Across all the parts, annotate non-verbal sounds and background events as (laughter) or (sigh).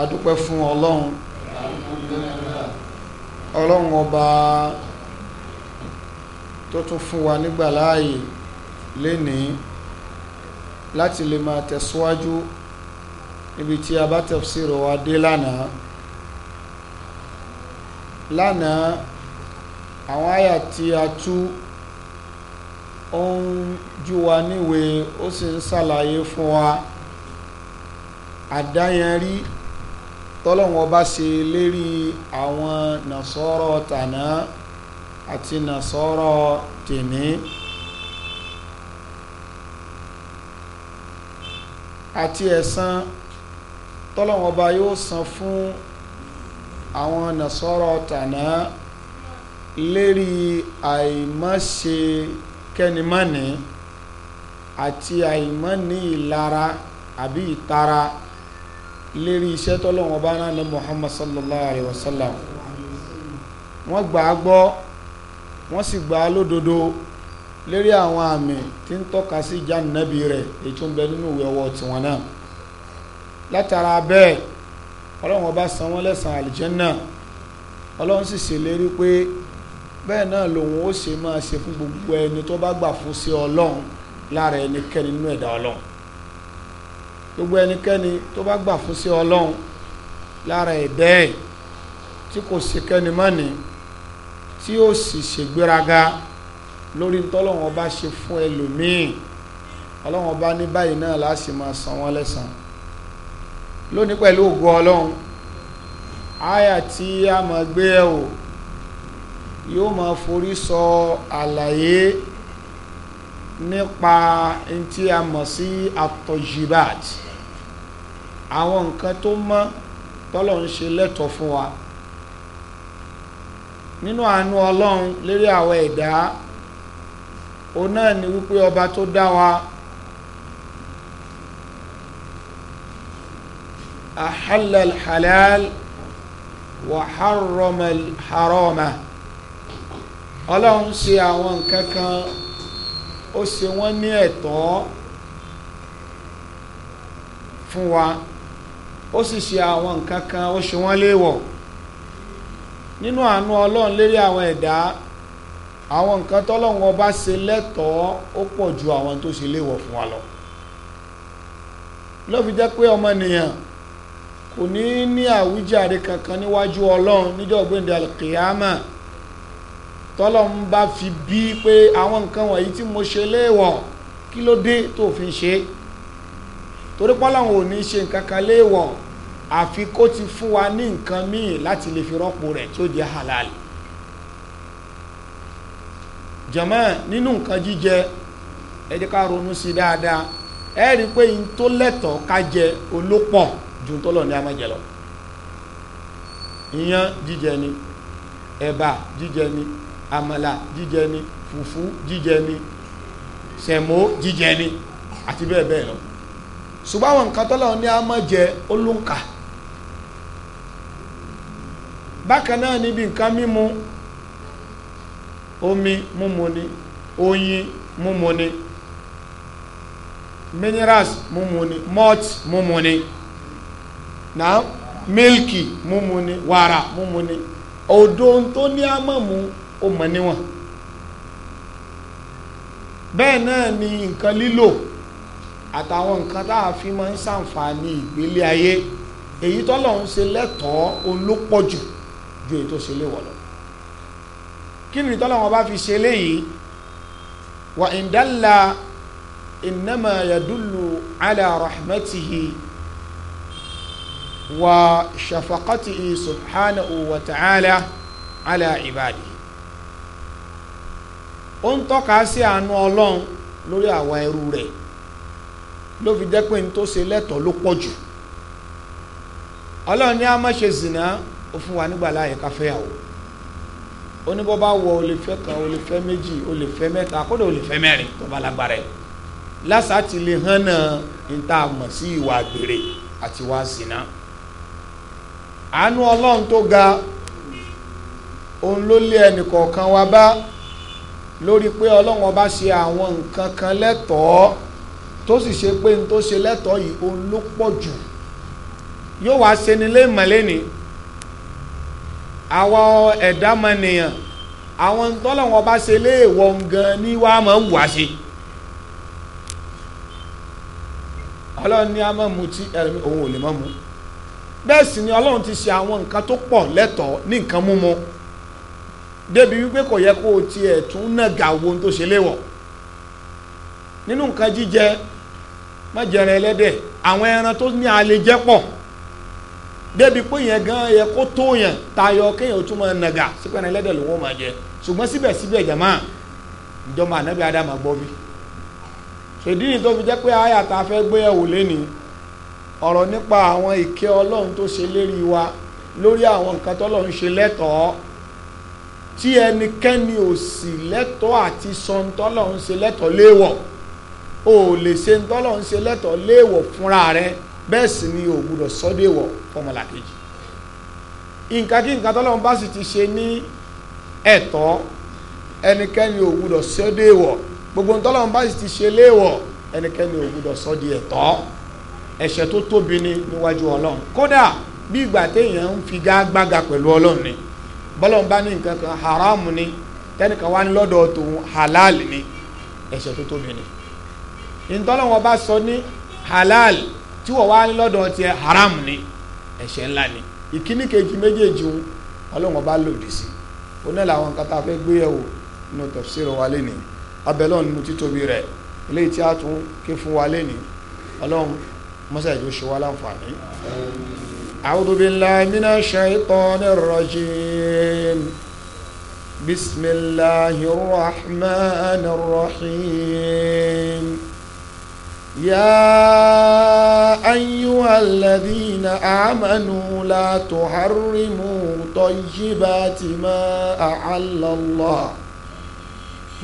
adúpẹ́ fún ọlọ́run ọlọ́run ọba tó tún fún wa nígbà láàyè lénìí láti lè máa tẹ̀síwájú níbi tí a bá tafsir wa dé lánàá lánàá àwọn àyà tí a tú ó ń jú wa níwèé ó sì ń ṣàlàyé fún wa àdáyẹnrí tọ́lọ́wọ́n bá ṣe lérí àwọn nàṣọ́rọ̀ tàná àti nàṣọ́rọ̀ tèmí àti ẹ̀san tọ́lọ́wọ́n bá yóò san fún àwọn nàṣọ́rọ̀ tàná lérí àìmọ́ṣe kẹ́nimọ́ni àti àìmọ́ni ìlara àbí ìtara lérí iṣẹ́ tọ́lọ́wọ́n bá rán ní Muhammad sallallahu alayhi wa sallam wọ́n gbà á gbọ́ wọ́n sì gbà á lódodo lérí àwọn àmì tí ń tọ́ka sí ìjà nàbì rẹ̀ èyí tó ń bẹ nínú ìwé ọwọ́ tiwọn náà látara bẹ́ẹ̀ ọlọ́run ọba san wọ́n lẹ́san àlìjẹ́nà ọlọ́run sì ṣèlérí pé bẹ́ẹ̀ náà lòun ó ṣe máa ṣe fún gbogbo ẹni tó bá gbà fún sí ọlọ́run lára ẹnikẹ́ni nínú ẹ̀dá ọlọ́run gbogbo ẹnikẹ́ni tó bá gbà fún sí ọlọ́run lára ẹ̀dẹ́ ẹ̀ tí kò sí kẹ́ni mọ́ni tí ó sì ṣègbéraga lórí tọ́lọ́wọ́n bá ṣe fún ẹlòmíì ọlọ́wọ́n bá ní báyìí náà láti máa san wọ́n lẹ́san lónìí pẹ̀lú ògo ọlọ́run àyà tí a máa gbé ẹ̀wò yóò máa forí sọ àlàyé nípa ntí a mọ̀ sí àtọ̀jìbáàtì àwọn nǹkan tó mọ́ tọ́lọ̀ ń ṣe lẹ́tọ̀ọ́ fún wa nínú àánú ọlọ́run lérí àwọn ẹ̀dá òun náà ni wípé ọba tó dá wa ahalla alhalal wa harrama alharama ọlọ́run ṣe àwọn nǹkan kan ó ṣe wọ́n ní ẹ̀tọ́ fún wa ó sì ṣe àwọn nǹkan kan ó ṣe wọ́n léèwọ̀ nínú àánú ọlọ́run lérí àwọn ẹ̀dá àwọn nǹkan tọ́lọ́run ọba ṣe lẹ́tọ̀ọ́ ó pọ̀ ju àwọn tó ṣe léèwọ̀ fún wa lọ ló fi jẹ́ pé ọmọnìyàn kò ní ní àwíjàre kankan níwájú ọlọ́run níjọ́ gbẹ̀ndẹ̀ alkiyama tọ́lọ́run bá fi bí pé àwọn nǹkan wọ̀nyí tí mo ṣe léèwọ̀ kí ló dé tó fi ṣe torí pọ́lọ́run ò ní ṣe nǹkan kan léèwọ̀ àfi kó ti fún wa ní nǹkan míì láti lè fi rọ́pò rẹ̀ tó jẹ́ halal jàmá nínú nǹkan jíjẹ ẹ jẹ́ ká ronú sí dáadáa ẹ rí i pé n tó lẹ́tọ̀ọ́ ká jẹ olópọ̀ ju tó lọ ní a máa jíjẹ ni ẹ̀bà jíjẹ ni àmàlà jíjẹ ni fùfú jíjẹ ni sẹ̀mó jíjẹ ni àti bẹ́ẹ̀ bẹ́ẹ̀ lọ ṣùgbọ́n àwọn nǹkan tọ́lọ̀ ní a máa bákan náà níbi nǹkan mímu omi múmu ni oyin múmu ni minerals múmu ni malt múmu ni náà mílkì múmu ni wàrà múmu ni odo tó ní mu ó mọ̀ níwọ̀n bẹ́ẹ̀ náà ni nǹkan lílò àtàwọn nǹkan tá a fi máa ń ṣàǹfààní ìgbélé ayé èyí tọ́lọ́run ṣe lẹ́tọ̀ọ́ òun ju èyí tó ṣe léwọ̀ lọ kí ni tọ́lọ́wọ́n bá fi ṣe léyìí wa indalla innama yadullu ala rahmatihi wa shafaqatihi subhanahu wa ta'ala ala ibadihi ó ń tọ́ka sí àánú ọlọ́run lórí àwa ẹrú rẹ̀ ló fi jẹ́ pé tó ṣe lẹ́tọ̀ọ́ ló pọ̀ ọlọ́run ní a má ṣe zìnà ó fún wa nígbà láàyè ká fẹ́yàwó ó ní bọ́ bá wọ o lè fẹ́ kan o lè fẹ́ méjì o lè fẹ́ mẹ́ta kódà o lè fẹ́ mẹ́rin tó bá lágbára ẹ̀ lásà ti lè hàn náà ní tá a mọ̀ sí ìwà àgbèrè àti ìwà ṣìnà àánú ọlọ́run tó ga òun ló lé ẹnìkọ̀ọ̀kan wa bá lórí pé ọlọ́run ọba ṣe àwọn nǹkan kan lẹ́tọ̀ọ́ tó sì ṣe pé n tó ṣe lẹ́tọ̀ọ́ yìí òun ló pọ̀ jù yóò wá ṣe ni lé mọ̀lẹ́ni àwọn ẹ̀dá mọ̀nìyàn àwọn tọ́lọ̀wọ̀n bá ṣe léèwọ̀ gan ni wà á máa ń wà ṣe ọlọ́run ní a máa mu tí ẹ̀rọ òun ò lè máa mu bẹ́ẹ̀ sì ni ọlọ́run ti ṣe àwọn nǹkan tó pọ̀ lẹ́tọ̀ọ́ ní nǹkan mímu débi wípé kò yẹ kó o tiẹ̀ tún nàgà wo ohun tó ṣe léèwọ̀ nínú nǹkan jíjẹ má ẹlẹ́dẹ̀ àwọn ẹran tó ní a lè pọ̀ débi pé yẹn gan yẹ kó tó yẹn tayọ kéèyàn tún máa nàgà sípẹ́ ní ẹlẹ́dẹ̀ lówó máa jẹ ṣùgbọ́n síbẹ̀síbẹ̀ jàmá ìjọba ànábì adama gbọ́ bí ṣèdí ni tó fi jẹ́ pé àyà tá a fẹ́ gbé ẹ̀wò lẹ́ni ọ̀rọ̀ nípa àwọn ìkẹ́ ọlọ́run tó ṣe lérí wa lórí àwọn nǹkan tọ́lọ́run ṣe lẹ́tọ̀ọ́ tí ẹnikẹ́ni ò sì lẹ́tọ̀ọ́ àti sọ ṣe lẹ́tọ̀ọ́ léèwọ̀ bẹ́ẹ̀ sì ni ò gbúdọ̀ sọ́dẹ̀wọ̀ fọmọlàkejì nǹkan kí nǹkan tọ́lọ́run bá sì ti ṣe ní ẹ̀tọ́ ẹnikẹ́ni ò gbúdọ̀ sọ́dẹ̀wọ̀ gbogbo tọ́lọ́run bá sì ti ṣe léèwọ̀ ẹnikẹ́ni ò gbúdọ̀ sọ́dẹ̀ ẹ̀tọ́ ẹ̀ṣẹ̀ tó tóbi ni níwájú ọlọ́run kódà bí ìgbà téèyàn ń fi gágbága pẹ̀lú ọlọ́run ni bọ́lọ́run bá ní nǹkan halal ni ẹ̀ṣẹ̀ tó tóbi ni ìtọ́lọ́run halal tí wọ́n wá lọ́dọ̀ tiẹ̀ haram ni ẹ̀ṣẹ̀ ńlá ni ìkíní kejì méjèèjì ń ọlọ́run ọba lòdì sí ó náà làwọn nǹkan tá a fẹ́ gbé yẹ̀wò nínú tafsir wa lénìí abẹ́lọ́ nínú títóbi rẹ̀ eléyìí tí a tún ké fún wa lénìí ọlọ́run mọ́sá ìjọ ṣe wá láǹfààní. a'udhu billahi minash shaitanir rajim bismillahir rahmanir rahim. يا أيها الذين آمنوا لا تحرموا طيبات ما أحل الله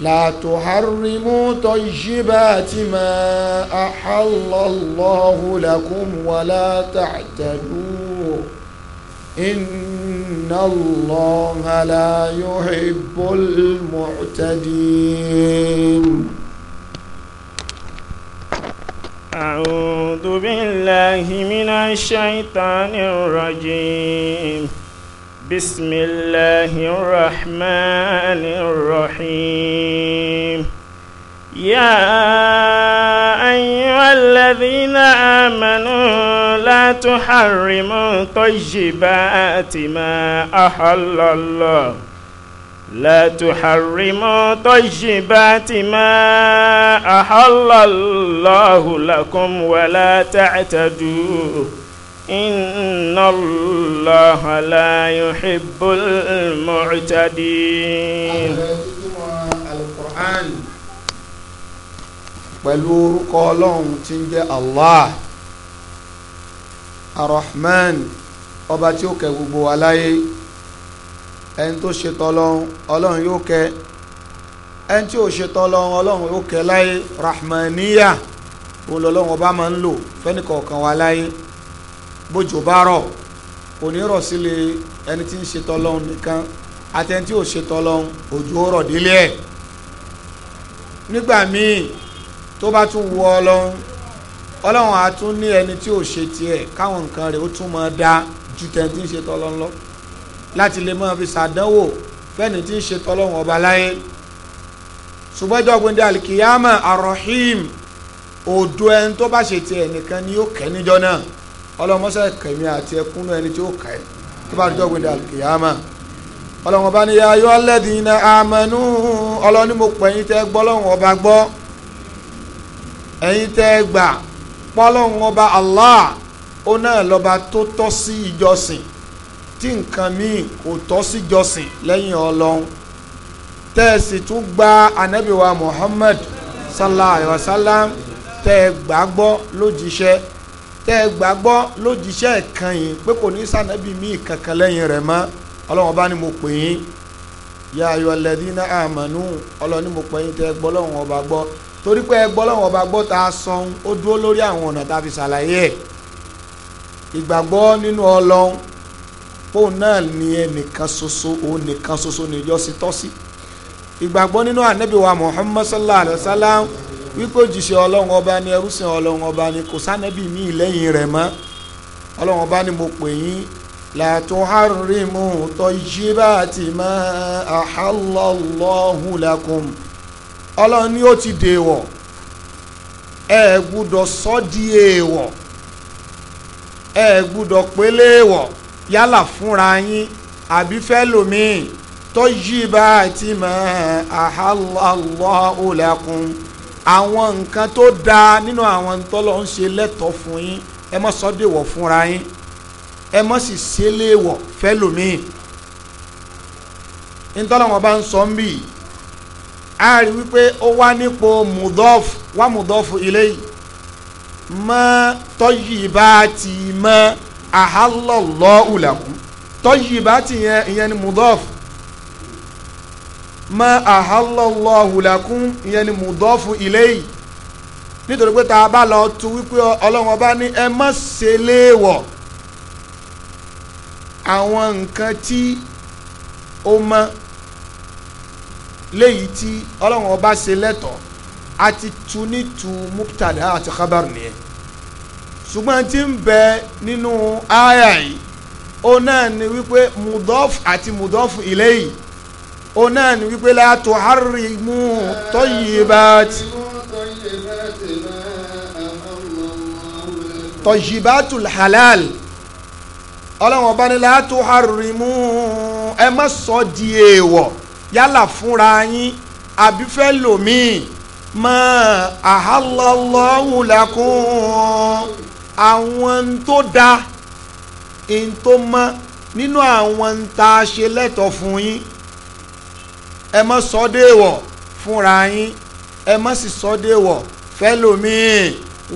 لا تحرموا طيبات ما أحل الله لكم ولا تعتدوا إن الله لا يحب المعتدين أعوذ بالله من الشيطان الرجيم بسم الله الرحمن الرحيم يا أيها الذين آمنوا لا تحرموا طيبات ما أحل الله لا تحرموا طيبات ما أحل الله لكم ولا تعتدوا إن الله لا يحب المعتدين القرآن pẹ̀lú orúkọ ọlọ́run tí ń jẹ́ Allah arahman ọba tí ó kẹ́ gbogbo aláyé ẹni tó ṣe tọlọ́hún ọlọ́run yóò kẹ́ ẹni tí ò ṣe tọlọ́hún ọlọ́run yóò kẹ́ láyé rahmaniya òun lọ́lọ́run ọba máa ń lò fẹ́nìkọ̀ọ̀kan wa láyé bójú bá rọ̀ òní rọ̀ sílé ẹni tí ń ṣe tọlọ́hún nìkan àti ẹni tí ò ṣe tọlọ́hún òjò rọ̀ délé ẹ̀ nígbà míì tó bá tún wù ọlọ́run ọlọ́run á ní ẹni tí ò ṣe tiẹ̀ káwọn nǹkan rẹ̀ ó tún máa dá ju tẹ̀ ń tí ń ṣe tọlọ́hún lọ láti lè máa fi ṣàdánwò fẹ́ni tí ń ṣe tọ́lọ́wọ́n ọba láyé ṣùgbọ́njọ́ gbẹ̀ndé alikiyama arahim odò ẹni tó bá ṣe tiẹ̀ nìkan ni yóò kẹ́ níjọ́ náà ọlọ́mọṣẹ́ kẹ̀mí àti ẹkún náà ẹni tí ó kẹ́ tó bá jọ́ gbẹ̀ndé alikiyama ọlọ́wọ́n bá ní ayọ́ alladhina amanu ọlọ́ni mo pè yín tẹ́ gbọ́ lọ́wọ́n ọba gbọ́ ẹ̀yin tẹ́ gbà pọ́ ọba Allah ó náà lọ́ba tó tọ́ sí ìjọsìn tí nǹkan míì kò tọ́ sí jọ́sìn lẹ́yìn ọlọ́run tẹ́ ẹ sì tún gba ànábì wa Muhammad sallallahu alayhi wa sallam tẹ́ ẹ gbàgbọ́ lójíṣẹ́ tẹ́ ẹ gbàgbọ́ lójíṣẹ́ kan yìí pé kò ní sànábì míì kankan lẹ́yìn rẹ̀ mọ́ ọlọ́run bá ní mo pè yín ya ayọ̀ alladhina amanu ọlọ́run ní mo pè yín tẹ́ ẹ gbọ́ lọ́wọ́n ọba gbọ́ torí pé ẹ gbọ́ lọ́wọ́n ọba gbọ́ tá sọ̀n ó dúró lórí àwọn ọ̀nà tá fi ṣàlàyé ẹ̀ ìgbàgbọ́ nínú ọlọ́run fóun náà ní ẹnìkan ṣoṣo òun nìkan ṣoṣo níjọ́sìn tọ́sí ìgbàgbọ́ nínú ànábì wa Muhammad sallallahu alayhi wa sallam wípé òjìṣẹ́ ọlọ́run ọba ni ẹrúsìn ọlọ́run ọba ni kò sánẹ́bí mi lẹ́yìn rẹ̀ ọlọ́run ọba ni mo pè yín ma ọlọ́run ni ó ti dèèwọ̀ ẹ gbúdọ̀ sọ́ di èèwọ̀ ẹ gbúdọ̀ pélé yálà fúnra yín àbí fẹ́ lòmíì tọ́jìbàtì mọ́ ahallallahu lakum àwọn nǹkan tó dáa nínú àwọn tọ́lọ́ ń ṣe lẹ́tọ̀ọ́ fún yín ẹ má sọ déwọ̀ fúnra yín ẹ má sì ṣe léèwọ̀ fẹ́ lòmíì ntọ́lọ́wọ́n bá ń sọ ń bì í a rí wípé ó wá nípò mudọ́f wá mudọ́f ilé yìí mọ́ tọ́jìbàtì mọ́ ahallallahu lakum tayyibati yẹn ìyẹn ni mudaf ma ahallallahu lakum ìyẹn ni mudaf ilayhi nítorí pé tá a bá lọ tu wípé ọlọ́run ọba ní ẹ má ṣe léèwọ̀ àwọn nǹkan tí ó mọ́ léyìí tí ọlọ́run ọba ṣe lẹ́tọ̀ọ́ àti tu ní àti khabar nìyẹn ṣùgbọ́n tí ń bẹ nínú àyà yìí ó náà ni wípé mudọ́f àti mudọ́f ilé yìí ó náà ni wípé la tuharrimu tayyibat tayyibatul halal ọlọ́wọ́n bá ní la tuharrimu ẹ má sọ di èèwọ̀ yálà fúnra yín àbí fẹ́ lòmíì ma ahallallahu lakum àwọn tó da n tó mọ́ nínú àwọn tá a ṣe lẹ́tọ̀ fún yín ẹ má sọ déèwọ̀ fúnra yín ẹ má sì sọ déèwọ̀ fẹ́lòmíì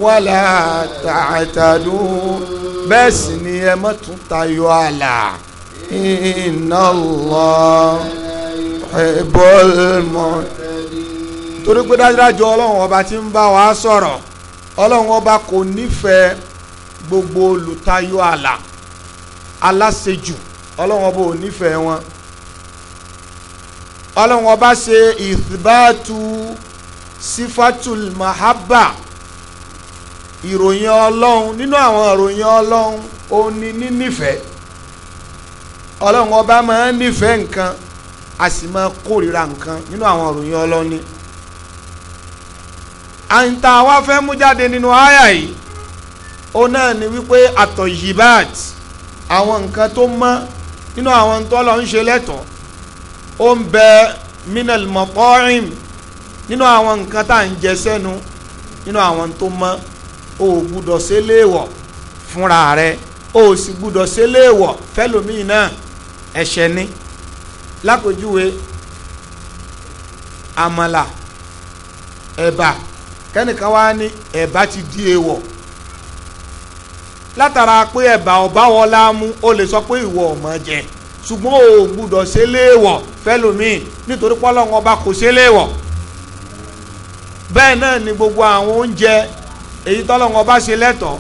wàlà tààtàdù bẹ́ẹ̀ sì ni ẹ má tún tayọ àlà iná lọ ẹ̀bọ́lmọ́ torí pé dájúdájú ọlọ́run ọba tí ń bá wa sọ̀rọ̀ ọlọ́run ọba kò nífẹ̀ẹ́ gbogbo olùtayọ àlà aláṣejù ọlọ́wọ́n bò nífẹ̀ẹ́ wọn ọlọ́wọ́n bá ṣe ìthbátu sifatul mahabba ìròyìn ọlọ́run nínú àwọn ìròyìn ọlọ́run ó ní nínífẹ̀ẹ́ ọlọ́run ọba máa ń nífẹ̀ẹ́ nǹkan a sì máa kórìíra nǹkan nínú àwọn ìròyìn ọlọ́run ni àǹtà wa fẹ́ mú jáde nínú àyà yìí ó náà ni wípé àtọ̀yìbáàt àwọn nǹkan tó mọ́ nínú àwọn tó lọ ń ṣe lẹ́tọ̀ọ́ ó ń bẹ minal mọ̀tọ́rìn nínú àwọn nǹkan tá à ń jẹ sẹ́nu nínú àwọn tó mọ́ o ò gbúdọ̀ ṣe fúnra rẹ o ò sì gbúdọ̀ ṣe léèwọ̀ fẹ́lòmíì náà ẹ̀ṣẹ̀ ni lápèjúwe àmàlà ẹ̀bà kẹ́nìkan wá ní ẹ̀bà ti di èèwọ̀. E látara pé ẹ̀bà ọ̀bá wọn la mú o lè sọ pé ìwọ ọ̀mọ jẹ ṣùgbọ́n o gbúdọ̀ ṣe léèwọ̀ fẹ́lòmíì nítorí pọ́lọ́wọ́n ọba kò ṣe léèwọ̀ bẹ́ẹ̀ náà ni gbogbo àwọn oúnjẹ èyí tọ́lọ́wọ́n ọba ṣe lẹ́tọ̀ọ́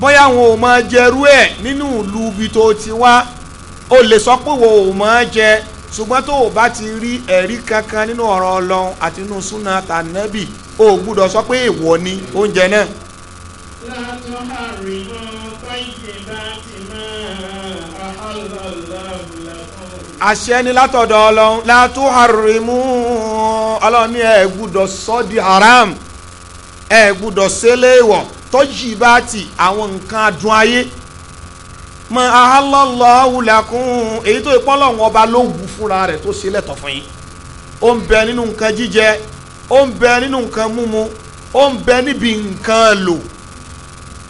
bóyá àwọn ò máa jẹrú ẹ̀ nínú ìlú ibi tó ti wá o lè sọ pé wo ò máa jẹ ṣùgbọ́n tó o bá ti rí ẹ̀rí kankan nínú ọ̀rọ̀ Ọlọ́run àti nínú súnà tànẹ́bì o gbúdọ̀ sọ pé èèwọ̀ ni oúnjẹ náà لا تحرموا طيبات ما أحل الله àṣẹ ni látọ̀dọ̀ ọlọ́run la tuharimu ọlọ́run ní ẹ gbúdọ̀ haram ẹ gbúdọ̀ sẹ́lẹ̀ ìwọ̀ tọ́jì bá ti àwọn nǹkan adùn ayé mọ ahalọ́lọ́ lakum èyí tó ìpọ́n lọ́wọ́ ọba ló wù fúnra rẹ̀ tó ṣe lẹ́tọ̀ fún yín ó ń bẹ nínú nǹkan jíjẹ ó ń bẹ nínú nǹkan múmu ó ń bẹ níbi nǹkan lò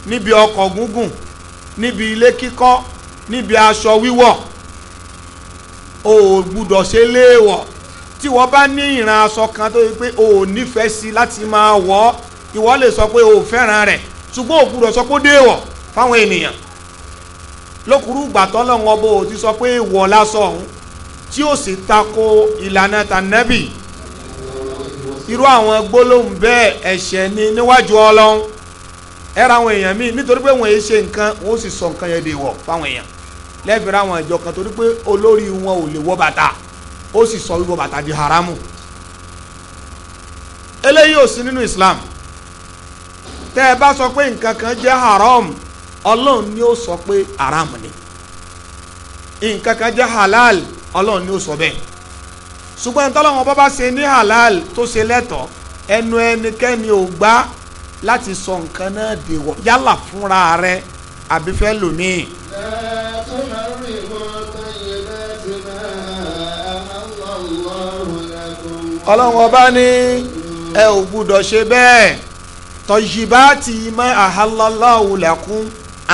níbi ọkọ̀ gúngùn níbi ilé kíkọ́ níbi aṣọ wíwọ̀ o ò gbúdọ̀ ṣe léèwọ̀ tí wọ́n bá ní ìran aṣọ kan tó yẹ pé o ò nífẹ̀ẹ́ sí láti máa wọ̀ ọ́ ìwọ lè sọ pé o ò fẹ́ràn rẹ̀ ṣùgbọ́n o gbúdọ̀ sọ pé ó déèwọ̀ fáwọn ènìyàn lókùrú gbàtọ́ lọ́wọ́ bó o ti sọ pé wọ̀ lásọ ọ̀hún tí ó sì tako ìlànà tànẹ́bì irú àwọn gbólóhùn bẹ́ẹ̀ ẹ̀ṣẹ̀ ni níwájú ọlọ́run ẹ̀rọ àwọn èèyàn míì nítorí pé wọ́n yé ṣe nǹkan wọ́n sì sọ nǹkan yẹn di wọ̀ fáwọn èèyàn lẹ́bìrì àwọn ìjọ kan torí pé olórí wọn ò lè wọ bàtà ó sì sọ wíwọ bàtà di haramu eléyìí ò sí nínú Islam tẹ́ ẹ bá sọ pé nǹkan kan jẹ́ haram ọlọ́run ni ó sọ pé haram ni nǹkan kan jẹ́ halal ọlọ́run ni ó sọ bẹ́ẹ̀ ṣùgbọ́n tọ́lọ́wọ́n bá bá ṣe ní halal tó ṣe lẹ́tọ̀ọ́ ẹnu ẹnikẹ́ni ò gbá láti sọ nǹkan náà dèwọ̀ yálà fúnra rẹ àbí fẹ́ lòmíì. ọlọ́run ọba ní ẹ ò gbúdọ̀ ṣe bẹ́ẹ̀ tọ́jìbáàtì mọ́ àhálàláwù lẹ́kún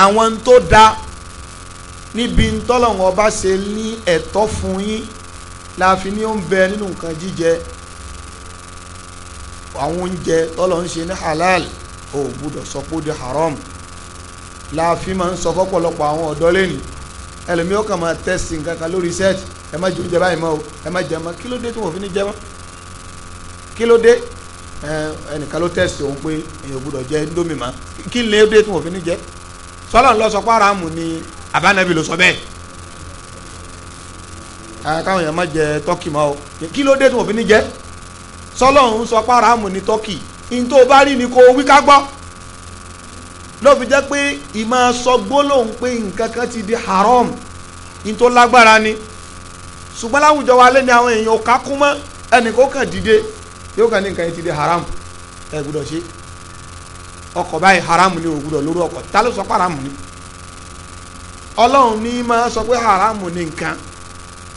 àwọn tó da níbi tọ́lọ́run ọba ṣe ní ẹ̀tọ́ fún yín láàfin ní ó ń bẹ nínú nǹkan jíjẹ àwọn oúnjẹ tọ́lọ̀ ń ṣe ní halal ò gbúdọ̀ sọ pé ó di haram láàfin máa ń sọ fọ́pọ̀lọpọ̀ àwọn ọ̀dọ́ lẹ́nu ẹlòmíì ó kàn máa tẹ́sí nǹkan kan lórí set ẹ má jẹ oúnjẹ báyìí mọ́ o ẹ má jẹ mọ́ kí ló dé tí wọ́n fi ní jẹ mọ́ kí ló dé ẹnìkan ló tẹ́sí òun pé èèyàn gbúdọ̀ jẹ indomie mọ́ kí ló dé tí wọ́n fi ní jẹ sọlọ ń lọ sọ pé haramu ni àbánabi ló sọ bẹ́ẹ̀ káwọn èèyàn má jẹ tọ́kì mọ́ o kí ló dé tí wọ́n fi ní jẹ sọlọ́run sọ ní tọ́kì ní tó bá rí ni kò wí ká gbọ́ jẹ́ pé ìmọ̀ sọ gbólóhùn pé nǹkan kan ti di haram ní tó lágbára ni ṣùgbọ́n láwùjọ wa lé ní àwọn èèyàn ò ká mọ́ ẹnì kó haram ẹ ṣe ọkọ̀ haram ni ò lórí ọkọ̀ ta ló sọ ni ọlọ́run ní haram ni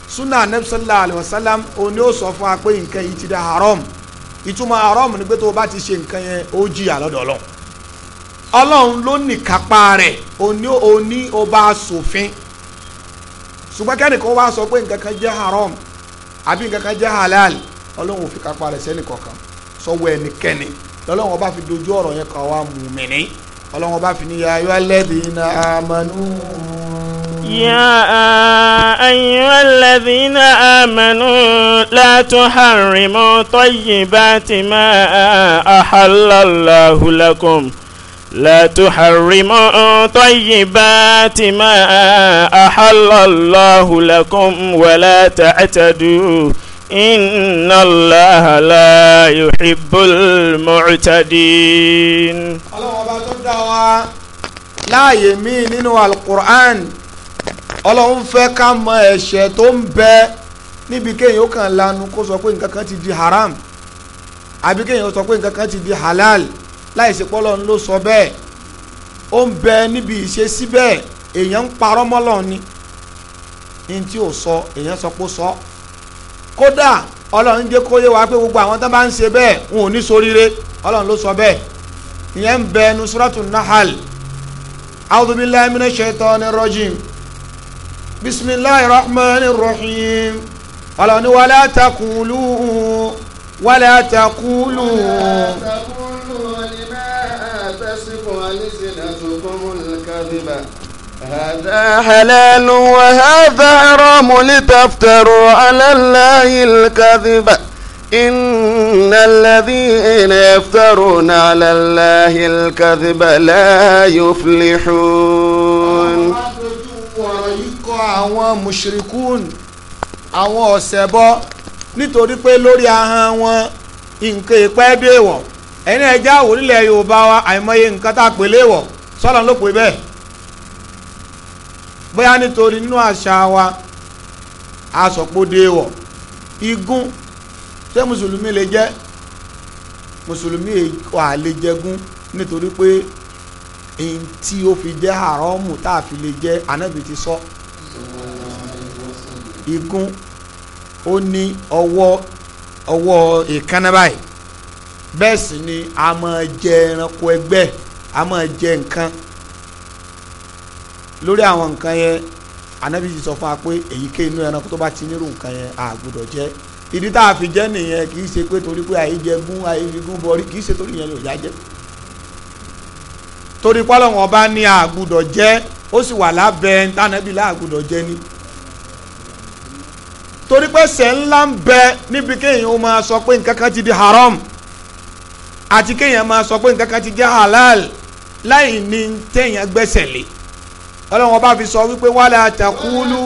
sunnah anabi sallallahu alayhi wa sallam òun ni ó sọ fún wa pé nǹkan yìí ti da haram ìtumọ̀ haram ni pé tó o bá ti ṣe nǹkan yẹn ó jìyà lọ́dọ̀ ọlọ́run ọlọ́run ló nìkápá rẹ̀ òní òní ọba ṣòfin ṣùgbọ́n kẹ́nìkan wá sọ pé nǹkan kan jẹ́ haram àbí nǹkan kan jẹ́ halal ọlọ́run ò fi kápá rẹ̀ sẹ́nìkọ̀ọ̀kan sọ́wọ́ ẹnikẹ́ni lọ́lọ́run ọba fi dojú ọ̀rọ̀ yẹn kan wá mùmínì ọlọ́run ọba fi ní ya ayyuhal amanu. يا أيها الذين آمنوا لا تحرموا طيبات ما أحل الله لكم لا تحرموا طيبات ما أحل الله لكم ولا تعتدوا إن الله لا يحب المعتدين. لا يمين القرآن ọlọ́run fẹ́ ká mọ ẹ̀ṣẹ̀ tó ń bẹ níbi kéèyàn ó kàn lanu kó sọ pé nǹkan kan ti di haram àbí kéèyàn ó sọ pé nǹkan kan ti di halal láìsí pọ́lọ́run ló sọ bẹ́ẹ̀ ó ń bẹ níbi ìṣesí bẹ́ẹ̀ èèyàn ń parọ́ mọ́lọ́run ni ní tí ò sọ èèyàn sọ pé ó sọ kódà ọlọ́run jẹ́ kó yé wa pé gbogbo àwọn tó bá ń ṣe bẹ́ẹ̀ wọn ò ní soríire ọlọ́run ló sọ bẹ́ẹ̀ ìyẹn ń bẹ ẹnu suratul nahal a'udhu billahi minash shaitani rajim. بسم الله الرحمن الرحيم ọlọ́ni ولا تقولوا ولا تقولوا لما تصف ألسنتكم الكذب هذا حلال وهذا حرام لتفتروا على الله الكذب إن الذين يفترون على الله الكذب لا يفلحون àwọn mushrikun àwọn ọ̀sẹ̀bọ nítorí pé lórí ahọ́n wọn nǹkan ìpẹ́ déèwọ̀ ẹni ẹja wò nílẹ̀ Yorùbá wa àìmọye nǹkan tá a pè léèwọ̀ sọ́lọ́n ló pè bẹ́ẹ̀ bóyá nítorí nínú àṣà wa a sọ pé déèwọ̀ igún ṣé mùsùlùmí lè jẹ́ mùsùlùmí wà lè jẹgún nítorí pé èyí tí ó fi jẹ́ haramu tá a fi lè jẹ́ anábì ti ikùn ó ní ọwọ́ ọwọ́ èékánná báyìí bẹ́ẹ̀ sì ni a máa jẹ ẹranko ẹgbẹ́ a máa jẹ nǹkan lórí àwọn nǹkan yẹn anabi ti sọ fún wa pé èyíkéyìí inú ẹranko tó bá ti nírú nǹkan yẹn a gbọ́dọ̀ jẹ ìdí tá a fi jẹ nìyẹn kì í ṣe pé torí pé àìjẹgún àìjẹgún bọrí kì í ṣe torí yẹn ló yá jẹ torí pọ́lọ́wọ́n bá ní a gbọ́dọ̀ jẹ ó sì wà lábẹ́ ntànàbí láàgùdọ̀ jẹ́ ni torí pé ṣẹ̀ ńlá ń bẹ níbi kéèyàn ó máa sọ pé nǹkan kan ti di haram àti kéèyàn máa sọ pé nǹkan kan ti jẹ́ halal láì ní téèyàn gbẹ́sẹ̀ lé ọlọ́run ọba fi sọ wípé wala takulu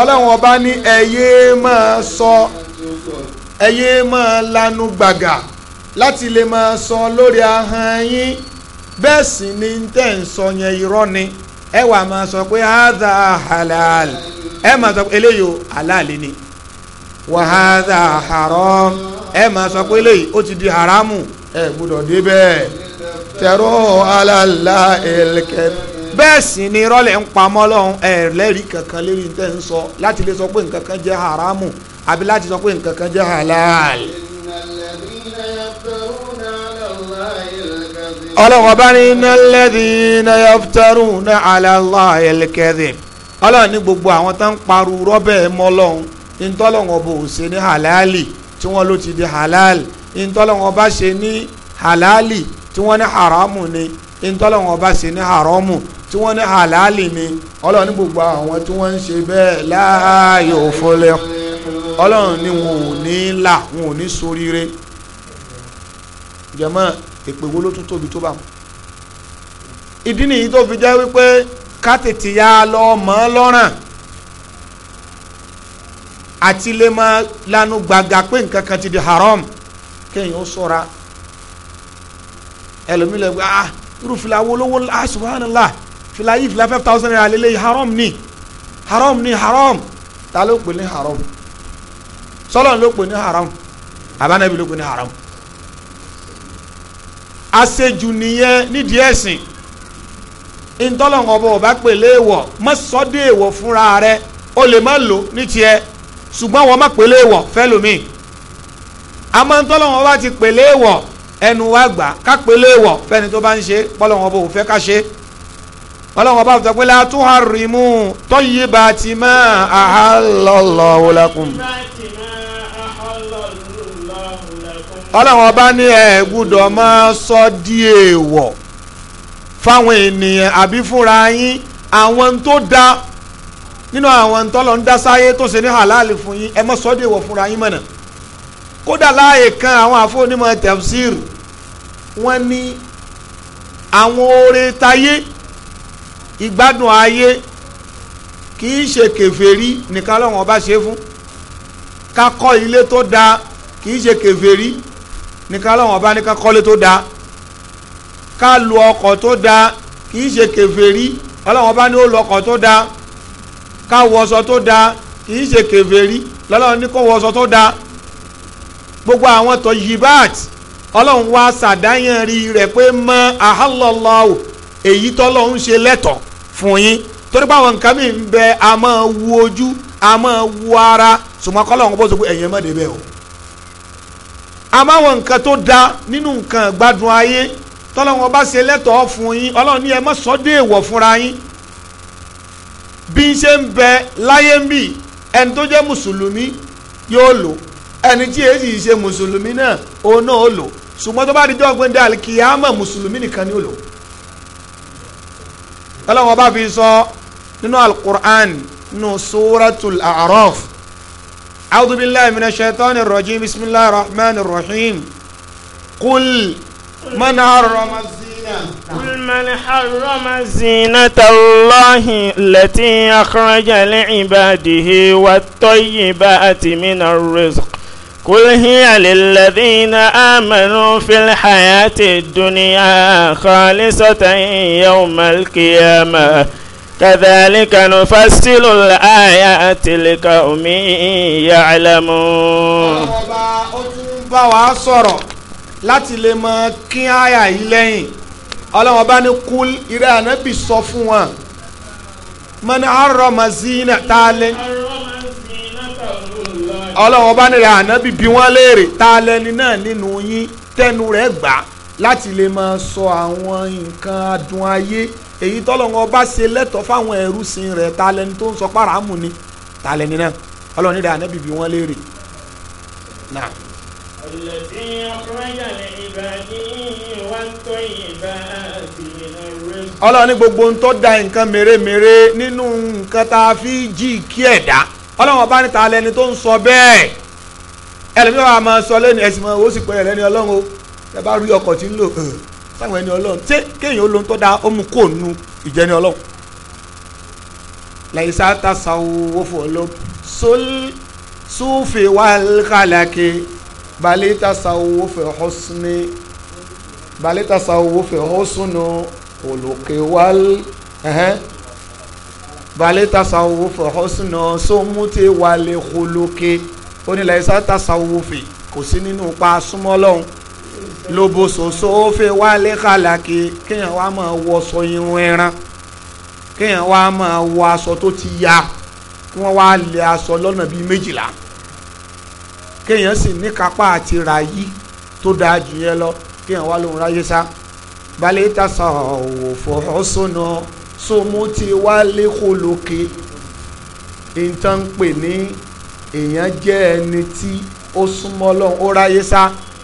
ọlọ́run ọba ní ẹ̀yẹ́ máa sọ ẹ̀yẹ́ máa lanu gbàgà láti lè máa sọ lórí ahọ́n yín bẹ́ẹ̀ sì ni tẹ̀ ń sọ yẹn irọ́ ni. ẹ wà máa sọ pé haza halal ẹ máa sọ pé eléyìí o halal ni wa haza haram ẹ máa sọ pé eléyìí ti di haramu ẹ gbọ́dọ̀ dé tẹ̀rọ bẹ́ẹ̀ sì ni rọ́lẹ̀ ń pamọ́ lọ́hún ẹ̀ lẹ́rìí kankan lérí tẹ́ ń sọ láti lè sọ pé nǹkan kan jẹ́ ọlọ́run ọba ní iná lẹ́dí iná yọ̀fùtẹ́rù ní àlàlá ẹlẹ́kẹ́dẹ̀ ọlọ́run ní gbogbo àwọn tó ń paru rọ́bẹ̀ mọ́ ọlọ́run ìtọ́lọ́run ọba ò ṣe ní halali tí wọ́n ló ti di halali ìtọ́lọ́run ọba ṣe ní halali tí wọ́n ní haramu ni ìtọ́lọ́run ọba ṣe ní haramu tí wọ́n ní halali ni ọlọ́run gbogbo àwọn tí wọ́n ń ṣe bẹ́ẹ̀ láàyò fọlẹ́ ọlọ́run wọn ò ní là wọn ò ní ṣoríire jàmáà èpè wo ló tún tóbi tó bá wọn. ìdí nìyí tó fi jẹ́ wípé ká tètè ya lọ mọ́ lọ́ràn àti lè máa lanu gbàgà pé nǹkan kan ti di haram kéèyàn ó sọ́ra ẹlòmílẹ̀ gbé ah irú fìlà wo lówó ah subhanallah fìlà yìí fìlà five thousand naira lélẹ́yìí haram ni haram ni haram ta ló pè ní haram sọlọ́n ló pè ní haram àbánábì ló pè ní haram àṣejù nìyẹn nídìí ẹ̀sìn ntọ́lọ́wọ́n ọba ọba pè léèwọ̀ mọ́ sọ́dẹ̀ èèwọ̀ fúnra rẹ o lè má lò ní tiẹ̀ ṣùgbọ́n wọ́n má pè léèwọ̀ fẹ́lòmíì àmọ́ ntọ́lọ́wọ́n ọba ti pè léèwọ̀ ẹnu wa gbà ká pè léèwọ̀ fẹ́ni tó bá ń ṣe pọ́lọ́wọ́n ọba ò fẹ́ ká ṣe pọ́lọ́wọ́n ọba fẹ́ pé la tuharrimu tayyibati ma ahallallahu lakum ọlọ́run ọba ní ẹ gbúdọ̀ máa sọ di èèwọ̀ fáwọn ènìyàn àbí fúnra yín àwọn tó da nínú àwọn tọ́lọ̀ ń dá sáyé tó ṣe ní halali fún yín ẹ má sọ di èèwọ̀ fúnra yín mọ̀nà kódà láàyè kan àwọn àfọwọ́nímọ̀ tafsir wọ́n ní àwọn oore tayé ìgbádùn ayé kì í ṣe kèfèrí nìkan lọ́wọ́n ọba ṣe fún kakọ́ ilé tó da kì í ṣe kèfèrí nìkan lọ́wọ́n bá ní ká kọ́lé tó dáa ká lu ọkọ̀ tó dáa kì í ṣe kèfèrí ọlọ́wọ́n bá ní ó lu ọkọ̀ tó dáa ká wọṣọ tó dáa kì í ṣe kèfèrí lọ́lọ́wọ́n ní kó wọṣọ tó dáa gbogbo àwọn tó yí báàt ọlọ́run wá sàdáyàn rí rẹ̀ pé mọ́ àhálọ́lọ́wọ́ èyí tọ́lọ́run ṣe lẹ́tọ̀ fún yín torí pé nǹkan mi ń bẹ a máa wu ojú a máa wu ara sùnmọ́kọ́lọ́run bó so pé ẹ̀yin ẹ̀ má débẹ̀ o àmàwọn nǹkan tó da nínú nǹkan gbádùn ayé tọ́lọ́wọ́n bá ṣe lẹ́tọ̀ọ́ fún yín ọlọ́run ní ẹ má sọ dé èèwọ̀ fúnra yín bí n ṣe ń bẹ láyé ń bì ẹni tó jẹ́ mùsùlùmí yóò lò ẹni tí èyí yìí ṣe mùsùlùmí náà òun náà ó lò ṣùgbọ́n tó bá di jọ́gbìn dàlí kìyàmọ̀ mùsùlùmí nìkan ni ó lò ọlọ́run bá fi sọ nínú alukur'an nínú suratul a'raf أعوذ بالله من الشيطان الرجيم بسم الله الرحمن الرحيم قل من حرم الزينة قل من حرم زينة الله التي أخرج لعباده والطيبات من الرزق قل هي للذين آمنوا في الحياة الدنيا خالصة يوم القيامة كذلك نفصل الآيات لقوم يعلمون ọba ó tún bá wa sọ̀rọ̀ láti lè mọ kí àyà yìí lẹ́yìn ọlọ́wọ́n bá ní kú irẹ́ ànábì sọ fún wọn mọ́ni arọ́mọ zina tálẹ́ ọlọ́wọ́n bá ní rẹ̀ ànábì bí wọ́n léèrè tálẹ́ ni náà nínú yín tẹnu rẹ̀ gbà láti lè máa sọ àwọn nǹkan adùn ayé èyí tọ́lọ́wọ́n bá ṣe lẹ́tọ̀ọ́ fáwọn ẹrú sin rẹ̀ ta lẹni tó ń sọ páràmù ni ta lẹni náà ọlọ́run nílẹ̀ ànábì bí wọ́n léèrè. ọlọ́run ní gbogbo ń tọ́ da nǹkan mèremère nínú nǹkan tá a fi jí kí ẹ̀dá ọlọ́run ọba ní ta lẹni tó ń sọ bẹ́ẹ̀ ẹlòmíràn máa sọ lẹ́nu ẹ̀sìn mọ́ ó sì pẹ́ ẹ̀lẹ́ni ọlọ́run ẹ bá rí ọkọ̀ tí ń lò táwọn ẹni ọlọ́run ṣé kéèyàn ó lo ń tọ́ da ó mú kó nu ìjẹni ọlọ́run láyé sáta sáwó fún ọlọ́run sófè wà kàlàkì balẹ̀ ta sáwó fẹ̀ hosùnì balẹ̀ ta sáwó fẹ̀ hosùnù olùkè wà balẹ̀ ta sáwó fẹ̀ hosùnù sómùtì wà kò sí nínú pa súnmọ́ ọlọ́run lobososo fi wálé kàlàkì kéèyàn wá máa wọṣọ irun ẹran kéèyàn wá máa wọ aṣọ tó ti ya kí wọ́n wá lẹ̀ aṣọ lọ́nà bíi méjìlá kéèyàn sì níkápá àti ràyí tó dáa jù yẹn lọ kéèyàn wá lóhun ráyé sá balẹ̀ tasa òwò fọ́sọ́nà sọmútì wálé kólókè ìtàn pè ní èèyàn jẹ́ ẹni tí ó súnmọ́ lọ́hùn ó ráyé sá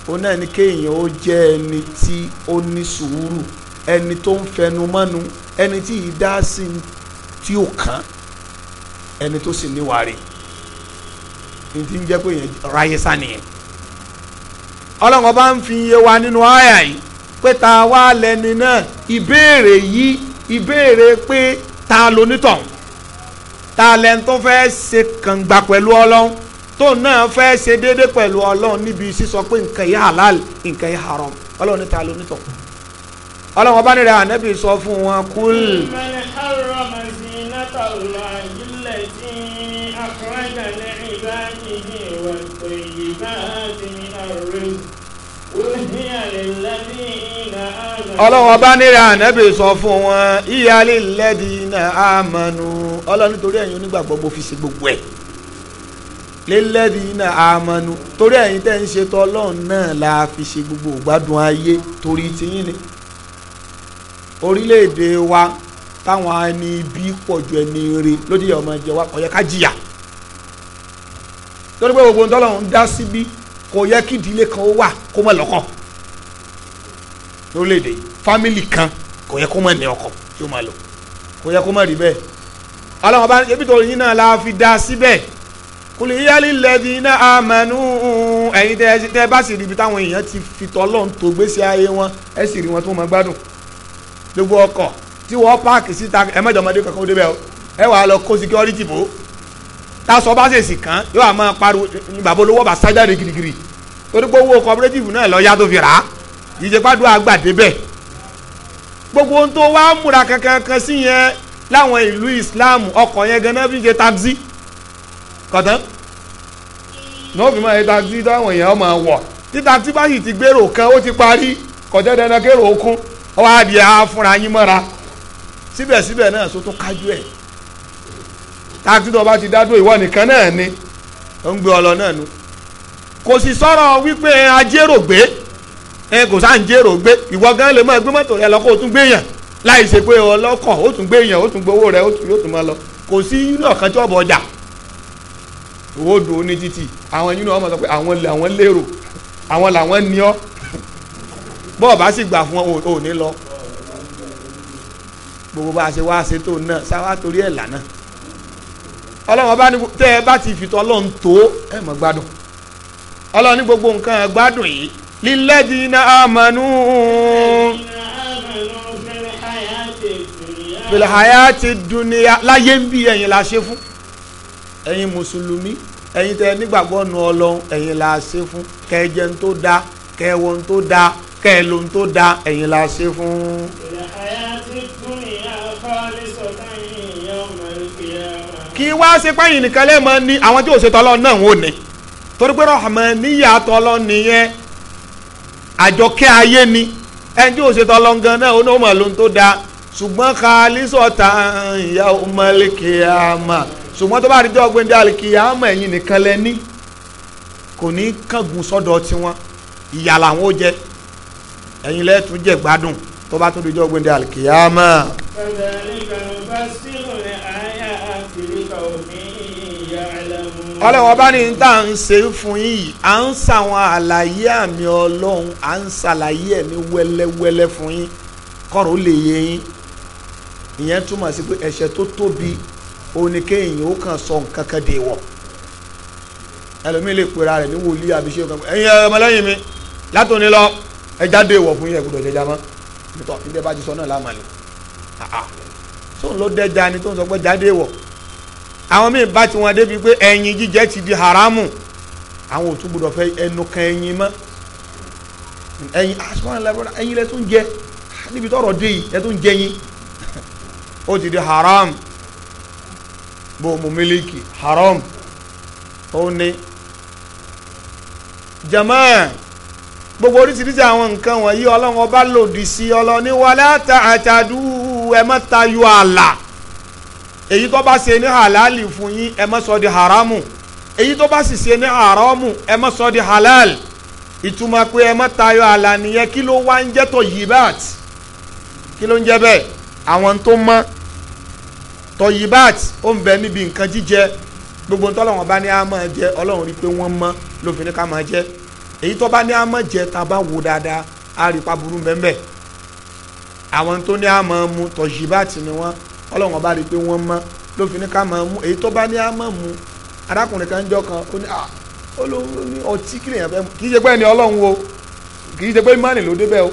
òun náà ni kéèyàn ó jẹ́ ẹni tí ó ní sùúrù ẹni tó ń fẹnu mọ́nu ẹni tí yìí dá sí tí ó kàn ẹni tó sì níwàá rè ní ti ń jẹ́ pé yẹn ráyé sá ọlọ́run ọba ń fi iye wa nínú àyà yìí pé ta wá lẹni náà ìbéèrè yìí ìbéèrè pé ta lonítọ̀hún ta lẹni tó fẹ́ ṣe kàngbà pẹ̀lú ọlọ́run tó náà fẹ́ ṣe déédéé pẹ̀lú ọlọ́run níbi sísọ pé nǹkan yìí halal nǹkan yìí haram ọlọ́run níta ló nítọ̀ ọlọ́run ọba nírẹ̀ ànábì sọ fún wọn kúl. ọlọ́run ọba nírẹ̀ ànábì sọ fún wọn ìyáálé lẹ́dí náà àmọ́nu ọlọ́run nítorí ẹ̀yin onígbàgbọ́ mo fi gbogbo ẹ̀ lélẹ́dínà àmọ́nu torí ẹ̀yin tẹ́ ń ṣe tọ́lọ́run náà la fi ṣe gbogbo ìgbádùn ayé torí tiyín ni orílẹ̀-èdè wa táwọn ẹni ibi pọ̀ ju ẹni ire lóde ọmọ jẹ wa kò yẹ ká jìyà torí pé gbogbo tọ́lọ́run dá síbí kò yẹ kí ìdílé kan ó wà kó mọ̀ lọ́kọ̀ lórílẹ̀-èdè fámìlì kan kò yẹ kó mọ̀ ní ọkọ̀ tí ó máa lọ kò yẹ kó mọ̀ rí bẹ́ẹ̀ ọlọ́run bá ebi tó yín náà la fi dá síbẹ̀ kùlìyàlì lẹ́dí iná àmànú ẹ̀yin tẹ́ tẹ́ bá sì ríbi táwọn èèyàn ti fi tọ́lọ́n tó gbèsè ayé wọn ẹ sì rí wọn tó máa gbádùn gbogbo ọkọ̀ tí wọ́n páàkì síta ẹ mẹ́jọ ọmọdé kankan ó débẹ̀ o ẹ wàá lọ kó security bò ó tásọ bá ṣèṣì kan yóò wá máa pariwo ní bàbá olówó bá sájáde girigiri torí pé owó cooperative náà lọ yá tó fi rà á ìjẹpàdùn àgbàdé bẹ́ẹ̀ gbogbo ohun tó wá múra kankan kan sí yẹn láwọn ìlú Islam ọkọ̀ yẹn gan náà fi ń ṣe taxi kọ̀tán náà fi máa taxi táwọn èèyàn máa wọ̀ tí taxi bá sì ti gbèrò kan ó ti parí kọjá dandan kérò okun ọwọ́ adìẹ afúnra yín mọ́ra síbẹ̀síbẹ̀ náà sọ tó kájú ẹ̀ taxi tó bá ti dá dúró ìwọ nìkan náà ni ó ń gbé ọ lọ náà nu kò sì sọ̀rọ̀ wípé ajérò gbé ẹ kò sáà ń jérò gbé ìwọ gan lè máa gbé mọ́tò rẹ lọ kó o tún gbé yàn láì ṣe pé ọlọ́kọ̀ ó tún gbé yàn ó tún gbowó rẹ ó tún yóò tún máa lọ kò sí yúnọ̀ kan tí ọ̀bọ̀ ọjà ròdù oní títì àwọn yìí ni wọ́n mọ̀ sọ pé àwọn lérò àwọn làwọn ní ọ́ bọ́ọ̀ bá sì gbà fún ọ ò ní lọ gbogbo bá a ṣe wá ṣe tó náà sáwá torí ẹ̀ lànà ọlọ́run bá ní tẹ́ ẹ bá ti fìtọ́ ọlọ́run tó ẹ mọ̀ gbádùn ọlọ́run ní gbogbo nǹkan gbádùn yìí lilladina amanu fil hayati dunya láyé ń bí ẹ̀yìn la ṣe fún ẹ̀yin mùsùlùmí ẹ̀yin tẹ nígbàgbọ́ nu ọlọ́run ẹ̀yin la ṣe fún kẹjẹ ń tó da kẹwọ ń tó da kẹlò ń tó da ẹ̀yin la ṣe fún. kí wá ṣe pẹ́yìn nìkan lẹ́ẹ̀mọ́ ní àwọn tí ò ṣe tọ́lọ́ náà wò ní torí pé rọ̀hàmọ́ níyà tọ́lọ́ nìyẹn àjọkẹ́ ayé ni ẹni tí ò ṣe tọ́lọ́ gan náà ó ní ó mọ̀ ló ń tó da ṣùgbọ́n kálísọ̀tà ìyá ọmọlẹ́kẹ̀ẹ́ àmà ṣùgbọ́n tó bá rí dọ́gbé ní àlìkí àmọ́ ẹ̀yìn nìkan lẹ ní kò ní kángun sọ́dọ̀ tiwọn ìyà làwọn ó jẹ ẹ̀yìn lẹ́tún jẹ gbádùn tó bá tún rí dọ́gbé ní àlìkí àmọ́. ọlọ́wọ́n bá ní tá à ń ṣe fún yìí à ń ṣàwọn àlàyé àmì ọlọ́run à ń ṣàlàyé ẹ̀ wẹ́lẹ́wẹ́lẹ́ fún yín kọ́rọ̀ ó lè yé yín ìyẹn túmọ̀ sí pé ẹ̀ṣẹ̀ tó tóbi òun ni kéèyàn ó kàn sọ nǹkan kan dè wọ̀ ẹlòmíì lè pera rẹ̀ ní wòlíì àbíṣe kan ọmọlẹ́yìn mi látòní lọ ẹja dè wọ̀ fún yín ẹ̀gbọ́dọ̀ jẹjà mọ́ nítorí níbẹ̀ bá ti sọ náà láàmà lò tó ń lọ dẹ́ja ni tó ń sọ pé jáde wọ̀ àwọn míì bá tiwọn débi pé ẹyin jíjẹ ti di haramu àwọn ò tún gbọdọ̀ fẹ́ ẹnu kan ẹyin mọ́ ẹyin asọ́nà ah, lẹ́gbọ́dọ̀ ẹyin lẹ́ tún jẹ níbi tọrọ dé yìí lẹ́ jẹ yín (laughs) ó ti di haram bó mu mílíkì haram ó ní jamaa gbogbo oríṣiríṣi àwọn nǹkan wọ̀nyí ọlọ́run ọba lòdì sí ọlọ́ni wala ta'tadu ẹ má tayọ àlà èyí tó bá ṣe ní halali fún yín ẹ haramu èyí tó bá sì ṣe ní haramu ẹ má halal ìtumọ̀ pé ẹ má tayọ àlà nìyẹn kí ló wá ń jẹ́ tó yìí báàtì kí ló ń jẹ́ bẹ́ẹ̀ àwọn tó mọ́ tọyibat ó ń bẹ níbi nǹkan jíjẹ gbogbo ntọ́ lọ́wọ́n bá ní a máa jẹ ọlọ́run rí i pé wọ́n mọ́ lófin ní ká máa jẹ èyí tó bá ní a máa jẹ tá a bá wò dáadáa a rí ipa burú bẹ́ẹ̀ àwọn tó ní a máa mu tọyibat ni wọ́n ọlọ́run bá rí pé wọ́n mọ́ lófin ká máa mu èyí tó bá ní a máa mu arákùnrin kan jọ kan ó ní à ah, olówó ní ọtí kílè yẹn fẹ́ mu kì í ṣe pé ẹni ọlọ́run o kì í ṣe pé mánì ló débẹ̀ o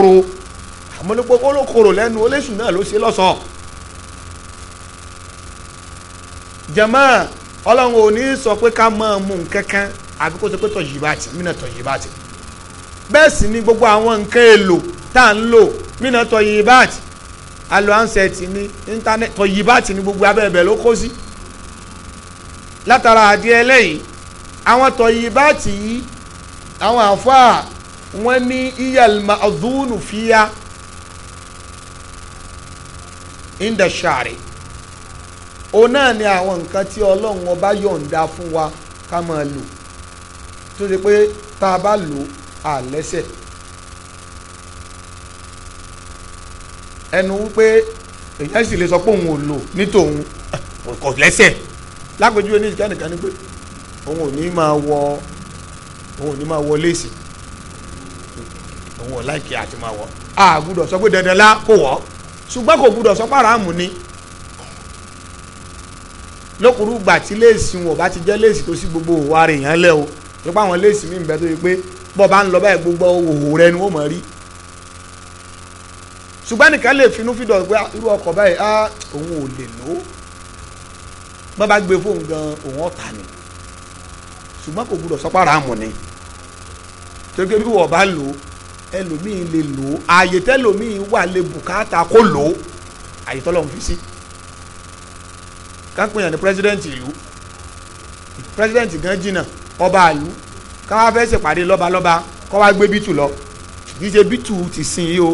ó àmọ́ ló gbogbo ló korò lẹ́nu olóṣù náà ló ṣe lọ́sọ̀ọ́ jama ọlọ́run ò ní sọ pé ká mọ̀ ọ́n mú nǹkan kan àbí kó sọ pé tọ̀yì bá ti mínà tọ̀yì bá ti bẹ́ẹ̀ sì ni gbogbo àwọn nǹkan èlò tá à ń lò mínà tọ̀yì bá ti alo ansẹ̀tì ní íńtánẹ́ẹ̀tì tọ̀yì bá ti ní gbogbo abẹ́ẹ̀bẹ̀ ló kó sí látara àdìẹ lẹ́yìn àwọn tọ̀yì bá ti yí àwọn àfáà wọ́n ní iyàlmà ọ̀dúnù fìyà indashari òun náà ni àwọn nǹkan tí ọlọ́run ọba yọ̀ǹda fún wa ká máa lò tó ṣe pé tá a bá lò á lẹ́sẹ̀ ẹnu wípé èyàn sì lè sọ pé òun ò lò ní tòun kò lẹ́sẹ̀ lápèjúwe ní ìkànnìkan ni pé òun ò ní máa wọ òun ò ní máa wọ léèsì òun ò láìkí àti máa wọ a gbọ́dọ̀ sọ pé dandan lá kò wọ́ ṣùgbọ́n kò gbúdọ̀ sọ páraàmù ni lókùrú gbà tí léèsì wọn bá ti jẹ́ léèsì tó sí gbogbo òwò ara èèyàn lẹ́ o tó pa àwọn léèsì míì ń bẹ tó yẹ pé bọ́ bá ń lọ báyìí gbogbo òwò rẹ ni wọ́n mọ̀ rí ṣùgbọ́n nìkan lè finú fídọ̀ pé ah, irú ọkọ̀ báyìí á ah, òun ò lè lò ó bọ́ gbé fóun gan òun ọ̀tá ni ṣùgbọ́n kò gbúdọ̀ sọ páraàmù ni torí pé wọ́n bá lò ó ẹlòmíì lè lò ó ààyè tẹlòmíì wà lè bùkátà kó lò ó ààyè tọ́lọ́run fi sí kápẹ́ yàn ní president ìlú president gan jìnnà ọba àlú káwá fẹ́ ṣèpàdé lọ́balọ́ba kọ́ wá gbé bítù lọ díje bítù ti sìn yìí o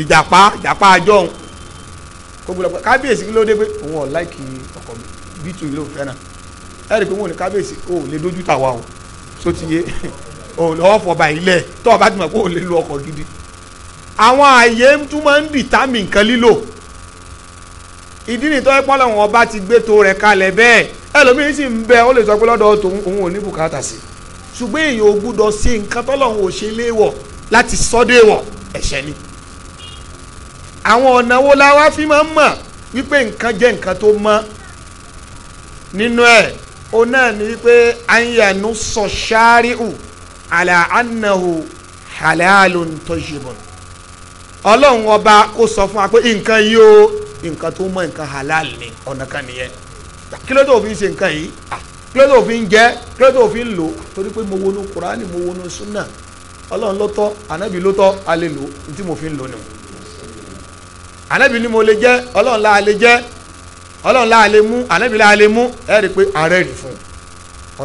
ìjàpá ìjàpá àjọhún kó gbọdọ̀ pé kábíyèsí kí ló dé pé òun ò láìkì ọkọ̀ bítù yìí ló fẹ́ràn ẹ̀rí pé wọn ò ní kábíyèsí o ò lè dójú tàwa o só ti yé (laughs) lọ́wọ́ fọba ilẹ̀ tó o bá ti mọ̀ pé o lè lo ọkọ̀ gidi àwọn ààyè tún máa ń dìtámì nǹkan lílò ìdí nìtọ́ ẹ pọ́nlọ́ wọn bá ti gbé tó rẹ̀ kalẹ̀ bẹ́ẹ̀ ẹlòmíín sì ń bẹ ó lè sọ pé lọ́dọ̀ tòun òun ò ní bùkátà sí ṣùgbọ́n èyí ò gbúdọ̀ sí nǹkan tọ́lọ́hún ò ṣe léèwọ̀ láti sọ́dọ̀ èèwọ̀ ẹ̀ṣẹ̀ ni àwọn ọ̀nà wo la wá fi máa ń mọ̀ wípé nǹkan jẹ́ nǹkan tó mọ́ nínú ẹ̀ o náà ní wípé ayanu sọ ṣááríù ala anahu halalun tọ́jìbọn ọlọ́run ọba ó sọ fún wa pé nǹkan yìí o nǹkan tó mọ nǹkan halal ni ọ̀nà kan nìyẹn kí ló fi ṣe nǹkan yìí kí ló tó fi jẹ kí ló tó lò torí pé mo kuraani mo wọnú sunna ọlọ́run ló tọ́ ànábì ló tọ́ a lè lò ní tí mo fi ń lò nìyẹn anabi ni mo lè jẹ ọlọ́run láà lè jẹ ọlọ́run lè mú lè mú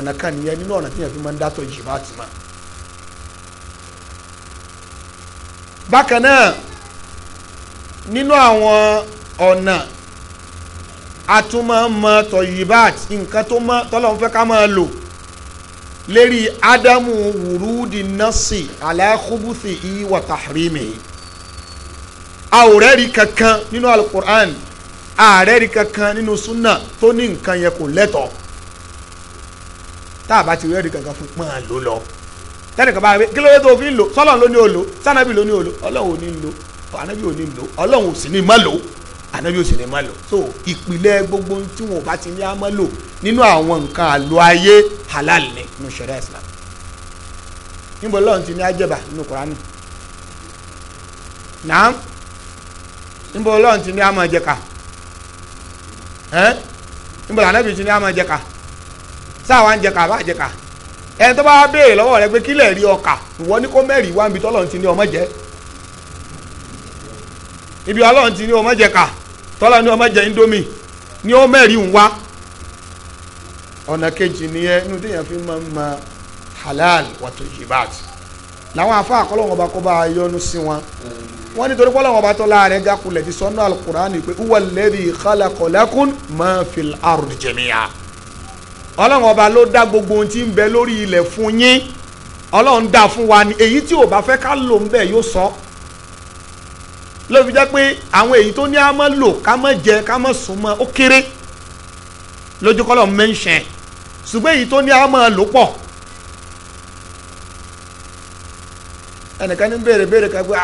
rí i pé bákan náà nínú àwọn ọ̀nà atúmọ̀ mọ tọ̀yìbáàt nǹkan tó mọ tọ́lọ́run fẹ́ ká máa lò lérí ádámù wùrúdì nọ́ọ̀sì aláàkúbùsì ìwà tàhírímì a ò rẹ́rí kankan nínú alukur'an a rẹ́rí kankan nínú súnà tó ní nǹkan yẹn kò lẹ́tọ̀ọ́ tá a bá ti rẹ́rí kankan fún pọ́n ló lọ tẹ́nìkan bá wí kí ló dé tó fi ń lò sọ́lọ́n ló ní o lò sànàbí ló ní o lò ọlọ́run ò ní lò ànábì ò ní lò ọlọ́run ò sì ní má lò ànábì ò sì ní má lò so ìpìlẹ̀ gbogbo tí wọn ò bá ti ní á má lò nínú àwọn nǹkan àlò ayé halal ni nínú ṣẹ̀ríà Islam níbo lọ́run ti ní ajẹ́bà nínú Kùránì naam níbo lọ́run ti ní á máa jẹka ẹ́ níbo lànàbì ti ní á máa jẹka sáà wá ń jẹka àbá jẹka ẹni tó bá béèrè lọ́wọ́ rẹ pé kí lè rí ọkà ìwọ ní kó mẹ́rì wá níbi tọ́lọ́run ti ní ọmọ jẹ́ ibi ọlọ́run ti ní ọmọ jẹ ká tọ́lá ní ọmọ jẹ indomie ní ó mẹ́rì ń wá ọ̀nà kejì nìyẹn inú téèyàn fi máa ń ma halal wàtò jibat làwọn afa àkọlọ́wọ́n ọba kó bá a yọnu sí wọn wọ́n nítorí pọ́lọ́wọ́n ọba tọ́lá rẹ̀ ga ti sọ́nù alukur'an ni pé huwa alladhi khalaqa lakum ma fi ard jami'a ọlọ́run ọba ló dá gbogbo ohun tí ń bẹ lórí ilẹ̀ fún yín ọlọ́run dá fún wa ni èyí tí ò bá fẹ́ ká lò ń bẹ̀ yóò sọ ló fi jẹ́ pé àwọn èyí tó ní a máa lò ká máa jẹ ká máa sùn mọ́ ó kéré lójúkọ́lọ́ mẹ́ńṣẹ̀ ṣùgbọ́n èyí tó ní a máa lò pọ̀ ẹnìkan ní béèrè béèrè kan pé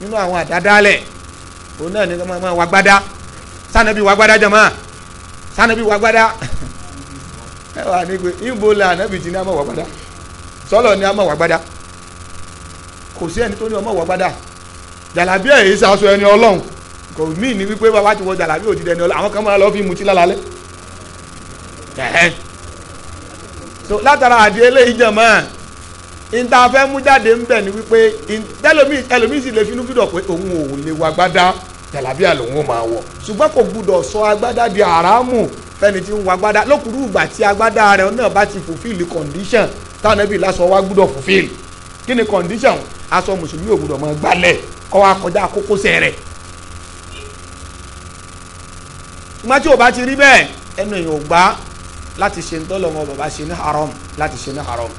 nínú àwọn àdádálẹ̀ òun náà ní ká máa wá gbádá sànàbí wá gbádá ẹ wà ní pé ibo la ànábì ti ní àmọ́ wàgbádá sọ́lọ̀ ní àmọ́ wàgbádá kò sí ẹni tó ní ọmọ wàgbádá jàlábí èyí sàṣọ ẹni ọlọ́run kò mí ní wípé bàbá ti wọ jàlábí òjì dẹni ọlọ́run àwọn kan máa lọ fi mutí lálálẹ́ so látara àdé eléyìí jẹ̀mọ́ ìta fẹ́ mú jáde ń bẹ̀ ni wípé ẹlòmíì ẹlòmíì sì lè finú fídọ̀ pé òun ò lè wọ agbádá jàlábíà ò máa wọ̀ ṣùgbọ́n kò gbúdọ̀ sọ agbádá di àràmù fẹ́ni tí ń wọ agbádá lókùrú ìgbà tí agbádá rẹ̀ náà bá ti fulfil condition táwọn ẹbí lásọ wá gbúdọ̀ fulfil kí ni condition aṣọ mùsùlùmí ò gbúdọ̀ máa gbálẹ̀ kọ́ wa kọjá kókósẹ̀ rẹ̀ ṣùgbọ́n tí o bá ti rí bẹ́ẹ̀ ẹnu èèyàn ò gbá láti ṣe ntọ́lọ́wọ́ bàbá ṣe ní haram láti ṣe ní haram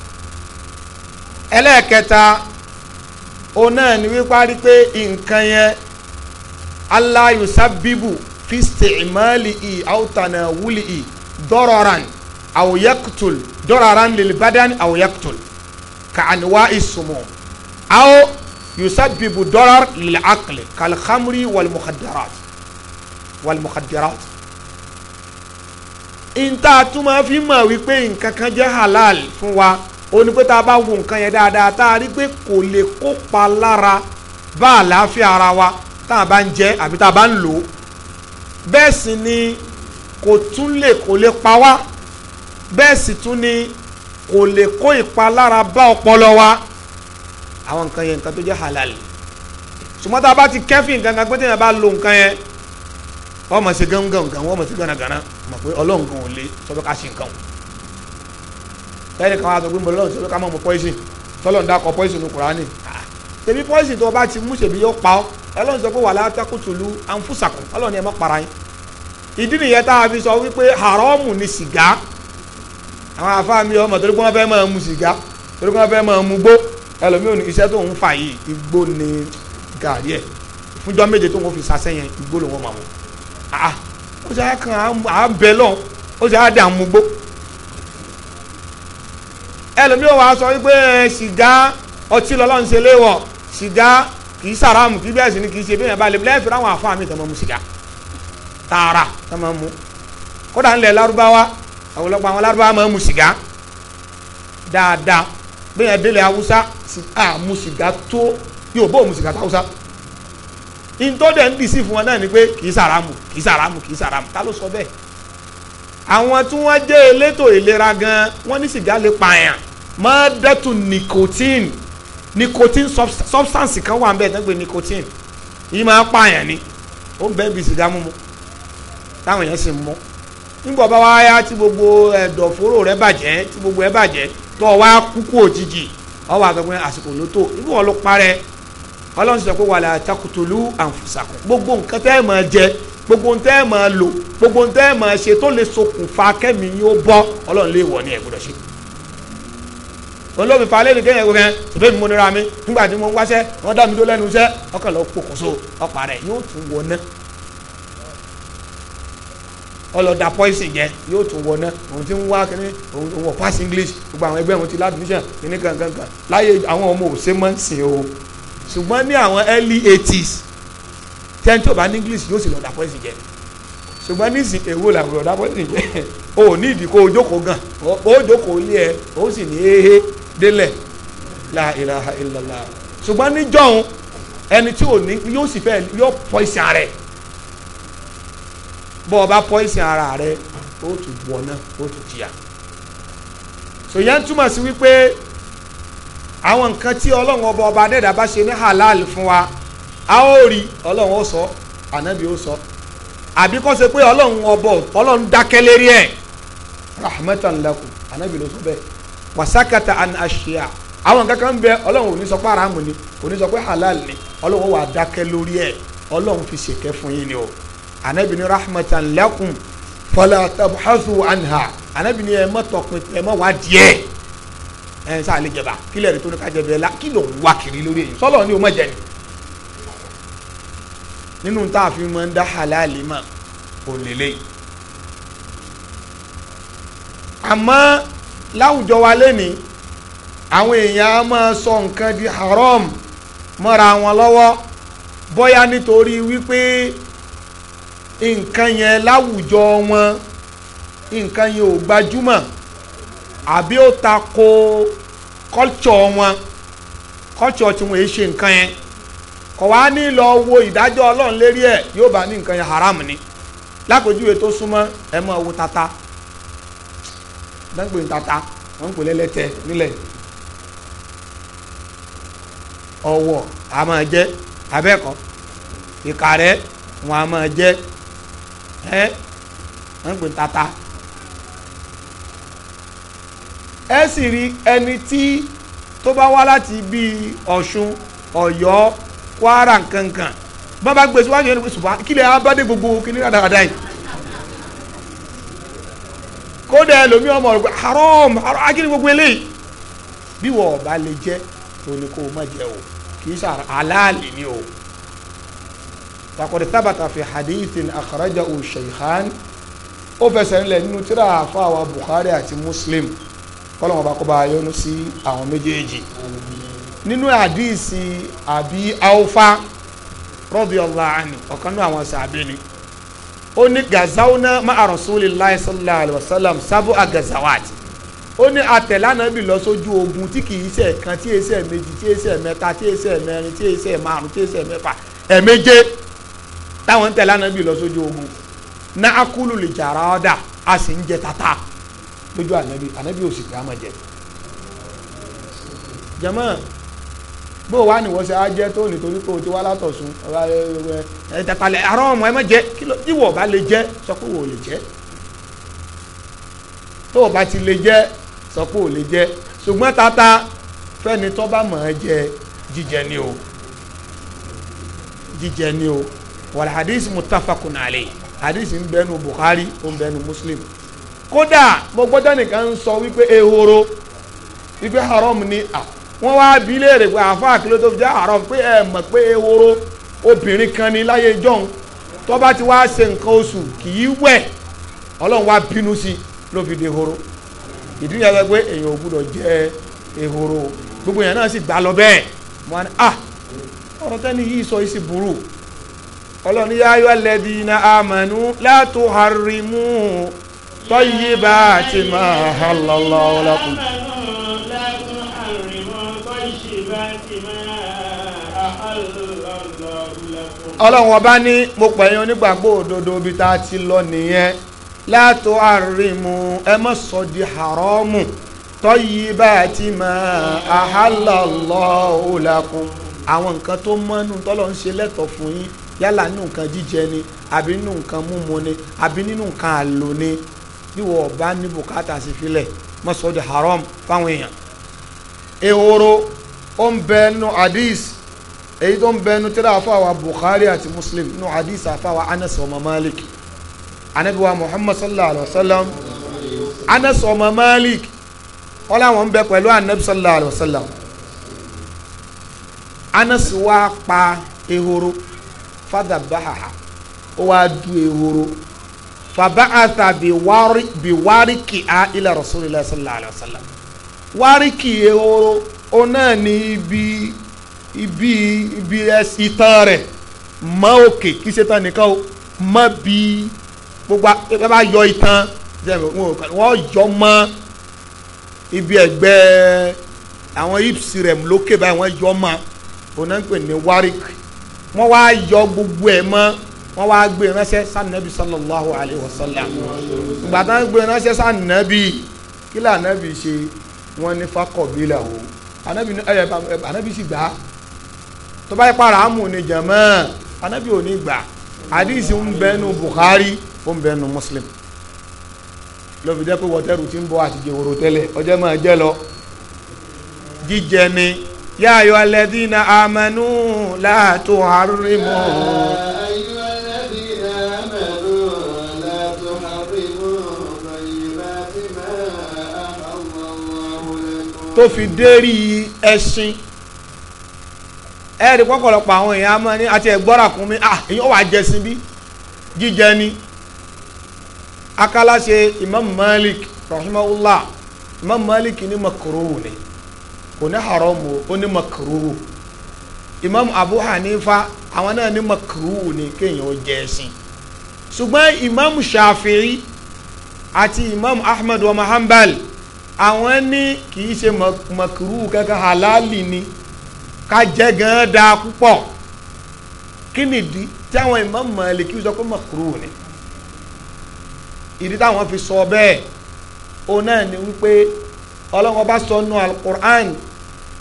ẹlẹ́ẹ̀kẹta òun náà ni wípé a rí pé nǹkan yẹn aláyùsá bíbù fi isticmalihi aw tanawulihi dararan aw yaqtul dararan lil badani aw yaqtul ka anwa'i sumum aw yusabbibu darar lil aqli kal khamri wal mukhaddarat wal mukhaddarat ìta tún máa fi mọ̀ wípé nǹkan kan jẹ́ halal fún wa ó ní pé tá a wo nǹkan yẹn dáadáa tá a rí pé kò lè kópa lára bá ara wa tá a bá ń jẹ àbí tá a bá bẹ́ẹ̀ sì ni kò tún lè kò lè pa wá bẹ́ẹ̀ sì tún ni kò lè kó ìpalára bá ọpọlọ wa àwọn nǹkan yẹn nǹkan tó jẹ́ halal ṣùgbọ́n tá a bá ti kẹ́fìn gangan pé téèyàn bá lo nǹkan yẹn wọ́n mọ̀ sí gángan gan wọ́n mọ̀ sí gánagànà mọ̀ pé ọlọ́run gan ò lè sọ ká ṣe nǹkan o tẹ́lẹ̀ kan wá sọ pé mo lọ́run sọ pé ká mọ̀ mọ̀ poison tọ́lọ̀ ń dákọ̀ poison ní Kùránì ṣèbí pọ́ìsì tó o bá ti mú ṣèbí yóò pa ọ́ ọlọ́run sọ pé wala taqtulu anfusakum ọlọ́run ẹ má para yín ìdí nìyẹn tá a fi sọ wípé haramu ni sìgá àwọn afáàmì ọmọ torí pé wọ́n fẹ́ máa mu sìgá torí pé wọ́n fẹ́ máa mu gbó ẹlòmíràn ní iṣẹ́ tó ń fà yìí igbó ni gàrí ẹ̀ fúnjọ́ méje tó ń fi sasẹ́yìn igbó ló wọ́n máa mu ah ó ṣe àkàn à ń bẹ lọ́n ó ṣe àdà mu gbó ẹlòmíràn wàá sọ wípé sìgá ọtí lọ́lọ́run ṣe léwọ̀ sìgá kì í sàrámù kì í bẹ́ẹ̀ sì ni kì í ṣe bẹ́ẹ̀ bá lè lẹ́ẹ̀fì ráwọn àfáà mi tọ́mọ mu sìgá tààrà tọ́mọ mu kódà ńlẹ̀ lárúbáwá àwòlọ́pọ̀ àwọn lárúbáwá máa ń mu sìgá dáadáa bẹ́ẹ̀ délé haúsá à mu sìgá tó yóò bó mu sìgá tó haúsá ntọ́dẹ̀ ń dìísí fún wọn náà ni pé kì í sàrámù kì í sàrámù kì sàrámù ta ló sọ bẹ́ẹ̀ àwọn tí wọ́n jẹ́ elétò ìlera gan wọ́n ní sìgá lè pààyàn mọ́ dẹ́tù nìkòtíìnì nicotine substance kan wà ń bẹ̀ tó ń pè nicotine yìí máa pààyàn ni ó ń bẹ́ẹ̀ bí sìgá mímu táwọn èèyàn sì ń mú nígbà bá wá yá tí gbogbo ẹ̀dọ̀fóró eh, rẹ bàjẹ́ tí gbogbo ẹ bàjẹ́ tó o wá kúkú òjijì ọ wà gbẹgbẹ àsìkò ló tó ibi wọn ló parẹ́ ọlọ́run sọ pé wala taqtulu anfusakum gbogbo nǹkan tẹ́ ẹ̀ máa jẹ gbogbo ntẹ́ ẹ̀ máa lò gbogbo ntẹ́ ẹ̀ máa ṣe tó lè ṣokùnfà kẹ́mi yóò bọ́ ọlọ́run lè wọ̀ ní ẹ̀ ṣe olómi falẹ́ ní kéèyàn gbẹ̀ngàn ṣùgbọ́n mo nira mi nígbà tí mo ń wáṣẹ́ wọ́n dá mi dó lẹ́nu iṣẹ́ ọkàn lọ pokùn so ọ̀pá rẹ̀ yóò tún wọná ọlọ́dà poison jẹ yóò tún wọná òun ti ń wá kíní òun wọ pass English gbogbo àwọn ẹgbẹ́ wọn ti ládùúṣàn kíní kankankan láyé àwọn ọmọ òṣè máa ń sìn o ṣùgbọ́n ní àwọn early eighties tẹ́ni tó bá ní English yóò sì lọ́dà poison jẹ ṣùgbọ́n nísìn èwo làwọn ọ̀dà poison jẹ (laughs) o ní ìdí kó o jókòó gan o jókòó lé ẹ o sì ní ehe délẹ̀ la ilaha illallah ṣùgbọ́n níjọ́hun ẹni tí ò ní yóò sì fẹ́ yóò pọ̀ ìsìn ààrẹ bọ́ ọ bá pọ̀ ìsìn ara rẹ ó tún bu ọ̀nà ó tún jìyà sòyẹ́ ń túmọ̀ sí wípé àwọn nǹkan tí ọlọ́run ọba ọba adẹ́dà bá ṣe ní halal fún wa a ó rí ọlọ́run ó sọ ànábì ó sọ àbí kọ́ ṣe pé ọlọ́run ọbọ̀ ọlọ́run dákẹ́ lérí ẹ̀ rahmatan lakum ànábì ló sọ bẹ́ẹ̀ wasakata an aṣia àwọn kankan bẹ ọlọ́run ò ní sọ pé haramu ni ò ní sọ pé halal ni ọlọ́run wà dákẹ́ lórí ẹ̀ ọlọ́run fi ṣèkẹ́ fún yín ni o anabi ni rahmatan lakum fala tabhasu anha anabi ni ẹ mọ tọpin ẹ mọ wá díẹ̀ ẹ sá lè jẹba kílẹ̀ rẹ tó ní ká jẹ bẹ́ẹ̀ la kí ló ń wá kiri lórí èyí sọlọ ni o mọ jẹ ni nínú tá a fi máa ń dá halali mọ òun lélẹ́yìí àmọ́. láwùjọ wa lénìí àwọn èèyàn a máa sọ nǹkan di haram mọ́ra wọn lọ́wọ́ bóyá nítorí wípé nǹkan yẹn láwùjọ wọn nǹkan yẹn ò gbajúmọ̀ àbí ó ta ko culture wọn culture tí wọ́n ṣe nǹkan yẹn kò wá ní lọ wo ìdájọ́ ọlọ́run lérí ẹ̀ yóò bá ní nǹkan yẹn haram ni lápèjúwe tó súnmọ́ ẹ mọ̀ wo tata dáńpé ntata wọ́n ń pè lẹ́lẹ́tẹ̀ nílẹ̀ ọwọ́ a máa jẹ́ abẹ́ẹ̀kọ́ ìkàrẹ́ wọn a máa jẹ́ ẹ́ wọ́n ń pè ntata ẹ sì rí ẹni tí tó bá wá láti bíi ọ̀ṣun ọ̀yọ́ kwara nkankan bá gbèsè wájú ẹni pé ṣùgbọ́n kílẹ̀ abádé gbogbo kíní rádaràdà yìí kódà ẹlòmíì ọmọ rẹ pé haram haram akíni gbogbo eléyìí bí wọ́n ọba lè jẹ́ òní kò má jẹ́ o kì í ṣe aláàlì ni o. takọ̀dé tábàtà fi hadithin àkàràjà òṣèlhán ó fẹsẹ̀ ńlẹ̀ nínú tíra àfa àwa Bukhari àti Muslim kọ́lọ́mọ̀ bá kọ́ bá yọnu sí àwọn méjèèjì nínú àdìsí àbí aufa radiyallahu anhu ọ̀kan náà àwọn sàbẹ̀ ni ó ní gazawuna ma rasulillahi sallallahu alayhi wa sallam sábò agazawat ó ní atẹ̀lánà bí lọ sójú ogun tí kì í ṣe kan tí èsè méjì tí èsè mẹ́ta tí èsè mẹ́rin tí èsè márùn tí èsè mẹ́fà ẹ̀méje táwọn tẹ̀lánà bí lọ sójú ogun na akulu lè jàrá ọ̀dà a sì ń jẹ tata lójú ànábì ànábì ò sì fẹ́ àmọ̀ jẹ. jama bó o wá ní wọ́n ṣe á jẹ́ tó nítorí pé o ti wá látọ̀sùn ẹ tẹ̀pàlẹ̀ àárọ̀ ọmọ ẹ má jẹ́ tí wọ́n bá lè jẹ́ sọ pé wọ́n ò lè jẹ́ tó o bá ti lè jẹ́ sọ pé ò lè jẹ́ ṣùgbọ́n tata fẹ́ni tó bá mọ̀ ẹ́ jẹ jíjẹ ni o jíjẹ ni o wàlá hadith mutafakun alayhi hadith ń bẹnu Bukhari ń bẹnu Muslim kódà mo gbọ́dọ̀ nìkan ń sọ wípé ehoro wípé haram ni àpò. Ah, wọ́n wá bí léèrè pé àáfàá kí ló tó fi jẹ́ àárọ̀ pé ẹ mọ̀ pé ehoro obìnrin kan ni láyé jọ̀hún tó bá ti wá ṣe nǹkan oṣù kì í wẹ̀ ọlọ́run wá bínú sí ló fi de ehoro ìdúnyà sọ pé èèyàn ò gbúdọ̀ jẹ ehoro gbogbo èèyàn náà sì gbà lọ bẹ́ẹ̀ wọn ni ah, ọ̀rọ̀ tẹ́ni yìí sọ yìí sì burú ọlọ́run yá ayọ́ lẹ́bi iná amànú látò harimu tọ́yìí bá ti máa hàlọ́lọ́ ọlọ́kùnrin. ọlọ́run ọba ní mo pẹ̀yìn onígbàgbọ́ òdodo ibi tá a ti lọ nìyẹn látò àrìmù ẹ sọ di haramu tọ́yì bá ti mọ ahallallahu lakum àwọn nǹkan tó mọ́nú tọ́lọ́ ń ṣe lẹ́tọ̀ọ́ fún yín yálà nínú nǹkan jíjẹ ni àbí nínú nǹkan múmu ni àbí nínú nǹkan àlò ni níwọ̀ ọba ní bùkátà sí filẹ̀ mọ̀ di haram fáwọn èèyàn ehoro ó ń bẹ́ẹ̀ nù hadith èyí tó ń bẹnu tírà àfàwà Bukhari àti Muslim nù hadith àfàwà Anas ọmọ Malik anabiwa Muhammad sallallahu alayhi wa sallam Anas ọmọ Malik wọn làwọn ń bẹ pẹ̀lú anabi sallallahu alayhi wa sallam Anas wa pa ehoro fada bahaha ó wá du ehoro fàbáàtà bí wárìkì á ilà rasulillah sallallahu alayhi wa sallam wárìkì ehoro ó náà ní ibi ibi ibi ìtàn rẹ̀ mọ́ òkè kí ṣe tán nìkan o mọ́ bí gbogbo ẹ bá yọ ìtàn wọ́n yọ mọ́ ibi ẹ̀gbẹ́ àwọn hips rẹ̀ lókè báyìí wọ́n yọ mọ́ òun náà ń pè ní warik wọ́n wá yọ gbogbo ẹ̀ mọ́ wọ́n wá gbé ránṣẹ́ sànàbí sallallahu alayhi wa sallam ìgbà tán gbé ránṣẹ́ sànàbí kí lànàbí ṣe wọ́n ní fakọ̀bí làwọn ànàbí sì gbà á tó bá yẹ pa ràámù ni jẹ̀mọ́ anábì ò ní gbà àdìsí ń bẹnu Bukhari ó ń bẹnu Muslim lọ́bi jẹ́ pé wọ́tẹ́rù ti ń bọ́ àti jòwòrò tẹ́lẹ̀ ọjọ́ máa jẹ́ lọ jíjẹ ni yá ayọ̀ alẹ́dínà amẹ́nú láàtò àrímọ̀. tó fi dérí ẹṣin ẹ̀ẹ́dì pọ́pọ̀lọpọ̀ àwọn èèyàn máa ní àti ẹ̀gbọ́ra kún mi à ah, èyí ó wà jẹ sí bí jíjẹ ni akala ṣe Imam Malik rahimahullah Imam Malik ní makruhu ni kò ní haramu ó ní makruhu Imam Abu Hanifa àwọn náà ní makruhu ni kéèyàn ó jẹ sí ṣùgbọ́n Imam Shafi'i àti Imam Ahmad wa Muhammad àwọn ní kì í ṣe makruhu kankan halali ni ká jẹ́ gan da púpọ̀ kí nìdí tí àwọn Imam Maliki sọ pé makruh ni ìdí táwọn fi sọ bẹ́ẹ̀ òun náà ni wípé ọlọ́wọ́n bá sọ nù al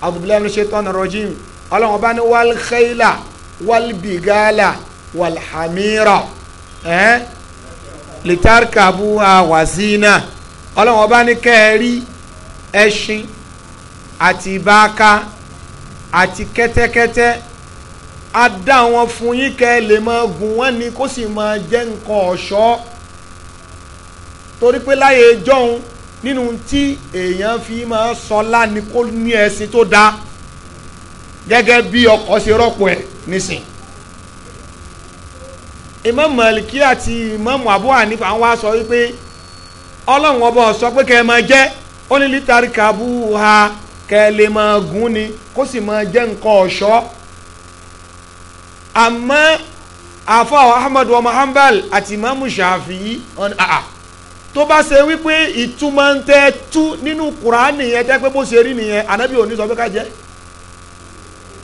àdùbílẹ̀ ní ṣetán rọ́jìm ọlọ́wọ́n bá ní wal khayla wal bigala wal hamira ẹ́ litarkabu awazina ọlọ́wọ́n bá ní kẹ́ẹ̀rí ẹṣin àti ìbáka àti kẹ́tẹ́kẹ́tẹ́ a dá wọn fún yín kẹ́ ẹ lè máa gùn wọ́n ni kó sì máa jẹ́ nǹkan ọ̀ṣọ́ torí pé láyé jọ́hun nínú tí èèyàn fi máa sọlá ni kó ní ẹṣin tó dáa gẹ́gẹ́ bí ọkọ̀ ṣe rọ́pò ẹ̀ nísìn imam maliki àti imam abu hanifa wa sọ wípé ọlọ́run ọba sọ pé kẹ́ ẹ máa jẹ́ ó ní lítàrí kàbú kẹ́ ẹ lè máa gún ni kó sì máa jẹ́ nǹkan ọ̀ṣọ́ àmọ́ àfọwọ́ ahmad wa muhammad àti imaamu shafi'i ọ̀n àà tó bá ṣe wípé ìtumọ̀ ń tẹ́ tú nínú kuraani yẹn tẹ́ pé bó ṣe rí nìyẹn anabi ò ní sọ pé ká jẹ́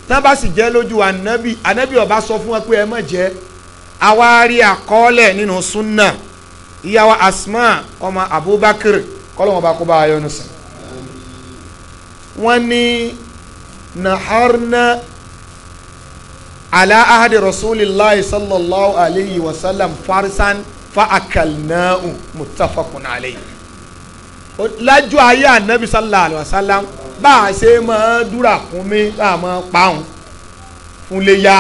tán bá sì jẹ́ lójú anabi anabi ọba sọ fún wa pé ẹ má jẹ́ àwa rí àkọọ́lẹ̀ nínú sunna ìyàwó asma ọmọ abubakar kọ́lọ́mọba kó bá a yọnu sàn wọ́n ní naharna ala ahadi rasulillahi sallallahu alayhi wa sallam farisan fa'akalna'u muttafaqun alayhi lájú ayé ànábi sallallahu alayhi wa sallam bá a ṣe máa dúrà fún mi bá a máa pa òun fún léyà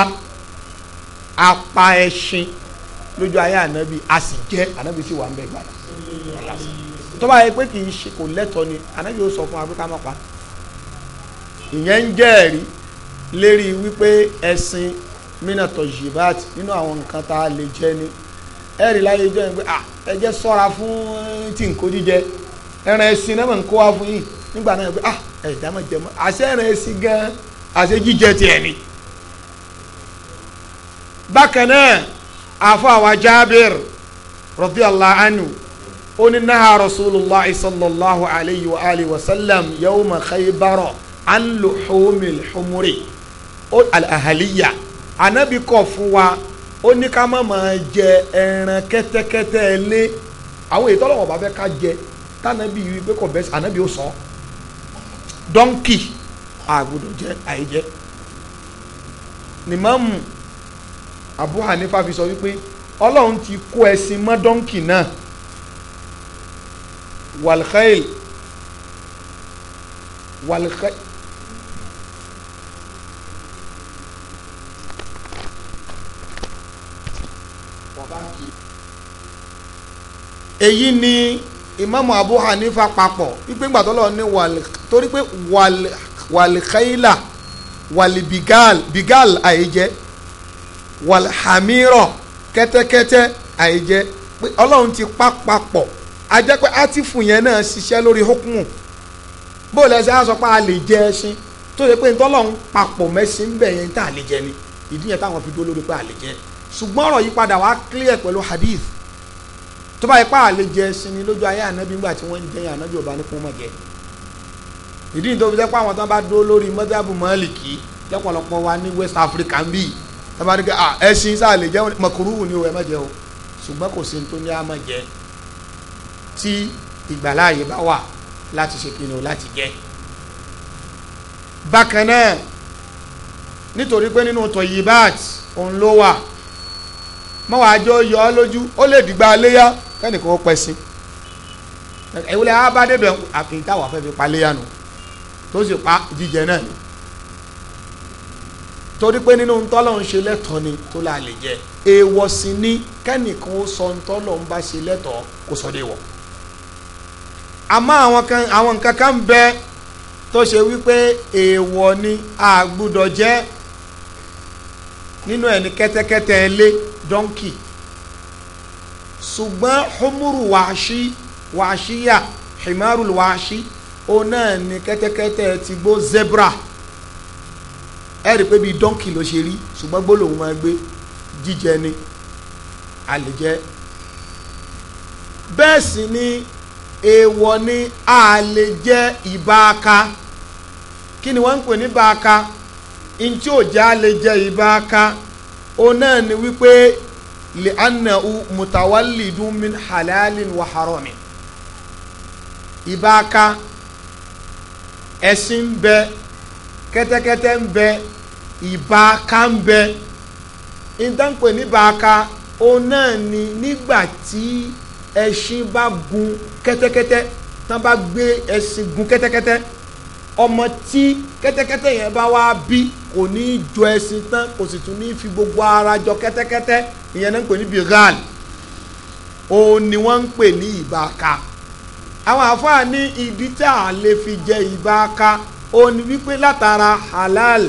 apá ẹṣin lójú ayé ànábi a sì jẹ́ ànábi sì wà ń bẹ̀ gbàdá tó bá yẹ pé kì í ṣe kò lẹ́tọ̀ọ́ ni ànábi yóò sọ fún wa pé ká má pa á ìyẹn ń jẹ́ẹ̀rí lérí wípé ẹ̀sìn mínàtọ̀ jibat nínú àwọn nǹkan tá a lè jẹ ni ẹ̀rí láyé jẹ́ pé ẹ jẹ́ sọ́ra fún tí nǹkó jíjẹ ẹran ẹ̀sìn náà mọ̀ nǹkó wá fún yìí nígbà náà pé ẹ̀dá mọ̀ jẹ mọ́ àṣẹ ẹran ẹ̀sìn gan àṣẹ jíjẹ tiẹ̀ ni. bákan náà àfọ àwa Jábìr radiyallahu anhu ó ní náà rasulullah sallallahu alayhi wa alihi wa sallam yawma Khaybar anluhumil humuri alahaliya anabi kọ̀ fún wa ó ní ká má máa jẹ ẹran kẹ́tẹ́kẹ́tẹ́ lé àwọn èyí tọ́lọ́wọ́ bá fẹ́ ká jẹ tànàbí yìí pé kò bẹ́sẹ̀ ànàbí ó sọ dọ́ńkì àgùdọ̀ jẹ àìjẹ nìmọ̀mù Abu Hanifa fi sọ wípé ọlọ́run ti kó ẹṣin mọ́ dọ́ńkì náà walkhail walkhail. èyí ni ìmáàmù Abu Hanifa papọ̀ wípé gbàtọ́lọ́ ní wàlẹ̀ torí pé wàlẹ̀ wàlìkàílà wàlìbìgáàl bìgáàl àìjẹ wàlìhàmírọ̀ kẹ́tẹ́kẹ́tẹ́ àìjẹ pé ọlọ́run ti pa papọ̀ a jẹ́ pé átífù yẹn náà ṣiṣẹ́ lórí hókùmù bó lẹ́sẹ̀ á sọ pé a lè jẹ ẹṣin tó ṣe pé ntọ́lọ́run papọ̀ mẹ́sìn bẹ̀ tá a lè jẹ ni ìdí yẹn táwọn fi dúró lórí pé a lè jẹ ẹ̀ ṣùgbọ́n ọ̀rọ̀ yìí padà wá clear pẹ̀lú hadith tó bá yẹ pa àlè jẹ sinmi lójú ayé ànábì ńgbà tí wọ́n ń jẹyìn ànábì ọba ní kó mọ̀ jẹ ìdí ní tó fi jẹ́ pé àwọn tó bá dúró lórí mọ́tàbù mọ́lìkì lọ́pọ̀lọpọ̀ wa ní West Africa ń bì tó bá dé ah ẹṣin sáà lè jẹ mọ̀kúrúwù ni o ẹ má jẹ o ṣùgbọ́n kò sí ní tó ní á má jẹ tí ìgbàláàyè bá wà láti ṣe pinnu láti jẹ bákan náà nítorí pé nínú tọ̀yìbáàtì òun ló wà mọ wàá jọ yọ ọ lójú ó lè dìgbà léyà kẹ́nìkan ó pẹ́ sí ìwúlẹ̀ abádébẹ̀ àkìntà wà fẹ́ pa léyà nù tó sì pa jíjẹ náà ni torí pé nínú ntọ́lọ̀ ń ṣe lẹ́tọ̀ọ́ ni tó la lè jẹ èèwọ̀ sì ni kẹ́nìkan ó sọ ntọ́lọ̀ ń bá ṣe lẹ́tọ̀ọ́ kó sọ déèwọ̀ àmọ́ àwọn nǹkan kan bẹ tó ṣe wípé èèwọ̀ ni a gbúdọ̀ jẹ nínú ẹni kẹ́tẹ́kẹ́tẹ́ ilé dọ́ńkì ṣùgbọ́n humuru wàṣí wàṣíyà himarul wàṣí òun náà ni kẹ́tẹ́kẹ́tẹ́ ti gbó zebra ẹ rí i pé bíi dọ́ńkì ló ṣe rí ṣùgbọ́n gbólóhùn máa gbé jíjẹ ni a lè jẹ bẹ́ẹ̀ sì ni èèwọ̀ ni a lè kí ni wọ́n ń pè ní baaka ntí ò jẹ́ a lè òun náà ni wípé lè anahu mutawalidun min halalin wa haramin ìbáka ẹṣin ń bẹ kẹ́tẹ́kẹ́tẹ́ ń bẹ ìbáka ń bẹ ìdánpẹ̀ níbáka òun náà ni nígbà tí ẹṣin bá gun kẹ́tẹ́kẹ́tẹ́ tán bá gbé ẹṣin gun kẹ́tẹ́kẹ́tẹ́ ọmọ tí kẹ́tẹ́kẹ́tẹ́ yẹn bá wá bí kò ní í jọ ẹṣin tán kò sì tún ní í fi gbogbo ara jọ kẹ́tẹ́kẹ́tẹ́ ìyẹn náà ń pè ní bighal òun ni wọ́n ń pè ní ìbáka àwọn àfáà ní ìdí tá a lè fi jẹ ìbáka òun ni wípé látara halal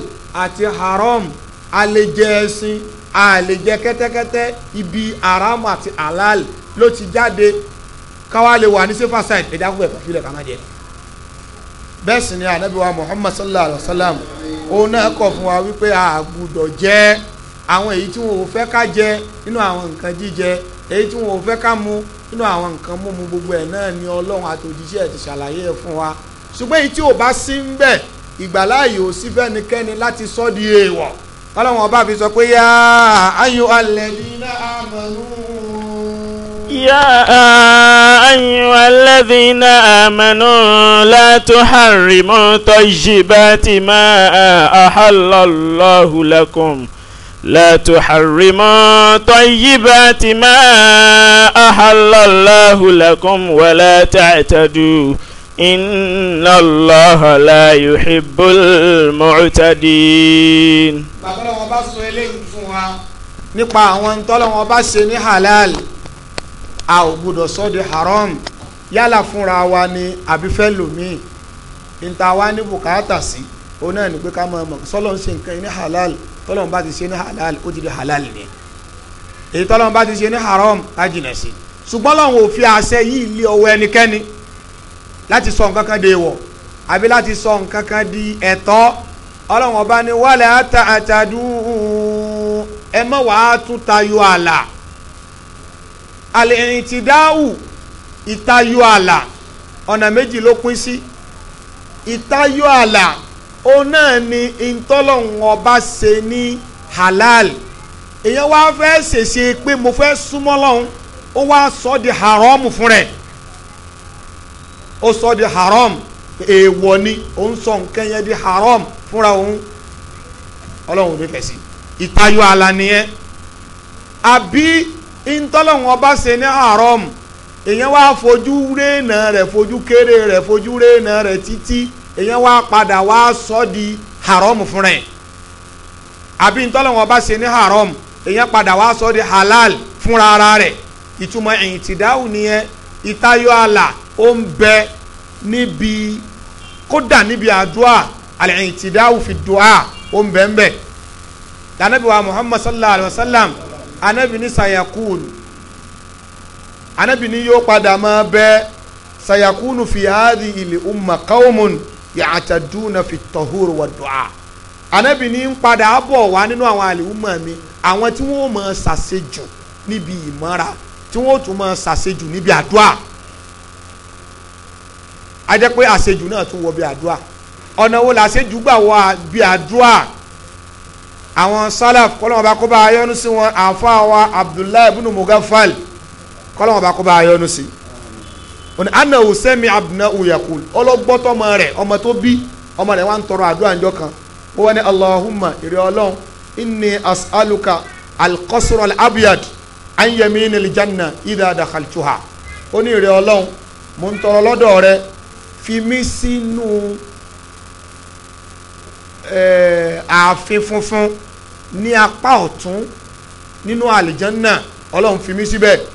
àti haram a lè jẹ ẹṣin a lè jẹ kẹ́tẹ́kẹ́tẹ́ ibi haram àti halal ló ti jáde káwa lè wà ní sefa side ẹ̀dá fún ẹ̀kọ́ fílẹ̀ ká bẹ́ẹ̀ sì ni anabi muhammad sallallahu alaihi wa sallam òun náà kọ̀ fún wa wípé a gbúdọ̀ jẹ àwọn èyí tí wọn ò fẹ́ ká jẹ nínú àwọn nǹkan jíjẹ èyí tí wọn ò fẹ́ ká mu nínú àwọn nǹkan mímu gbogbo ẹ̀ náà ni ọlọ́run àtòjíṣẹ́ ẹ̀ ti ṣàlàyé ẹ̀ fún wa ṣùgbọ́n èyí tí ò bá sí ń bẹ̀ ìgbàláàyè ò sí fẹ́nikẹ́ni láti sọ́ di èèwọ̀ ọlọ́run ọba fi sọ pé yá ayọ̀ alẹ́ nínú àmọ́nú. يا أيها الذين آمنوا تحرموا طيبات ما أحل الله لكم لا تحرموا طيبات ما أحل الله لكم ولا تعتدوا إن الله لا يحب المعتدين nípa àwọn tọ́lọ́wọ́n bá ṣe ní halal a ò gbọ́dọ̀ yálà fúnra wa ni àbí fẹ́ lòmíì níta wa ní bùkátà sí òun náà ní pé ká mọ̀ ọmọ sọ́lọ́n ṣe nǹkan ní halal tọ́lọ́n bá ti ṣe ní halal ó ti di halal ni èyí tọ́lọ́n bá ti ṣe ní haram ká jìnà sí ṣùgbọ́n lọ́wọ́n ò fi àṣẹ yìí lé ọwọ́ ẹnikẹ́ni láti sọ nǹkan kan de wọ̀ àbí láti sọ nǹkan kan di ẹ̀tọ́ ọlọ́wọ́n ọba ni wàlẹ̀ ata àtàdù ẹ mọ̀ wàá tún tayọ àlà àlẹ́ ìrìn ti dáhùn ìtayọ ààlà ọ̀nà méjì ló pín sí ìtayọ ààlà òun náà ni ìtọ́lọ́hún ọba ṣe ní halal èèyàn wá fẹ́ ṣèṣe pé mo fẹ́ súnmọ́ lọ́hún ó wá sọ di haram fún rẹ̀ ó sọ di haram èèwọ̀ ni òun sọ nǹkan yẹn di haram fúnra òun ọlọ́run ló fẹ̀sí ìtayọ ààlà nìyẹn àbí ìtọ́lọ́hún ọba ṣe ní haram èèyàn wá fojú réènà rẹ̀ fojú kéré rẹ̀ fojú réènà rẹ̀ títí èèyàn wá padà wá sọ di haram fún rẹ̀ àbí ntọ́lọ́wọ́n bá ṣe ní haram èèyàn padà wá sọ di halal fúnra ara rẹ̀ ìtumọ̀ ẹ̀yìn tìdáhùn nìyẹn ìtayọ àlà ó ń bẹ níbi kódà níbi àdúrà àlẹ̀yìn tìdáhùn fi dùá ó ń bẹ ń bẹ dànàbí wa muhammad sallallahu alayhi wa sallam anabi ní sayakul anabi ni yóò padà máa bẹ sayakunu fi hadi ili umma kaumun yàtàdúnà fi tọhúrò wà dùà anabi ni ń padà bọ̀ wá nínú àwọn àlè umma mi àwọn tí wọ́n máa ṣàṣejù níbi ìmọ̀ra tí wọ́n tún máa ṣàṣejù níbi àdúà a jẹ́ pé àṣejù náà tún wọ bí àdúà ọ̀nà wo làṣejù gbà wọ bí àdúà àwọn salaf kọ́lọ́mọba kó bá sí wọn àfa wa abdullahi ibn mugafal kọ́lọ́wọ́n bá kó bá yọnu sí òní anna hussein abdulna uyakul ọlọ́gbọ́tọ́ ọmọ rẹ̀ ọmọ tó bí ọmọ rẹ̀ wà ń tọrọ àdúrà ńjọ kan ó wọ́n ní allahumma ìrẹ́ ọlọ́run inni as'aluka alqasr alabyad an yamini aljanna idha ó ní ìrẹ́ ọlọ́run mo ń tọrọ lọ́dọ̀ rẹ fi mí sínú ààfin funfun ní apá ọ̀tún nínú àlìjánná ọlọ́run fi mí síbẹ̀. Si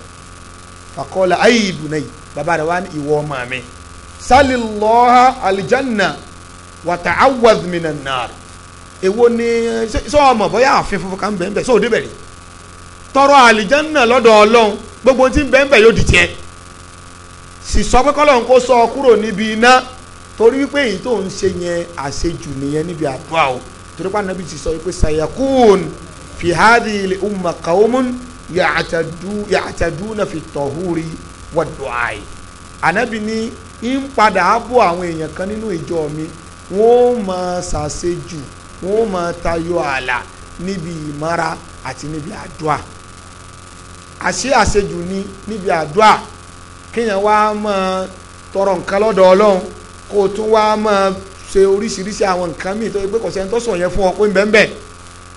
fàkọ́lá ayé ìbùnàyì bàbá rẹ̀ wá ní ìwọ ọmọ mi sálílọ́ha alìjánà wàtà awàdìmínà nàárì èwo ni sọ ọmọ bóyá àfin funfun kan bẹ́ẹ̀ bẹ́ẹ̀ sọ òde bẹ̀rẹ̀ tọrọ àlìjánà lọ́dọ̀ ọlọ́run gbogbo tí ń bẹ́ẹ̀ bẹ́ẹ̀ yóò di tiẹ̀ sì sọ pé kọ́lọ́run kó sọ ọ kúrò níbi iná torí wípé èyí tó ń ṣe yẹn àṣejù nìyẹn níbi àdúrà o torí pé anabi ti sọ wípé sayakun fihadi umma kaumun yàtàdúnà fi tọ̀húri wọ̀dùáì ànábì ní ń padà bọ̀ àwọn èèyàn kan nínú ìjọ mi wọ́n máa ṣàṣejù wọ́n máa tayọ ààlà níbi ìmọ́ra àti níbi àdúà àṣé àṣejù ni níbi àdúà kéèyàn wá máa tọrọ nǹkan lọ́dọ̀ ọlọ́run kó o tún wá máa ṣe oríṣiríṣi àwọn nǹkan míì tó yẹ pé kò sẹ́ni tó sọ yẹn fún ọ pé ń bẹ́ẹ̀ bẹ́ẹ̀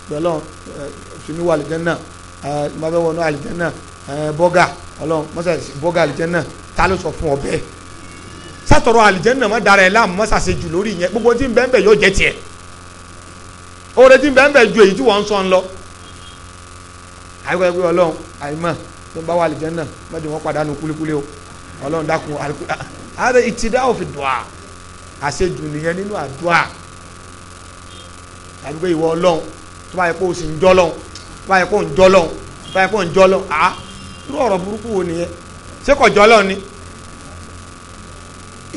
bẹ́ẹ̀ lọ́n ṣùgbọ́n wà lẹ́jẹ̀ náà ìmọ̀ bẹ́ẹ̀ wọnú àlìjẹ́nà bọ́gà ọlọ́run mọ́sàsì bọ́gà àlìjẹ́nà ta ló sọ fún ọ bẹ́ẹ̀ sátọrọ àlìjẹ́nà mọ́ dara ẹ̀ láàmú mọ́sàsì jù lórí yẹn gbogbo tí ń bẹ́ẹ̀ bẹ́ẹ̀ yóò jẹ́ tiẹ̀ oore tí ń bẹ́ẹ̀ bẹ́ẹ̀ ju èyí tí wọ́n ń sọ ń lọ àyíkọ́ ẹgbẹ́ ọlọ́run àyímọ̀ tó ń bá wà àlìjẹ́nà mọ́jọ wọn padà nù o ọlọ́run dákun àlùkò ìtìdá òfin dùn à àṣejù nìyẹn nínú àdúrà tàbí pé ìwọ ọlọ́run tó bá báyìí kò ń jọlọ báyìí kò ń jọlọ a irú ọ̀rọ̀ burúkú wo nìyẹn ṣé kò jọlọ ni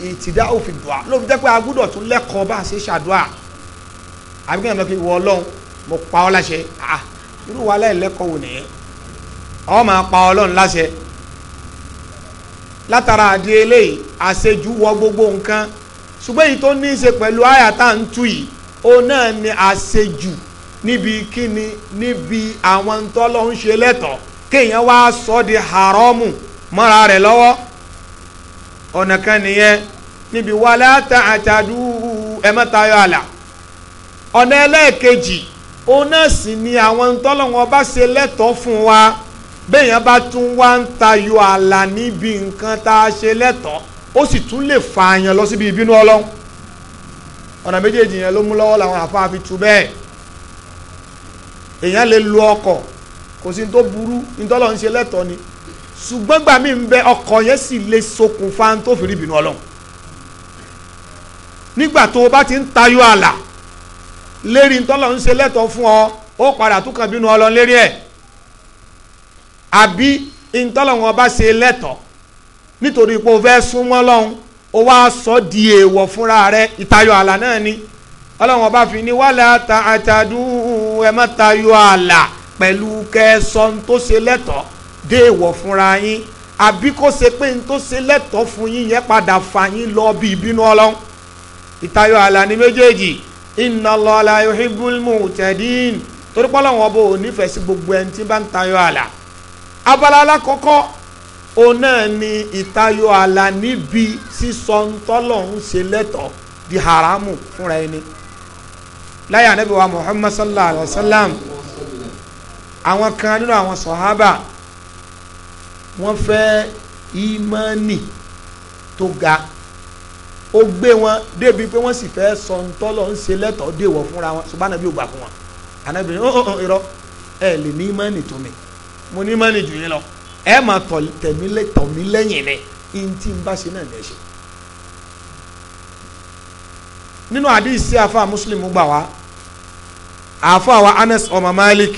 ìtìdá òfin dùà ló fi jẹ́ pé a gbọ́dọ̀ tún lẹ́kọ̀ọ́ bá a ṣe ṣàdúà àbí kí n lọ́ọ́ kí wọ ọlọ́run mo pa ọ́ láṣẹ a irú wa láìlẹ́kọ̀ọ́ wò nìyẹn ọ máa pa ọlọ́run láṣẹ látara àdí eléyìí àṣejù wọ gbogbo nǹkan ṣùgbọ́n èyí tó ní í ṣe pẹ̀lú àyà tá à ń tú yìí òun náà ni àṣejù níbi kíni níbi àwọn tọ́lọ́ ń ṣe lẹ́tọ̀ọ́ kéèyàn wá sọ di haramu mọ́ra rẹ̀ lọ́wọ́ ọ̀nà kan nìyẹn níbi wàlá ta àtàdú ẹ àlà ọ̀nà ẹlẹ́ẹ̀kejì òun sì ni àwọn tọ́lọ́ wọn bá ṣe lẹ́tọ̀ọ́ fún wa béèyàn bá tún wá ń tayọ àlà níbi nǹkan tá a ṣe lẹ́tọ̀ọ́ ó sì tún lè fa àyàn lọ síbi ìbínú ọlọ́run ọ̀nà méjèèjì yẹn ló mú lọ́wọ́ làwọn àfa fi tu bẹ́ẹ̀ èèyàn lè lo ọkọ̀ kò sí tó burú nítọ́lọ́ ń ṣe lẹ́tọ̀ọ́ ni ṣùgbọ́n gbà mí ń bẹ ọkọ̀ yẹn sì lè ṣokùnfà tó fi rí ìbínú ọlọ́run nígbà tó o bá ti ń tayọ àlà lérí nítọ́lọ́ ń ṣe lẹ́tọ̀ọ́ fún ọ ó padà tún kàn bínú ọlọ́run lérí ẹ̀ àbí nítọ́lọ́ wọn bá ṣe lẹ́tọ̀ọ́ nítorí pé o fẹ́ súnmọ́ lọ́hún o wá sọ di èèwọ̀ fúnra rẹ ìtayọ àlà náà ni ọlọ́run ọba fi ní wàhálà ta àtàdúró ẹ má tayọ ààlà pẹ̀lú kẹsàn tó ṣe lẹ́tọ̀ọ́ dé ìwọ̀ fúnra yín àbí kó ṣe pé n tó ṣe lẹ́tọ̀ọ́ fún yín yẹn padà fà yín lọ bí ìbínú ọlọ́run ìtayọ ààlà ní méjèèjì inna Allah la yuhibbul mu'tadin torí pé Ọlọ́run ọba ò nífẹ̀ẹ́ sí gbogbo ẹni tí bá ń tayọ ààlà abala alákọ̀ọ́kọ́ òun náà ni ìtayọ ààlà níbi sísọ ntọ́lọ́run ṣe lẹ́tọ̀ọ́ di haramu fúnra ẹni láyé anabi wa muhammad sallallahu alaihi wa sallam àwọn kan nínú àwọn sọ̀hábà wọ́n fẹ́ ìmánì tó ga ó gbé wọn débi pé wọ́n sì fẹ́ sọ ntọ́lọ̀ ń ṣe lẹ́tọ̀ọ́ déwọ̀ fúnra wọn ṣùgbọ́n anabi ò gbà fún wọn anabi ní ọ̀hún oh, oh, irọ́ ẹ lè ní ìmánì tó mi mo ní ìmánì jù yín lọ ẹ máa tọ̀ tẹ̀mí lẹ́yìn ni ntí n bá ṣe náà ní nínú àdìsí afa muslim gbà wá afa wa anas ọmọ malik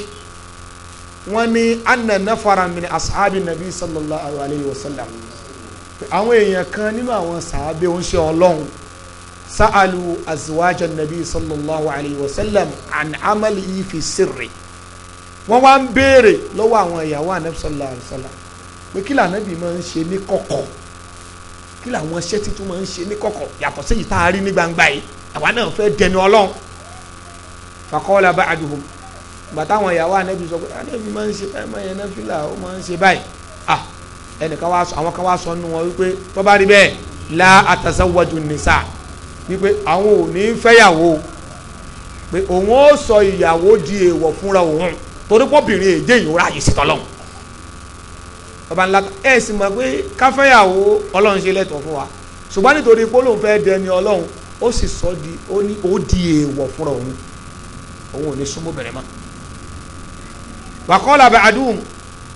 wọ́n ní anna nafara min ashabi nabi sallallahu alayhi wa sallam àwọn èèyàn kan nínú àwọn sàábé ń ṣe ọlọ́run sa'alu azwaja nabi sallallahu alayhi wa sallam an amali fi sirri wọ́n wá ń béèrè lọ́wọ́ àwọn ìyàwó anabi sallallahu alayhi wa sallam pé kí lànàbì máa ń ṣe ní kọ̀kọ̀ kí làwọn iṣẹ́ títún máa ń ṣe ní kọ̀kọ̀ yàtọ̀ sí tá a rí ní gbangba yìí àwa náà fẹ́ dẹnu ọlọ́run fakọ́lá bá àdùhùn gbàtà àwọn ìyàwó anabi sọ pé anabi máa ń ṣe báyìí máa yẹn náà ó máa ń ṣe báyìí ah ẹnìkan wá sọ àwọn kan wá sọ nù wọn wípé tó bá rí bẹ́ẹ̀ la àtàsáwájú nìsa wípé àwọn ò ní fẹ́yàwó pé òun ó sọ ìyàwó di èèwọ̀ fúnra òun torí pọ́bìnrin èdè ìyòrá yìí sí tọ́lọ́hún baba ńlá ẹ sì mọ̀ pé káfẹ́yàwó ọlọ́run ṣe lẹ́tọ̀ọ́ fún wa ṣùgbọ́n nítorí pé olóhùn fẹ́ dẹni ọlọ́run ó sì sọ di ó ní ó di èèwọ̀ fúnra òun òun ò ní súnmọ́ bẹ̀rẹ̀ mọ́. wàkọ́lá bẹ àdúhùn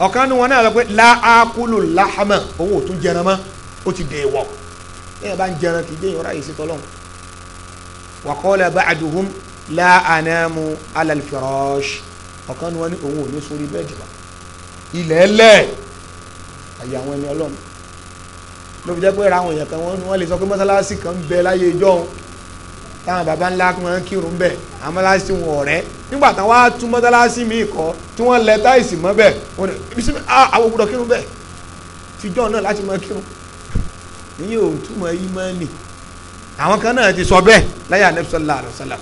ọ̀kan ni wọn náà lọ pé láàkúlù láhàmà òun ò tún jẹran mọ́ ó ti dè wọ̀ ẹ̀yìn bá ń jẹran kì í déyìn ráyè sí tọ́lọ́hún. wàkọ́lá bẹ àdúhùn láàánámù alàlfẹ́rọ́ṣì ọ̀kan ni wọn ní òun ò ní sórí bẹ́ẹ̀dì mọ́ ilẹ̀ ẹlẹ́ẹ̀ àyà ẹni ọlọ́run ló fi jẹ́ pé ráwọn èèyàn kan wọ́n lè sọ pé mọ́sálásí kan bẹ láyé ìjọ òun táwọn baba ńlá wọn kírun bẹ àwọn mọ́sálásí wọn ọ̀rẹ́ nígbà táwọn wá tún mọ́sálásí míì kọ́ tí wọ́n lẹ táìsì mọ́ bẹ̀ wọ́n ní ibi sí àwọn òwúrọ̀ kírun bẹ̀ tìjọ́ náà láti mọ́ kírun ìyẹn ò túmọ̀ yí mọ́ nì àwọn kan náà ti sọ bẹ́ẹ̀ láyé Ànábì sallallahu alaihi wasallam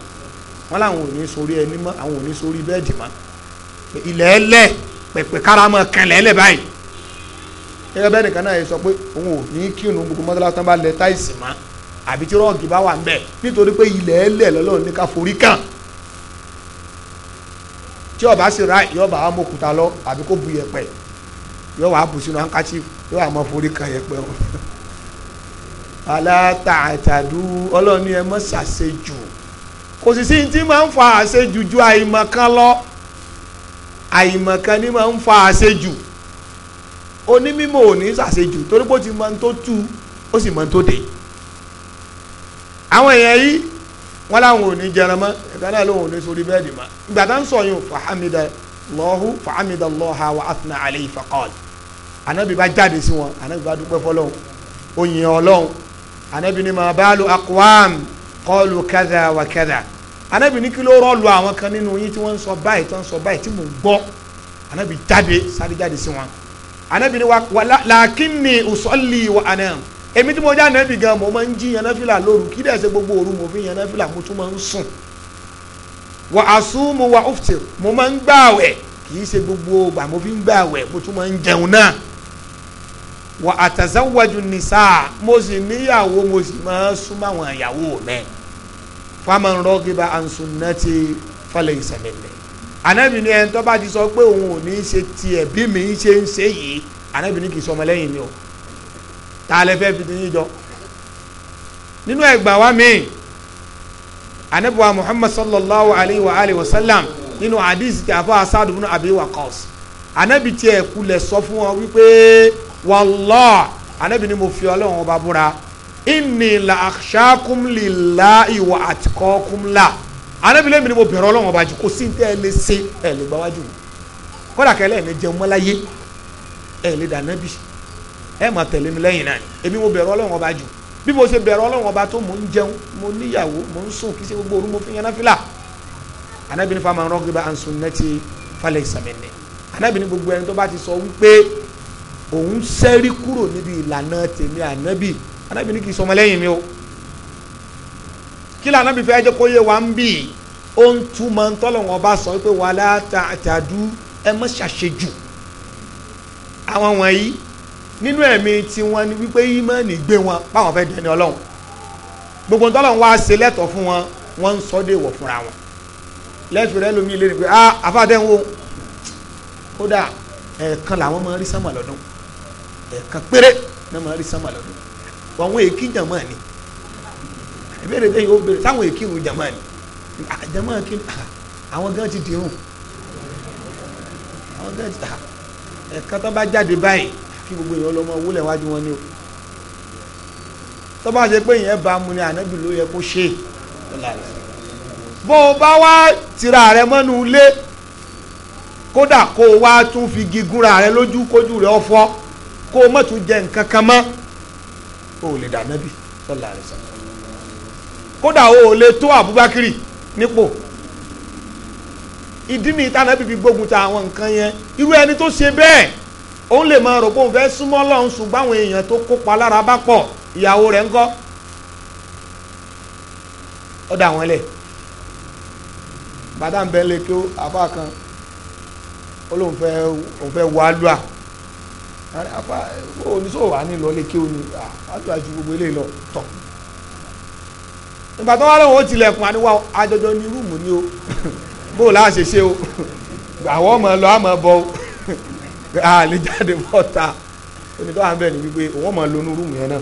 wọn làwọn ò ní sórí ẹni mọ́ àwọn ò ní sórí bẹ́ẹ̀dì mọ́ ilẹ̀ ẹlẹ́ pẹ̀pẹ̀ káramọ́ kan lẹ́lẹ́ báyìí gẹ́gẹ́ bẹ́ẹ̀ nìkan náà yẹ sọ pé òun ò ní kírun gbogbo mọ́tàlá tán bá lẹ táìsì mọ́ àbí tí rọ́ọ̀gì bá wà ń bẹ̀ nítorí pé ilẹ̀ ẹlẹ̀ lọ́lọ́run ní ká forí kàn tí ó bá sì ra yóò bá wa mọ̀kúta lọ àbí kó bu yẹ̀pẹ̀ yóò wá bù sínú handkerchief yóò wá mọ forí kan yẹ̀pẹ̀ o alátàtàdú (laughs) ọlọ́run ni ẹ mọ́ ṣàṣejù kò sì sí ní tí máa ń fa àṣejù ju àìmọ̀kan lọ àìmọ̀kan ni máa ń fa àṣejù onímọ̀ ò ní ṣàṣejù torí pé ó ti mọ ohun tó tú ó sì mọ ohun tó dé àwọn èèyàn yìí wọn làwọn ò ní jẹran mọ́ ìgbà náà lòun ò ní sórí bẹ́ẹ̀dì mọ́ ìgbà tá ń sọ yìí fàhámídà lọ́hù fàhámídà lọ́hà wà áfínà àlẹ́ ìfọ̀kọ́ọ̀lù ànábì bá jáde sí wọn ànábì bá dúpẹ́ fọlọ́hùn oyin ọlọ́hùn ànábì ní ma balu akwam kọlu kẹdà wà kẹdà ànábì ní kí ló rọ́ọ̀lù àwọn kan nínú yín tí wọ́n ń sọ báyìí tí wọ́n ń sọ báyìí tí mò ń gbọ́ ànábì jáde sáré jáde sí wọn anabi ni wa lakinni usalli wa anam èmi tí mo jẹ́ anabi gan mo máa ń jí yanáfìlà lóru kí dẹ̀ ṣe gbogbo òru mo fi yanáfìlà mo tún máa ń sùn wa asumu wa uftir mo máa ń gbààwẹ̀ kì í ṣe gbogbo ìgbà mo fi ń gbààwẹ̀ mo tún máa ń jẹun náà wa atazawwaju nisa mo sì níyàwó mo sì máa ń súnmọ́ àwọn ìyàwó mi faman ragiba an sunnati falaysa anabi ni ẹni tó bá ti sọ pé òun ò ní í ṣe tiẹ̀ bí mi ń ṣe ń ṣe yìí anabi ni kì í sọ ọmọlẹ́yìn mi o ta lẹ fẹ́ fi ti yín jọ nínú ẹgbàá wa mi anabiwa muhammad sallallahu alayhi wa alayhi wa sallam nínú hadith ti afọ asadu bin abi waqas anabi tiẹ̀ kulẹ̀ sọ fún wọn wípé wàllá anabi ni mo fi ọlọ́run ọba búra inni la akhshakum lillahi wa anábìlẹ̀ mi ni mo bẹ̀rẹ̀ ọlọ́run ọba jù kò sí ní tẹ́ ẹ lè ṣe ẹ lè gbáwájú mi kódà kẹ́lẹ́ ẹ̀ ní jẹun mọ́láyé ẹ lè dà nábì ẹ máa tẹ̀lé mi lẹ́yìn náà èmi mo bẹ̀rẹ̀ ọlọ́run ọba jù bí mo ṣe bẹ̀rẹ̀ ọlọ́run ọba tó mò ń jẹun mo níyàwó mo ń sùn kí ṣe gbogbo òru mo fi yaná fìlà anábì ní fama rọ́ọ̀kì bá ansun nẹ́tì falẹ̀ ìsàmìnì anábì ní gbogbo kí lànà bí fẹ́ jẹ́ kó yé wa ń bì í ó ń túmọ̀ ń tọ́lọ̀ wọn bá sọ pé wàhálà tàdú ẹ mọ́ ṣàṣejù àwọn wọ̀nyí nínú ẹ̀mí tí wọ́n ní wípé ìmọ̀ọ́nì gbé wọn báwọn fẹ́ dẹni ọlọ́run gbogbo ń tọ́lọ̀ ń wá ṣe lẹ́tọ̀ fún wọn wọ́n ń sọ dé wọ̀ fúnra wọn lẹ́sùn rẹ lómi ilé pé ah àfàdé ń wo kódà ẹ̀ẹ̀kan làwọn máa ń rí sánmà lọ́dún ẹ̀ẹ̀kan péré náà máa rí sánmà lọ́dún wọn wọn èkìjàn máa ìbéèrè bẹ́ẹ̀ yóò béèrè sáwọn èkìrun jama ni jama kí àwọn gan ti dìrun àwọn gan ti ta ẹ̀ka tó bá jáde báyìí kí gbogbo èèyàn lọ́mọ wúlẹ̀ wájú wọn ni o tó bá ṣe pé ìyẹn bá mu ni ànábì ló yẹ kó ṣe bó o bá wá tira rẹ mọ́nu ilé kódà kó o wá tún fi gígúnra rẹ lójú kójú rẹ ọfọ kó o má tún jẹ nǹkan kan mọ́ o lè dà nábì sallallahu alaihi wasallam kódà o lè tó Abubakiri nípò ìdí mi ìtànà bíbí gbógun ta àwọn nǹkan yẹn irú ẹni tó ṣe bẹ́ẹ̀ òun lè máa rò pé òun fẹ́ súnmọ́ lọ́hùn ṣùgbọ́n àwọn èèyàn tó kópa lára bá pọ̀ ìyàwó rẹ̀ ńkọ́ ó dà wọ́n lẹ̀ bàdá ń bẹ́ lé kí kan ó lóun fẹ́ òun fẹ́ wọ alúà àbá oníṣòwò wà ní lọ kí ó ní ju gbogbo eléyìí lọ tọ̀ nígbà tó wá lóun ó tilẹ̀kùn àníwá àjọjọ ní rúùmù ni o (laughs) bó o láṣẹ ṣe o àwọn ọmọ lọ àmọ́ bọ o (laughs) a lè jáde bọ́ ta onítọ́ à ń bẹ̀ ni wípé òun ọmọ lónú rúùmù yẹn náà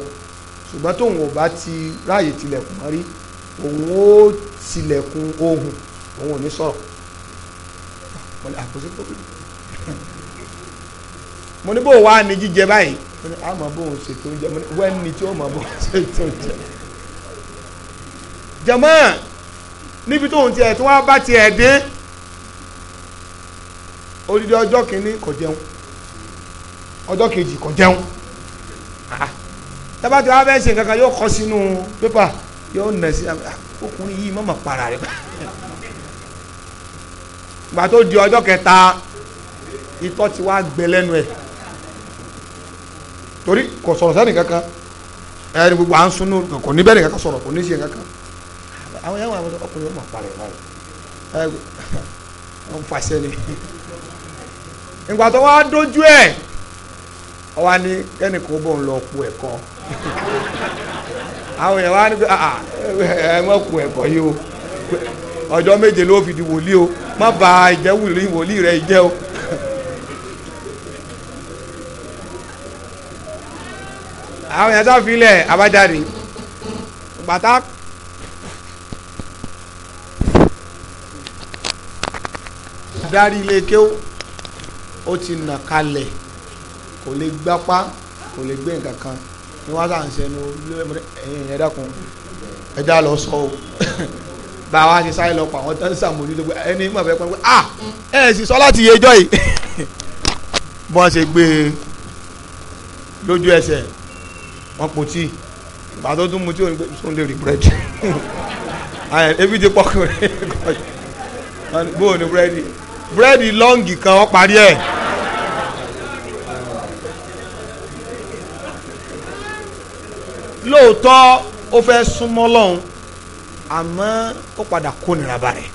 ṣùgbọ́n tóun ò bá ti ráàyè tilẹ̀kùn mọ́ rí òun ó tilẹ̀kùn ohùn òun ò ní sọ̀rọ̀ mo ní ah, (laughs) bó o wá ní jíjẹ báyìí àmọ́ bó o ṣètò oúnjẹ mo tí ó mọ̀ bó o ṣètò oúnjẹ jẹ̀mọ́ níbi tóun tiẹ̀ tí wọ́n bá tiẹ̀ dé odidi ọjọ́ kìíní kò jẹun ọjọ́ kejì kò jẹun tábà ah, ah. tí wọ́n fẹ́ ṣe nǹkan kan yóò kọ́ sínú pépà yóò nà sí ah, ọkùnrin yìí mọ̀mọ́ para rẹ̀ (laughs) gbà tó di ọjọ́ kẹta itọ́ ti wá gbẹ lẹ́nu ẹ̀ torí kò sọ̀rọ̀ sẹ́nì ẹni gbogbo à ń sunú kò ní bẹ́ẹ̀ nìkan sọ̀rọ̀ kò ní ṣe kankan àwọn yẹn wà wọn ọkùnrin ọmọ parẹ báyìí ẹ (laughs) wọn fàṣẹ ni ìgbà tó wá dójú ẹ ọwọ ni kẹ́ni kò bọ̀ ń lọ ku ẹ̀kọ́ àwọn yẹn wá ní ah, ah, ẹ mọ̀ ku ẹ̀kọ́ yìí o ọjọ́ méje ló fi di wòlíì o má bà ìjẹ́ wòlíì rẹ jẹ́ o. àwọn yẹn sáfilẹ̀ abájáde bàtà adarí ilé kéwú ó ti nà kalẹ̀ kò lè gbápá kò lè gbé nǹkan kan ni wọ́n sàn sẹ́nu ẹ̀yìn ẹ̀dá kan ẹ̀dá lọ sọ o (laughs) bá wa ṣe sáré lọ pa àwọn tó ń sàmójútó pé ẹni mọ̀ fẹ́ pẹ́ pé ah ẹ̀ sì sọ láti yejọ́ yìí (laughs) bọ́n ṣe gbé e lójú ẹsẹ̀ wọn kò tí ìgbà tó tún mu tí òun lè rí búrẹ́dì (laughs) ebi ti pọ̀ kúrẹ́ bóun ni búrẹ́dì búrẹ́dì lọ́ǹgì kan ó parí ẹ̀. lóòótọ́ ó fẹ́ súnmọ́ lọ́hùn àmọ́ ó padà kó nira balẹ̀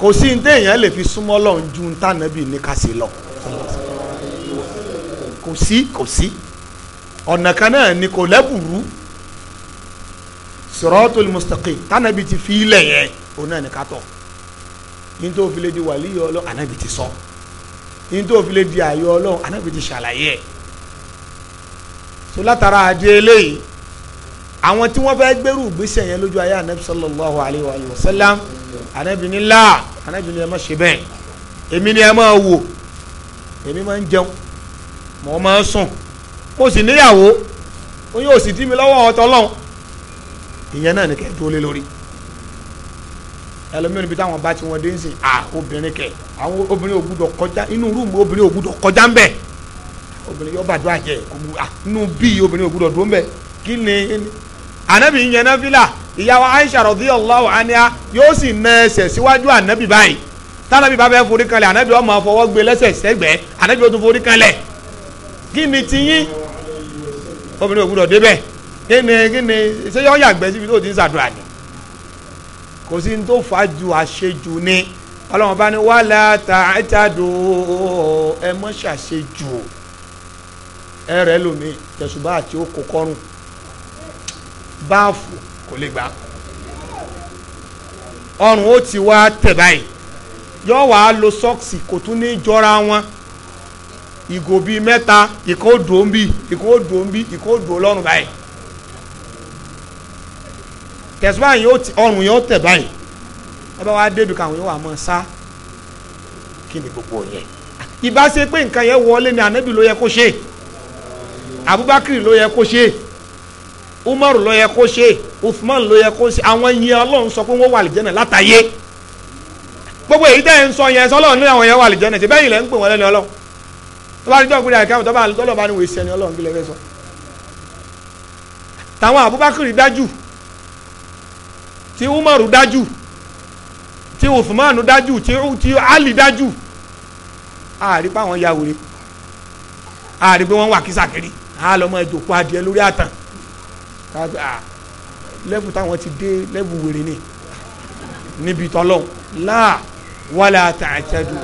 kò sí ní téèyàn lè fi súnmọ́ lọ́hùn ju ntànàbì ní ká ṣe lọ kò sí kò sí ọ̀nà kan náà ni kò lẹ́bùrú siratul mustaqim tànàbì ti fi ilẹ̀ yẹn òun náà ní ká tọ̀ ní tó fi lè di wàlíyọ ọlọ́run ànábì ti sọ ní tó fi lè di àyọ ọlọ́run ànábì ti ṣàlàyé ẹ̀ so látara àdé eléyìí àwọn tí wọ́n fẹ́ gbẹ́rù ìgbésẹ̀ yẹn lójú ayé ànábì sallallahu alayhi wa sallam ànábì ní là ànábì ní ẹ má ṣe bẹ́ẹ̀ èmi ni ẹ máa wò èmi máa ń jẹun mo máa ń sùn mo sì níyàwó oyún òsì dí mi lọ́wọ́ ọ̀tọ̀ ọlọ́run ìyẹn náà ni kẹ́ẹ̀ dúró lé lórí ẹlòmíràn ibi táwọn bá ti wọn dé ń sìn à obìnrin kẹ àwọn obìnrin ò gbúdọ̀ kọjá inú rúùmù obìnrin ò gbúdọ̀ kọjá ń bẹ̀ obìnrin yóò bàdúrà jẹ inú bíi obìnrin ò gbúdọ̀ dúró kí ni anabi yẹn náà ìyàwó aisha radiyallahu anha yóò sì na ẹsẹ̀ síwájú anabi báyìí tánabi bá fẹ́ forí kanlẹ̀ anabi ó máa fọwọ́ gbé lẹ́sẹ̀ sẹ́gbẹ̀ẹ́ anabi ó tún forí kanlẹ̀ kí ni tiyín obìnrin ò gbúdọ̀ débẹ̀ kí ni kí ni ṣé yọ kò sí ní tó fà ju àṣejù ni ọlọ́run bá ní wàhálà tààtàdó ẹ mọ́ ṣàṣejù ẹ rẹ̀ lómi tẹ̀sùbá àti okò kọrùn báàfù kò lè gbà ọrùn ó ti wá tẹ̀ báyìí yọ wàá lo sọ́ọ̀sì kò tún ní jọra wọn ìgò bíi mẹ́ta ìkó dòó ń bí ìkó dòó ń bí ìkó dòó lọ́rùn báyìí tẹ̀síwá yìí ọrùn yìí ó tẹ̀ báyìí ẹ bá wá débi káwọn yóò wà mọ́ sá kí ni gbogbo yẹn ìbá ṣe pé nǹkan yẹn wọlé ni ànábì ló yẹ kó ṣe Abubakar ló yẹ kó ṣe Umar ló yẹ kó ṣe Uthman ló yẹ kó ṣe àwọn yẹn Ọlọ́run sọ pé wọ́n wà lìjẹ́nà látàyé gbogbo èyí tẹ́ ẹ̀ ń sọ yẹn sọlọ́run ní àwọn yẹn wà lìjẹ́nà ṣe bẹ́yìn lẹ́ ń pè wọ́n lẹ́nu Ọlọ́run tó bá ní dọ́gbìn àyíká àwọn tó bá ní wòye sẹ́ni Ọlọ́run kí lè fẹ́ sọ. tàwọn Abubakar dájú tí umaru dájú tí usmanu dájú tí tí ali dájú àrí pé àwọn ya wèrè àrí pé wọ́n wà kísàkiri àá lọ mọ ìjòkó adìẹ lórí àtàn lẹ́bù táwọn ti dé lẹ́bù wèrè ni níbi tọ́lọ́ láà wàlà tààtẹ́dù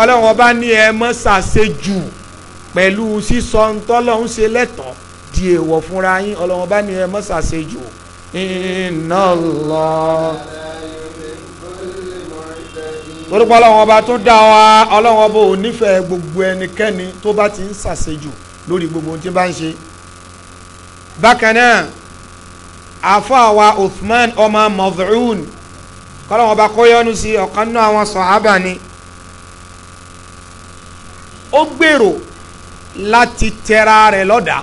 ọlọ́run ọba ní ẹ mọ́ ṣàṣejù pẹ̀lú sísọ ntọ́lọ́run ṣe lẹ́tọ̀ọ́ di èèwọ̀ fúnra yín ọlọ́run ọba ní ẹ mọ́ ṣàṣejù o. Inna الله torúpọ̀ ọlọ́run ọba tó dá wa ọlọ́run ọba ò nífẹ̀ẹ́ gbogbo ẹnikẹ́ni tó bá ti ń ṣàṣejù lórí gbogbo ohun tí bá ń ṣe bákan náà àfáà wa Uthman ọmọ Maz'un kọ́lọ́run ọba kó sí ọ̀kan náà àwọn sọ̀hábà ni ó gbèrò láti tẹra rẹ̀ lọ́dàá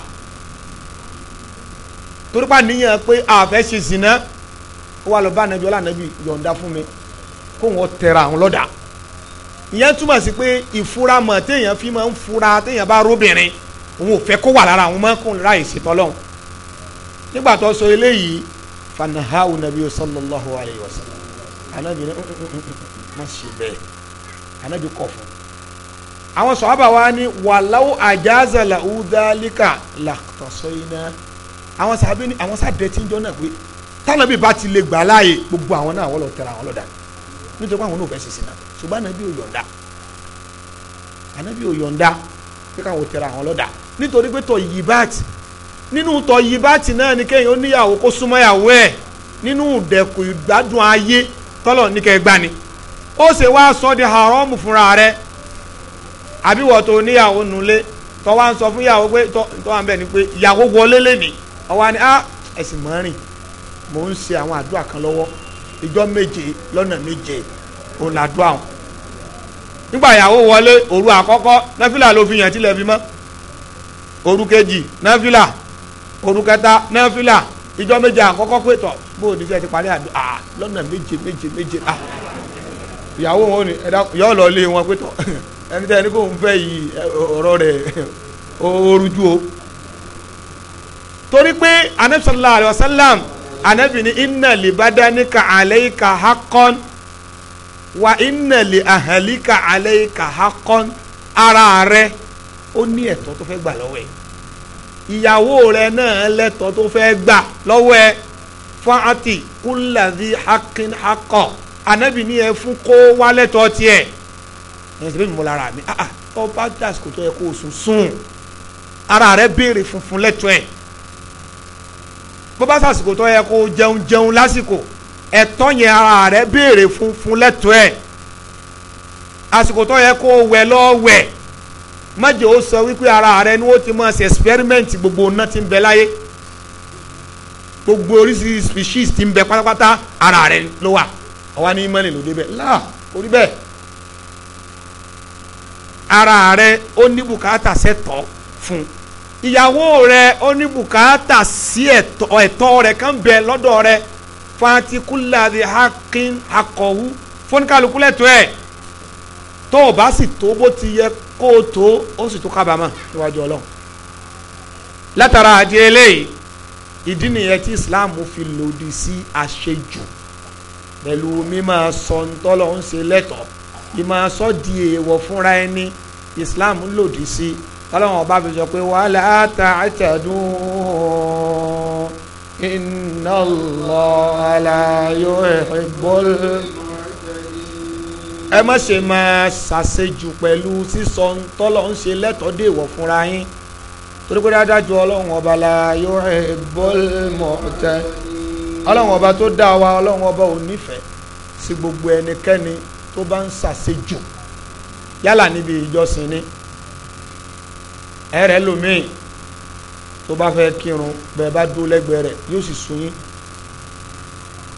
torípa níyàn pé àfẹ́ ṣe zìnà ó wà lọ bá anabi ọlá anabi yọ̀ǹda fún mi kó wọn tẹra àwọn lọ́dà ìyẹn túmọ̀ sí pé ìfura mọ̀ téèyàn fi máa ń fura téèyàn bá róbìnrin òun ò fẹ́ kó wà lára àwọn mọ́kùnrin láì ṣètọ́ lọ́hùn nígbà tó sọ eléyìí fanahawu nabi sallallahu alayhi wa sallam anabi ní mm, mm, mm, má ṣe bẹ́ẹ̀ anabi kọ̀ fún àwọn sọ̀hábà wa ní wàláwù àjázàlà ùdálíkà làtọ̀sọ́ iná àwọn sàbẹ ni àwọn sàdẹ tí ń jọ náà pé tánàbí bá ti lè gbà láàyè gbogbo àwọn náà wọ́n lọ tẹ̀ra àwọn lọ́dà nítorí pé àwọn náà ò fẹ́ ṣèṣìn náà ṣùgbọ́n ànábì ò yọ̀ǹda ànábì ò yọ̀ǹda pé káwọn tẹ̀ra àwọn lọ́dà nítorí pé tọ̀ yìí báàtì nínú tọ̀ yìí báàtì náà ni kéèyàn ó níyàwó kó súnmọ́ yàwó ẹ̀ nínú ìdẹ̀kùn ìgbádùn ayé tọ́lọ̀ ní kẹ́ gbani ó ṣe wá sọ di haramu fúnra rẹ̀ àbí wọ́n tó níyàwó nulẹ̀ tọ́ wá ń sọ fún yàwó pé tọ́ wà ń bẹ̀ ni pé ìyàwó wọlé lé nìí àwa ni ah ẹ̀sìn mọ́rin mò ń ṣe àwọn àdúrà kan lọ́wọ́ ìjọ méje lọ́nà méje òun làdúrà wọn nígbà ìyàwó wọlé òru àkọ́kọ́ náfìlà ló fi yàn tilẹ̀ fi mọ́ òru kejì náfìlà òru kẹta náfìlà ìjọ méje àkọ́kọ́ pé tọ̀ bó o ní sẹ́ ti parí àdúrà ah, lọ́nà méje méje méje ah ìyàwó wọn ni ẹ̀dá yọ̀ọ́ lọ lé wọn pé tọ̀ (laughs) ẹni tẹ́ ẹni kò ń fẹ́ yìí ọ̀rọ̀ rẹ̀ orújú o torí pé anabi sallallahu alayhi wa sallam anabi ni inna li badanika alayka haqqan wa inna li ahlika alayka haqqan ara rẹ ó ní ẹ̀tọ́ tó fẹ́ gbà lọ́wọ́ ẹ̀ ìyàwó rẹ náà lẹ́tọ́ tó fẹ́ gbà lọ́wọ́ ẹ̀ fa'ati kulladhi haqqin haqqo anabi ni ẹ fún kó wá tiẹ̀ ẹ̀ bí mo lára mi ọba ah, ah, dàsìkò tó yẹ kó o sùn sùn ara rẹ béèrè funfun lẹ́tọ́ ẹ̀ bó bá sàsìkò tó yẹ kó jẹun jẹun lásìkò ẹ̀tọ́ yẹn ara rẹ̀ béèrè fún fún lẹ́tọ́ ẹ̀ àsìkò tó yẹ kó wẹ̀ lọ́ọ́ wẹ̀ májè ó sọ wípé ara rẹ̀ ni ó ti máa ṣe experiment gbogbo náà ti ń bẹ láyé gbogbo oríṣiríṣi species ti ń bẹ pátápátá ara rẹ̀ ló wà ọwọ́ ní mọ́lẹ̀ ló débẹ̀ láà orí bẹ́ẹ̀ ara rẹ̀ ó ní bùkátà sẹ́tọ̀ fún un ìyàwó rẹ ó ní bùkátà sí ẹ̀tọ́ rẹ kan bẹ lọ́dọ̀ rẹ fatikuladi hakin akọ̀hu fóníkàlùkù lẹ́tọ́ ẹ̀ tó o bá sì tó bó ti yẹ kó o tó o sì tó kábàámọ̀ níwájú ọlọ́run látara àdí eléyìí ìdí nìyẹn tí islam fi lòdì sí àṣejù pẹ̀lú mímọ sọ ntọ́lọ́ ń ṣe lẹ́tọ̀ọ́ ìmọ̀ sọ di èèwọ̀ fúnra ẹni islam lòdì sí. Si tọ́lọ́wọ́n ọba fi sọ pé wàhálà àtàtàdún iná lọ aláyọ̀ ẹ̀bọ́lù. ẹ má ṣe máa ṣàṣejù pẹ̀lú sísọ tọ́lọ́ ń ṣe lẹ́tọ̀ọ́ dèwọ̀ fúnra yín torí pé dájú ọlọ́run ọba aláyọ̀ ẹ̀bọ́lù mọ̀ọ́tẹ́ ọlọ́run ọba tó dá wa ọlọ́run ọba ò nífẹ̀ẹ́ sí gbogbo ẹnikẹ́ni tó bá ń ṣàṣejù yálà níbi ìjọsìn ni. Yala, ẹrẹ lomiin tó bá fẹ́ kírun bẹ́ẹ̀ bá dúró lẹ́gbẹ̀ẹ́ rẹ̀ yóò sì sun yín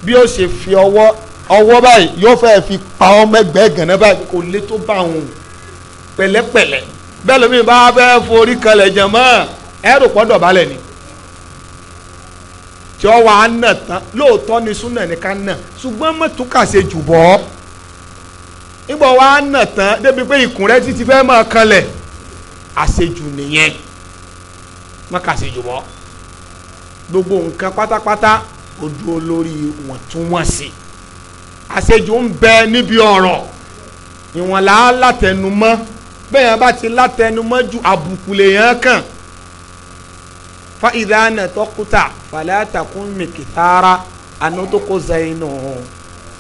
bí ó ṣe fi ọwọ́ ọwọ́ báyìí yóò fẹ́ fi pa ọmọ ẹgbẹ́ gànà báyìí kò lè tó bá òun pẹ̀lẹ́pẹ̀lẹ́ bẹ́ẹ̀ lómi bá fẹ́ forí kalẹ̀ jẹ̀ mọ́ ẹ̀rù pọ́dọ̀ balẹ̀ ni tí ọ wà á nà tán lóòótọ́ ni súnà ní ká nà ṣùgbọ́n mọ̀tún kà ṣe jù bọ́ nígbà wà á nà tán débi pé ikùn rẹ ti ti fẹ́ máa kanlẹ̀ àṣejù nìyẹn má kà àṣejù bọ́ gbogbo nǹkan pátápátá ó dúró lórí wọ̀ntúnwọ̀nsì àṣejù ń bẹ níbi ọ̀rọ̀ ìwọ̀n là á látẹnumọ́ bẹ́ẹ̀ bá ti látẹnumọ́ ju àbùkù lèèyàn kàn fa ìdáná tọkùtà fàlẹ́ àtàkùn mìkìtàrà anotoko zainu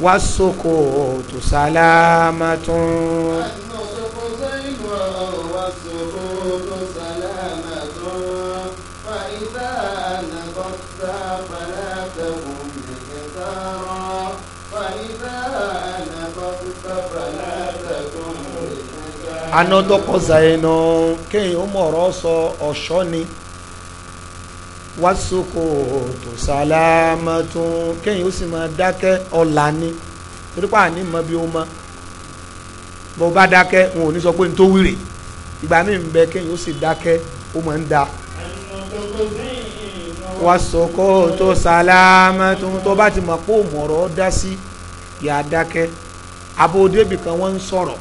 wasoko tusalama anodo kozayena ohun kenyi omoro oso oso ni wasuoko to salaama tun kenyi o si ma da ke olani toripa ni ma bi o ma bo ba da ke onisokpe to wiri igbani ime be kenyi o si da o ma n da wasuoko to salaama tun to ba ti ma po omoro da si ya da ke abuode bi kan won soro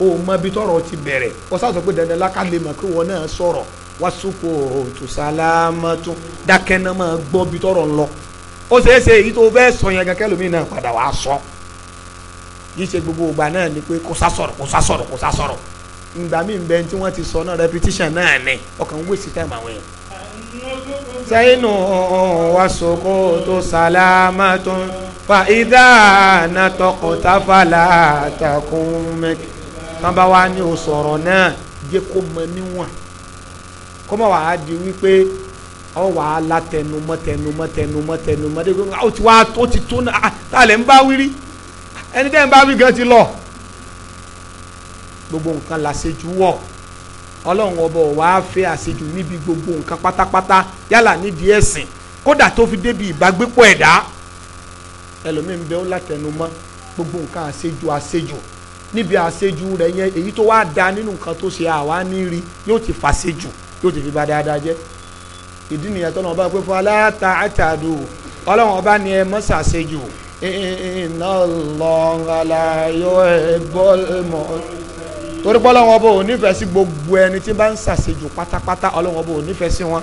o mọ ibi tọ́rọ̀ ti bẹ̀rẹ̀ ó sàtọ pé dandan láká lè mọ pé wọn náà sọ̀rọ̀ wàsúkò tùsàlámàtún dákẹ́ náà máa gbọ́ ibi tọ́rọ̀ ń lọ ó ṣeé ṣe èyí tó fẹ́ sọ yẹn kankan lómi náà padà wàá sọ yìí ṣe gbogbo ìgbà náà ni pé kò sásọ̀rọ̀ kò sásọ̀rọ̀ kò sásọ̀rọ̀ ìgbà míì ń bẹ tí wọ́n ti sọ náà repetition náà ni ọkàn ń wèsì táìmù àwọn yẹn sẹ́yìnù wasoko tó sálámà tó fa ìdáná tọkọtà fàlà takùn tán bá wá ní o sọ̀rọ̀ náà jẹ́ kó mọ níwọ̀n kó mọ̀ wàá di wípé ọ wàá la tẹnumọ́ tẹnumọ́ tẹnumọ́ tẹnumọ́ dé gbogbo ó ti wá ó ti tó náà ah, tá a lè ń bá wírí ẹni tẹ́ ń bá wí gan ti lọ gbogbo nǹkan la ṣe jù wọ̀ ọlọ́run ọba ọ̀ wá fẹ́ àṣejù níbi gbogbo nǹkan pátápátá yálà nídìí ẹ̀sìn kódà tó fi débi ìbágbépọ̀ ẹ̀dá ẹlòmíín bẹ́ẹ̀ ó látẹnumọ́ gbogbo nǹkan àṣejù àṣejù níbi àṣejù rẹ̀ yẹn èyí tó wá da nínú nǹkan tó ṣe àwa ní rí yóò ti fàṣejù yóò ti fi ba dáadáa jẹ́ ìdí nìyẹn tó náà bá pé fún aláta àtàdù ọlọ́run ọba ni ẹ mọ́ ṣàṣejù iná lọ́ngàlá yóò ẹ bọ́ mọ́ torí pé ọlọ́run ọba ò nífẹ̀ẹ́ sí gbogbo ẹni tí bá ń ṣàṣejù pátápátá ọlọ́run ọba ò nífẹ̀ẹ́ sí wọn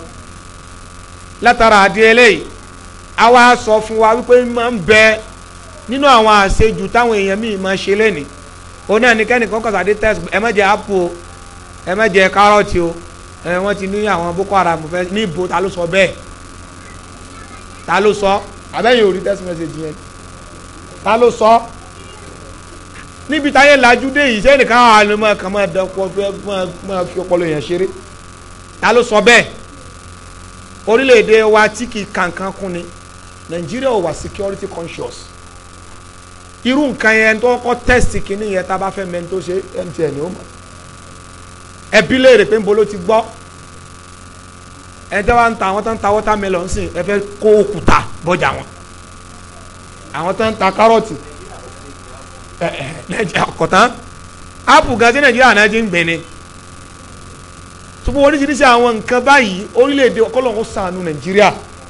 látara àdé eléyìí àwa sọ fún wa wípé máa ń bẹ nínú àwọn àṣejù táwọn èèyàn míì máa ṣe lénìí òun náà nìkẹ́ni kan kọ̀sàdé test ẹ má jẹ apple o ẹ má jẹ kárọ̀tì o ẹ wọ́n ti ní àwọn boko haram fẹ́ níbo ta ló sọ bẹ́ẹ̀ ta ló sọ àbẹ́yìn ò rí text message yẹn ta ló sọ níbi táyé lajú dé yìí sẹ́yìn nìkan àwọn àlùmọ́ kan máa dọ́pọ̀ fẹ́ máa fi ọpọlọ yẹn ṣeré ta ló sọ bẹ́ẹ̀ orílẹ̀-èdè wa tí kì í kankan kún ni Nàìjíríà ò wà security conscious irú nǹkan yẹn tó kọ́ tẹ́sì kìíní yẹn tá a bá fẹ́ mẹ́ni tó ṣe MTN ni ó mọ̀ ẹbí léèrè pé nbolo ti gbọ́ ẹjọ́ wa ń ta àwọn tó ń ta watermelon sí ẹ fẹ́ kó òkúta bọ́jà wọn àwọn tó ń ta kárọ̀tì kọ̀tán ápù gan sí nàìjíríà náà ti ń gbìn ni ṣùgbọ́n oríṣiríṣi àwọn nǹkan báyìí orílẹ̀-èdè ọkọ́lọ́hún ṣàánú nàìjíríà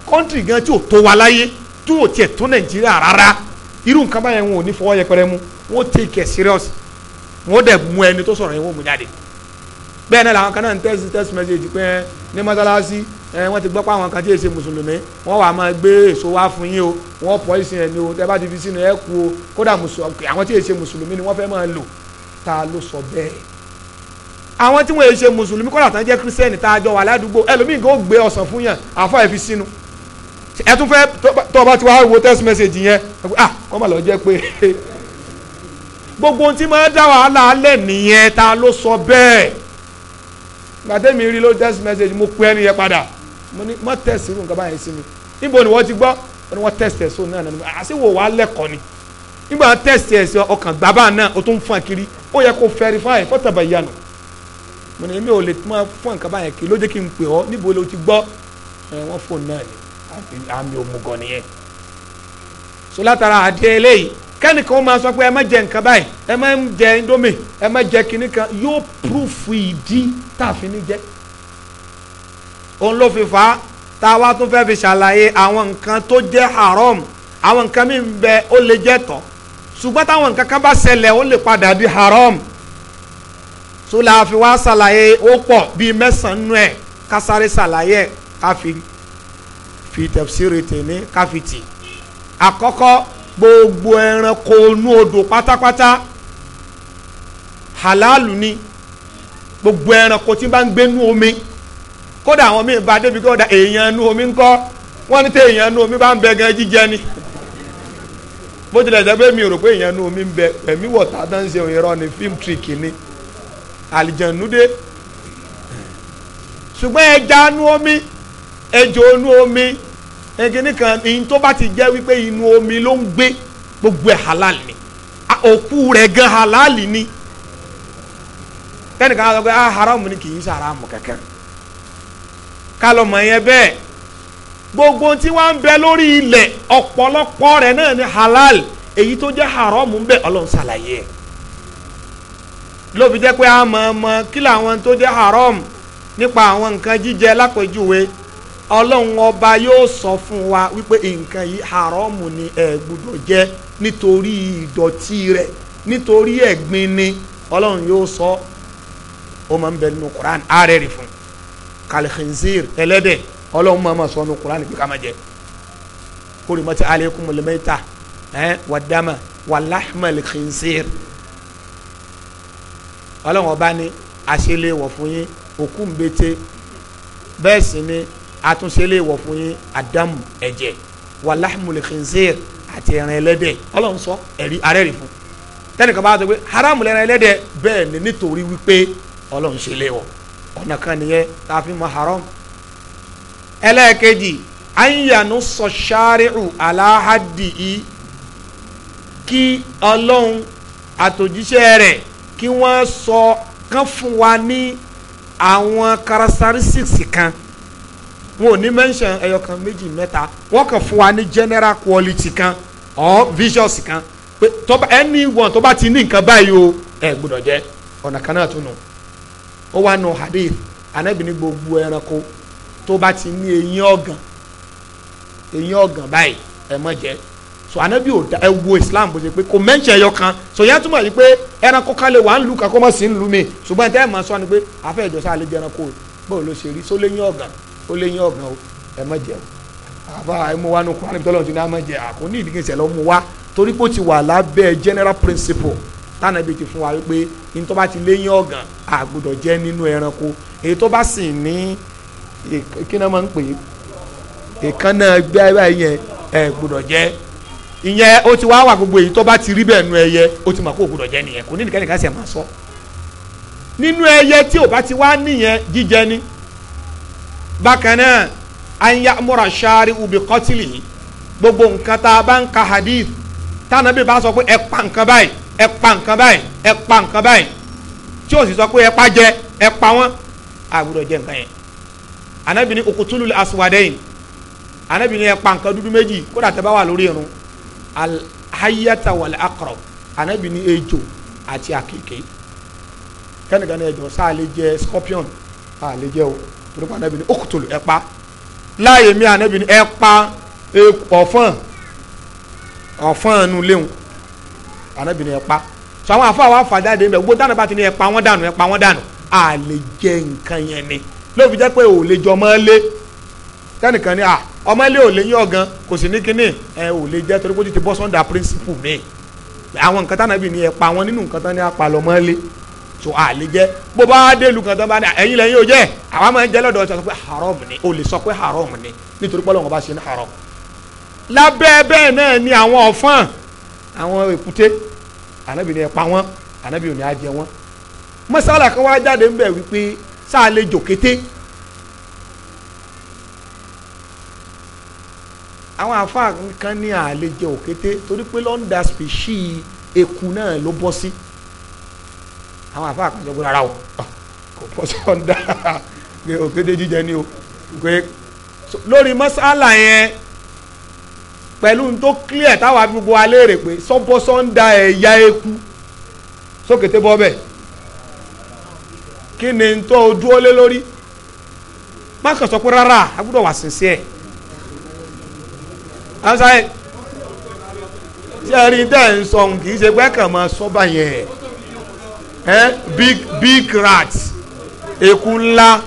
kọ́ńtì gan tí ò tó wa láyé tí ò tiẹ̀ tó nàìjíríà rárá irú nǹkan báyẹn wọn ò ní fọwọ́ yẹpẹrẹ mú wọn take it serious wọn dẹ̀ mú ẹni tó sọ̀rọ̀ yẹn wọ́n mú jáde bẹ́ẹ̀ náà làwọn kan náà ń text text message pé ní mọ́sálásí ẹ wọ́n ti gbọ́ pé àwọn kan tí èsè mùsùlùmí wọ́n wà máa gbé èso wá fún yín o wọ́n poison ẹni o tẹ́ bá ti fi sínú ẹ kú o kódà àwọn tí èsè mùsùlùmí ni wọ́n fẹ́ máa lò ta ló sọ bẹ́ẹ̀. àwọn tí wọ́n èsè mùsùlùmí kódà tán jẹ́ kírísítẹ́nì tá a jọ wà ládùúgbò ẹlòmíì kò gbé ọ̀sán fún yàn àfọ̀ ẹ̀ fi sínú ẹ tún fẹ́ tó bá ti wá wo text message yẹn ah wọ́n mà lọ jẹ́ pé (laughs) gbogbo ohun tí máa ń dá wàhálà alẹ́ nìyẹn ta ló sọ bẹ́ẹ̀ gbàtẹ́mi rí ló text message mo pe ẹni yẹn padà mo ní mo test irú nǹkan báyẹn sí mi níbo ni wọ́n ti gbọ́ wọ́n ní wọ́n test ẹ̀ sóun náà nínú àṣìwò ah, wàá lẹ́kọ̀ọ́ ni nígbà test ẹ̀ sí ọkàn gbàbá náà o tún fún akiri ó yẹ kó verify fọ́tàbà ìyanu mo ní èmi ò lè máa fún nǹkan báyẹn kiri ló jẹ́ kí n pè ọ́ níbo ló ti gbọ́ ẹ̀ wọ́n fóun náà ni àmì òmùgọ̀ nìyẹn so látara àdé eléyìí kẹ́nìkan ó máa sọ pé ẹ má jẹ nǹkan báyìí ẹ má jẹ indomie ẹ má jẹ kinní kan yóò púrúfù ìdí tààfin ní jẹ òun ló fi fà á tá a wá tún fẹ́ fi ṣàlàyé àwọn nǹkan tó jẹ́ haram àwọn nǹkan mi ń bẹ ó lè jẹ́ tọ́ ṣùgbọ́n táwọn nǹkan kan bá ṣẹlẹ̀ ó lè padà di haram so la fi wá ṣàlàyé ó pọ̀ bíi mẹ́sàn-án nù ẹ̀ kásáré ṣàlàyé ẹ̀ fi tafsiri tèmi káfìtì àkọ́kọ́ gbogbo ẹranko inú odò pátápátá halalu ni gbogbo ẹranko tí bá ń gbé inú omi kódà àwọn míì bá débi kódà èèyàn inú omi ńkọ́ wọ́n ní tẹ èèyàn inú omi bá ń bẹ gan jíjẹ ni bó tilẹ̀ jẹ́ pé mi ò rò pé èèyàn inú omi ń bẹ ẹ̀mí wọ̀tá tó ń ṣe òyìnbó ni fíìmù tírìkì ni àlìjẹ̀núdé ṣùgbọ́n ẹja inú omi ejò inú omi ẹ̀kíní kan ìyìn tó bá ti jẹ́ wípé inú omi ló ń gbé gbogbo ẹ̀ halal ni òkú rẹ̀ gan halal ni tẹ́nìkan á sọ pé ah haram ni kì í ṣe haram kankan kálọ̀mọ̀ yẹn bẹ́ẹ̀ gbogbo tí wọ́n ń bẹ lórí ilẹ̀ ọ̀pọ̀lọpọ̀ rẹ̀ náà ni halal èyí tó jẹ́ haram ń bẹ ọlọ́run ṣàlàyé ẹ̀ lóbi jẹ́ pé a ọmọ kí làwọn tó jẹ́ haram nípa àwọn nǹkan jíjẹ lápèjúwe ọlọ́run ọba yóò sọ fún wa wípé nǹkan yìí haramu ni ẹ gbúdọ̀ jẹ nítorí ìdọ̀tí rẹ̀ nítorí ẹ̀gbin ni ọlọ́run yóò sọ ó máa ń bẹ nínú Quran ààrẹ rẹ̀ fún kalkhinzir ẹlẹ́dẹ̀ ọlọ́run máa ma sọ nínú Quran pé ká má jẹ kurimati alaykumul mayta ẹ̀ wàdàmà wàláhmàlì khinzir ọlọ́run ọba ni àṣẹlẹ̀ wọ̀ fún yín òkú ń bete bẹ́ẹ̀ sì ni àtúnṣe lè wọ̀ fún yín àdámù ẹ̀jẹ̀ wàláhùmùlẹ̀ khinzir àti ẹran ẹlẹ́dẹ̀ ọlọ́run sọ ẹ̀rí arẹ́rì fún tẹnìkan bá sọ pé haramu lẹran ẹlẹ́dẹ̀ bẹ́ẹ̀ ni nítorí wípé ọlọ́run ṣe lè wọ̀ ọ̀nà kan nìyẹn tá a fi mọ haram ẹlẹ́ẹ̀kejì ayanu sọ ṣáárẹ̀ù aláhàdì yìí kí ọlọ́run àtòjíṣẹ́ rẹ̀ kí wọ́n sọ kán fún wa ní àwọn characteristics kan wọn ò ní mention ẹyọkan méjì mẹ́ta wọ́n kàn fún wa ní general quality kan or visuals kan pé tọ́ba anyone tó bá ti ní nǹkan báyìí o ẹ gbọ́dọ̀ jẹ́ ọ̀nà kan náà tó nù ó wà nù hadith Ànábì ní gbogbo ẹranko tó bá ti ní eyín ọ̀gàn eyín ọ̀gàn báyìí ẹ má jẹ so Ànábì ò da ẹ wo Islam bó ṣe pé kò mention ẹyọkan so yẹn túmọ̀ yìí pé ẹranko kan lè wà ń lu kakọ́ mọ̀ sí ń lu mi ṣùgbọ́n ẹ tẹ́ ẹ máa sọ ni pé àfẹ́ ìjọsìn àlejò ẹranko báwo ló ṣe rí sólé yín ọ̀gàn ó lé yín ọ̀gàn o ẹ má jẹ o àbá ẹ mú wa nu kúránì tọ́lọ́ ti ní ẹ má àkóní ìdíkì ìṣẹ̀lẹ̀ mú wa torí pé ó ti wà lábẹ́ general principle tánà ibi ti fún wa wípé ní tó bá ti lé yín ọ̀gàn àgbọ́dọ̀ jẹ́ nínú ẹranko èyí tó bá sì ní kí náà máa ń pè é èkánná ẹgbẹ́ báyìí yẹn ẹ gbọ́dọ̀ jẹ́ ìyẹn ó ti wá wà gbogbo èyí tó bá ti rí bẹ́ẹ̀ nu ẹyẹ ó ti mọ̀ kó gbọ́dọ̀ jẹ́ nìyẹn kò ní nìkan nìkan sì máa sọ nínú ẹyẹ tí ò bá ti wá nìyẹn jíjẹ ni bákan náà anya múra ṣáárí ubi kọ́tìlì gbogbo nǹkan tá a bá ń ka hadith tánàbí bá sọ pé ẹ pa nǹkan báyìí ẹ pa nǹkan báyìí ẹ pa nǹkan báyìí tí o sì sọ pé ẹ pa jẹ ẹ pa wọn àgùdọ̀ jẹ nǹkan yẹn anabi ni okutulu aswadẹ́yìn ẹ pa nǹkan dúdú méjì kódà tẹ́ bá wà lórí irun alhayata wal aqrab anabi ejò àti àkekèé kẹ́nìkan ni sáà lè jẹ scorpion sáà lè jẹ o torí pa anabi ni okutulu ẹ pa láàyè mi anabi ni ẹ pa ọ̀fọ́n ọ̀fọ́n nu léwu anabi ni ẹ pa so àwọn afọ àwọn afàjáde ń bẹ gbogbo dáná bá ti ní ẹ pa wọ́n dànù ẹ pa wọ́n dànù à lè jẹ nǹkan yẹn ni ló fi jẹ́ pé ò lè jọ ọmọ lé tẹnìkan ni à ọmọ lé ò lè yín ọ̀gán kò sì ní kínní ẹ ò lè jẹ torí pé ó ti bọ́ sọ́ndà principle mi àwọn nǹkan tánàbì ni ẹ pa wọn nínú nǹkan tán ni apalọ́mọ́lé so a lè jẹ bó bá délu kan tán bá ní ẹyin lẹ́yìn o jẹ àwa máa ń jẹ lọ́dọ̀ sọ pé haram ni o lè sọ pé haram ni nítorí pé Ọlọ́run bá ṣe ní haram lábẹ́ bẹ́ẹ̀ náà ni àwọn ọ̀fọ́n àwọn èkúté ànábì ni ẹ pa wọ́n ànábì ni á jẹ wọ́n mọ́sálà kan wá jáde ńbẹ̀ wípé sáà lè jò kété àwọn àfáà kan ní àlejò òkété torí pé lọ́ndà spèṣì eku náà ló bọ́ sí. Si àwọn àfa àkànṣe gbọ́dọ̀ ara o kò bọ́ sọ́ńdà pé òkéde jíjẹ ni o pé lórí mọ́sálà yẹn pẹ̀lú n tó clear táwa gbogbo alẹ́ rẹ̀ pé sọ́bọ́ sọ́ńdà ẹ̀yà eku sókété bọ́ bẹ́ẹ̀ kí ni n tó dúró lé lórí má kàn sọ pé rárá a gbọ́dọ̀ wà sínsẹ́ ẹ̀ ansa yẹ tí a rí dẹ́ ń sọ kì í ṣe pé kàn máa sọ́ba yẹn. eh? big big rats eku ńlá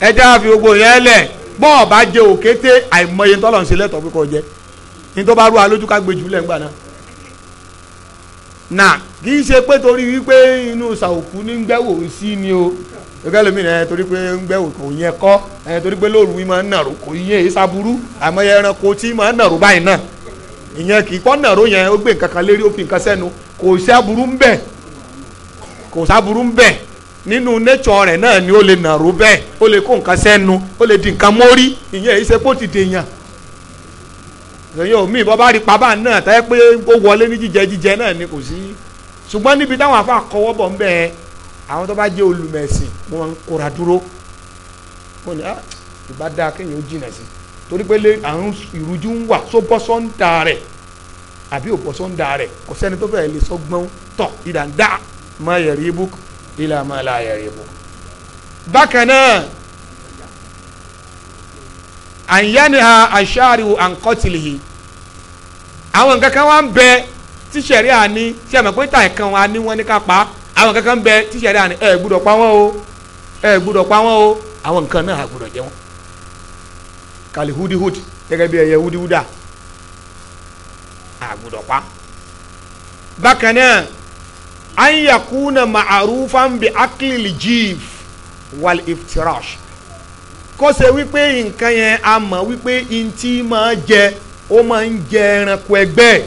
ẹja fi gbogbo yẹn lẹ̀ bọ́ọ̀ bá jẹ òkété àìmọye tọ́lọ̀ ń ṣe lẹ́tọ̀ọ́ jẹ ní tó bá rú alójú ká gbé jùlẹ̀ gbà náà nà kì í ṣe pé torí wípé inú sàòkú ní gbẹ́wò sí ni o gẹ́gẹ́ lómi rẹ̀ torí pé gbẹ́wò kò yẹ kọ́ torí pé lóru yìí máa ń nàró kò yẹ èyí e, ẹranko tí máa ń nàró báyìí náà ìyẹn kì í kọ́ nàró yẹn ó gbé nǹkan kan lérí ó kò sábúrú ń bẹ̀ nínú nature rẹ̀ náà ni ó lè nàró bẹ́ẹ̀ ó lè kó nǹkan sẹ́nu ó lè di nǹkan mórí ìyẹn èyí ṣe kó ti dèèyàn èyí ò mí bọ́ bá rí pabá náà tẹ́ pé ó wọlé ní jíjẹ jíjẹ náà ni kò sí ṣùgbọ́n níbi táwọn afa kọwọ́ bọ̀ ń bẹ́ẹ̀ àwọn tó bá jẹ́ olùmẹ̀sìn wọn máa ń kóra dúró wọn ni ah ìbá dáa kéèyàn ó jìnà sí torí pé àrùn ìrújú ń wà tó bọ́ sọ́ńdà rẹ̀ àbí ò rẹ̀ kò sẹ́ni tó fẹ́ẹ́ lè sọ́gbọ́n tọ̀ ìdàǹdà ma yaribuk ila ma la yaribuk bákan náà àyànniha aṣááriwo ànkọ́tìlìhì àwọn nǹkan kan wá ń bẹ tí sẹ̀ríà ní tí a mọ̀ pé táyì kan wá ní wọ́n ní ká pa àwọn nǹkan kan ń bẹ tí sẹ̀ríà ní ẹ pa wọ́n o ẹ gbúdọ̀ pa wọ́n o àwọn nǹkan náà a gbúdọ̀ jẹ wọ́n kàlí hudihud gẹ́gẹ́ bí ẹyẹ hudihuda a gbúdọ̀ pa bákan an yakuna ma'arufan bi akili jif wal iftirash kó ṣe wípé nǹkan yẹn a mọ̀ wípé ntí máa jẹ ó máa ń jẹ ẹranko ẹgbẹ́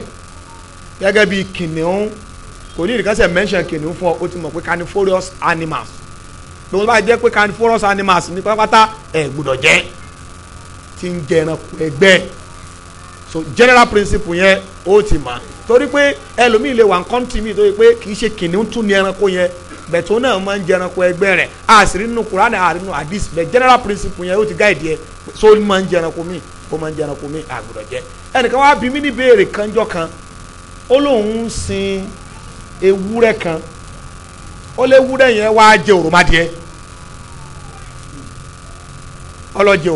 gẹ́gẹ́ bí kìnìún kò ní ìdíkàsẹ̀ mention kìnìún fún ọ ó ti mọ̀ pé carnivorous animals bí wọ́n bá jẹ́ pé carnivorous animals ní pátápátá ẹ̀ gbọ́dọ̀ jẹ́ ti ń jẹ ẹranko ẹgbẹ́ so general principle yẹn ó ti mọ̀ torí pé ẹlòmíì lè wà ń kọ́ńtì mi torí pé kì í ṣe kìnìún tún ní ẹranko yẹn bẹ̀tọ́ náà máa ń jẹ ẹranko ẹgbẹ́ rẹ̀ àṣírí nínú Quran àṣírí nínú general principle yẹn ó ti guide yẹ so máa ń jẹ ẹranko mi ó máa ń jẹ ẹranko mi jẹ ẹnìkan wá béèrè kanjọ kan ó lóun ń sin ewúrẹ́ kan ó lé ewúrẹ́ yẹn wá jẹ òròmọdìẹ ọlọ́jẹ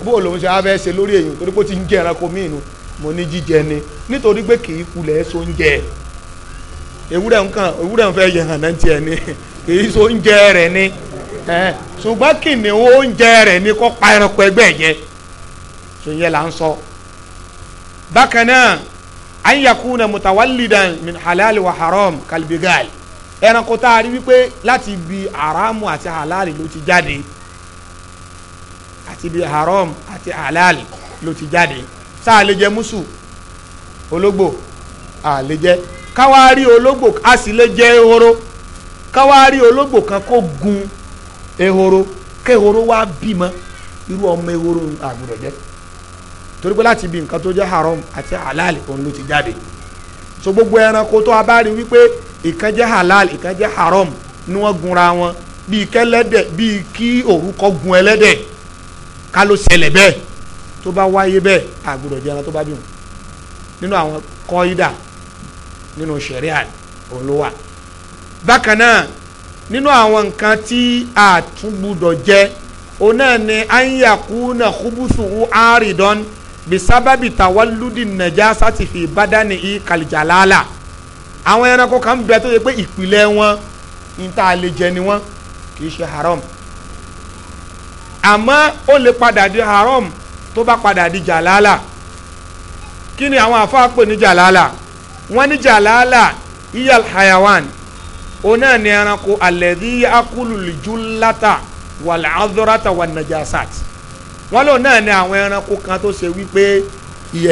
bó ṣe á fẹ́ ṣe lórí èyí torí pé ó nu mo ní jíjẹ ni nítorí pé kì í kulẹ̀ so ń jẹ ewúrẹ́ nǹkan ewúrẹ́ nǹkan fẹ́ yẹ hàn náà tiẹ̀ ni kì í so ń jẹ rẹ̀ ni ṣùgbọ́n kìnìún oúnjẹ rẹ̀ ni kó pa ẹranko ẹgbẹ́ yẹ ṣòyẹ là ń sọ bákan náà an yakuna mutawallidan min halal wa haram kalbigal ẹranko tá a rí wípé láti bi haramu àti halal ló ti jáde àti bi haram àti halali ló ti jáde tá a lè jẹ mùsù ológbò a lè jẹ káwá rí ológbò a sì lè jẹ ehoro káwá ológbò kan kó gun ehoro kéhoro wá bímọ irú ọmọ ehoro àgùdọ̀ jẹ torí pé láti ibi nǹkan tó jẹ́ haram àti halal òun ló ti jáde so gbogbo ẹranko tó a bá rí wípé ìkan jẹ́ halal ìkan jẹ́ haram ni wọ́n gunra wọn bíi kẹlẹ́dẹ̀ bíi kí òrúkọ gun ẹlẹ́dẹ̀ ká ló ṣẹlẹ̀ bẹ́ẹ̀ tó bá wáyé bẹ́ẹ̀ àgbọ̀dọ̀ jẹ́ ẹran tó bá bí wọn nínú àwọn kọ́ídà nínú ṣẹ̀ríà òun ló wà bákan náà nínú àwọn nǹkan tí àtúgbùdọ̀ jẹ́ òun ni anyakuna kubusu aridon bisababi tawaludi najasati fi badani ikalijalala àwọn ẹranko kan bẹ tó yẹ pé ìpìlẹ̀ wọn ní tá a lè jẹ ni haram Ama ó lè padà di haram tó bá padà di jàlálà kí ni àwọn àfáà pè ní jàlálà wọ́n ní jàlálà iyal hayawan òun náà ni ẹranko alẹ́dí akúlùjúláta wàlàádọ́rátà wà nàjàsát wọ́n lò náà ni àwọn ẹranko kan tó ṣe wípé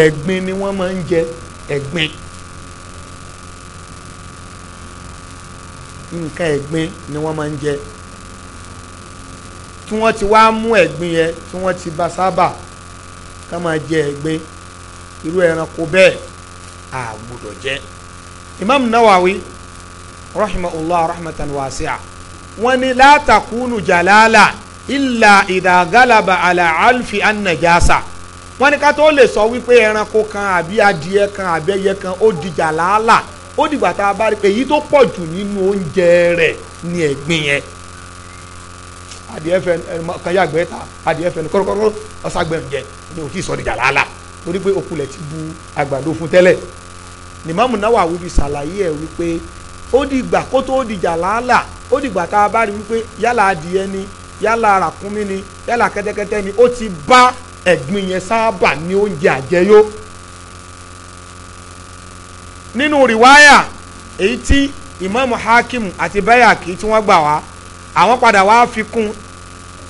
ẹ̀gbin ni wọ́n máa ń jẹ ẹ̀gbin nǹkan ẹ̀gbin ni wọ́n máa ń jẹ tí wọ́n ti wá mú ẹ̀gbin yẹn tí wọ́n ti bá sábà ká máa jẹ ẹgbẹ́ irú ẹranko bẹ́ẹ̀ a gbọ́dọ̀ jẹ. imam nawawi rahimahullah rahmatan wasi'a wọ́n ní la takunu jalala illa idha galaba ala alfi annajasa wọ́n ní ká tó lè sọ wípé ẹranko kan àbí adìẹ kan àbí ẹyẹ kan ó di jalala ó dìgbà tá a bá rí pé èyí tó pọ̀ jù nínú oúnjẹ rẹ̀ ni ẹ̀gbin yẹn adìẹ fẹ kan yàgbẹ́ ta adìẹ fẹ kọ́rọ́kọ́rọ́ ọ̀sàgbẹ̀m jẹ ni o ti sọ di jàlálà torí pé okulẹ̀ ti bu àgbàdo fún tẹ́lẹ̀ nìmọ̀mù náà wà wíbi ṣàlàyé ẹ̀ wípé ó dìgbà kó tó di jàlálà ó dìgbà tá a bá rí wípé yálà adìẹ ni yálà ràkúnmí ni yálà kẹ́tẹ́kẹ́tẹ́ ni ó ti bá ẹ̀gbin yẹn sábà ní oúnjẹ àjẹyó nínú rìwáyà èyí tí ìmáàmù hakim àti bayaki tí wọ́n gbà wá àwọn padà wá fi kún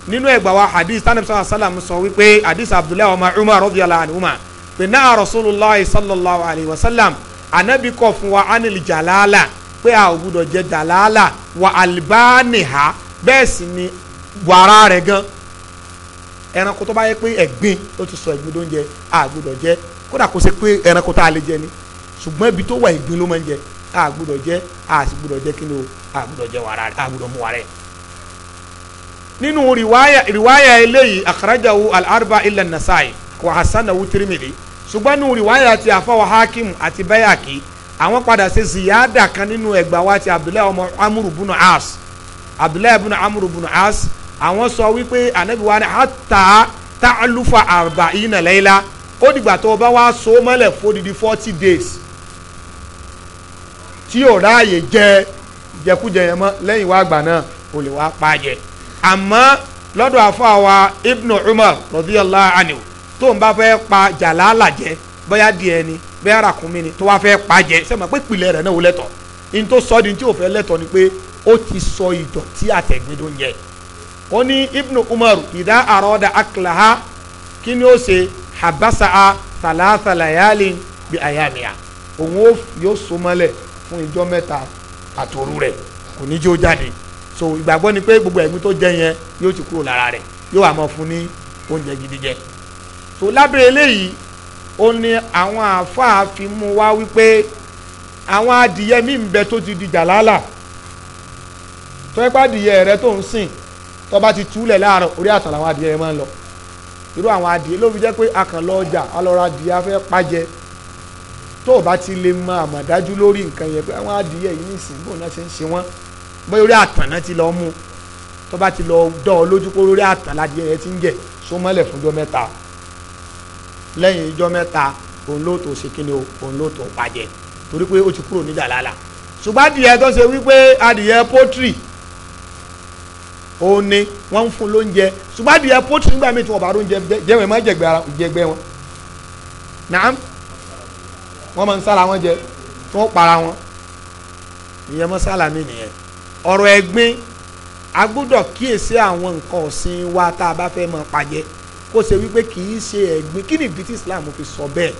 nínú ẹgbà wa hadith tani bisalòlá sálàmù sọ wípé hadith abdullahi ọmọ umar radiyallahu anhuma pé náà rasulillah sallallahu alayhi wa sallam anabi kọ fún wa anil jalala pé a ò gbúdọ̀ jẹ jalala wa albaniha bẹ́ẹ̀ sì ni wàrà rẹ̀ gan ẹranko tó bá yẹ pé ẹ̀gbin ó ti sọ ẹ̀gbin tó ń jẹ a gbúdọ̀ jẹ kódà kó ṣe pé ẹranko tá a lè jẹ ni ṣùgbọ́n ibi tó wà ẹ̀gbin ló máa ń jẹ a gbúdọ̀ jẹ a sì gbúdọ̀ jẹ kí ni o a gbúdọ̀ jẹ wàrà rẹ̀ a gbúdọ̀ mú wàrà rẹ̀ nínú riwaya riwaya eléyìí akhrajahu al-arba illa nasai wa hasanahu tirimidi ṣùgbọ́n nínú riwaya ti afawa hakim àti bayaki àwọn padà ṣe ziyada kan nínú ẹgbà wa ti abdullahi ọmọ amuru bunu as abdullahi bunu amuru bunu as àwọn sọ wípé anabi wa ni hata ta'alufa arba'ina layla ó dìgbà tó o bá wá so mọ́lẹ̀ fódìdí forty days tí yóò ráàyè jẹ jẹkújẹ yẹn mọ́ lẹ́yìn wá gbà náà o lè wá pa jẹ àmọ́ lọ́dọ̀ àfọwà ibnu umar radiyallahu anhu tó ń bá fẹ́ pa jàlálà jẹ bóyá díẹ̀ ni bóyá ràkúnmí ni tó wá fẹ́ pa jẹ sẹ́mi pé ìpìlẹ̀ rẹ̀ náà ó lẹ́tọ̀ ní tó sọ́ di tí ò fẹ́ lẹ́tọ̀ ni pé ó ti sọ ìdọ̀tí àtẹ̀gbẹ́dọ̀ ń ó ní ibnu umar ìdá àròdà akìláha kí ni ó ṣe habasa thalatha layalin bi ayamiya òun yóò so mọ́lẹ̀ fún ìjọ mẹ́ta àtòru rẹ̀ kò ní jẹ́ jáde so ìgbàgbọ́ ni pé gbogbo ẹ̀gbin tó jẹ yẹn yóò ti kúrò lára rẹ̀ yóò wà mọ́ fún ní oúnjẹ gidi jẹ so lábẹ́ eléyìí ó ní àwọn àáfàá fi mú wá wípé àwọn adìyẹ mi ń bẹ tó ti di jàlálà tó ẹ pa adìyẹ rẹ tó ń sìn tó bá ti túlẹ̀ láàárọ̀ orí àtàn làwọn adìyẹ rẹ máa ń lọ irú àwọn adìyẹ ló fi jẹ́ pé a kàn lọ ọjà a lọ ra adìyẹ afẹ́ pàjẹ́ tó o bá ti lè mọ àmọ̀dájú lórí nǹkan yẹn pé àwọn adìyẹ yìí nìsín bóun náà ṣe ń ṣe wọ́n bóyá orí àtàn náà ti lọ mú tó bá ti lọ dán ọ lójú kó orí àtàn ládìẹ yẹn ti ń jẹ só mọ́lẹ̀ fún ijọ́ mẹ́ta lẹ́yìn ijọ́ mẹ́ta òun ló tó ṣe kíni o òun ló tó pàjẹ́ torí pé ó ti kúrò níjà lálà ṣùgbọ́n adìyẹ tó ṣe wípé adìyẹ pọ́tìrì òun ni wọ́n ń fún lóúnjẹ ṣùgbọ́n adìyẹ pọ́tìrì nígbà míì tí wọ́n bá lóúnjẹ jẹ́wọ̀n má jẹ̀gbẹ́ ara wọn naam wọ́n máa ń sára wọn jẹ tí wọ́n para wọn ìyẹn mọ́ sálà nìyẹn ọ̀rọ̀ ẹ̀gbin a gbọ́dọ̀ kíyèsí àwọn nǹkan ọ̀sìn wa tá a bá fẹ́ máa pàjẹ́ kó ṣe wípé kì í ṣe ẹ̀gbin kí ni ìdí tí Islam fi sọ bẹ́ẹ̀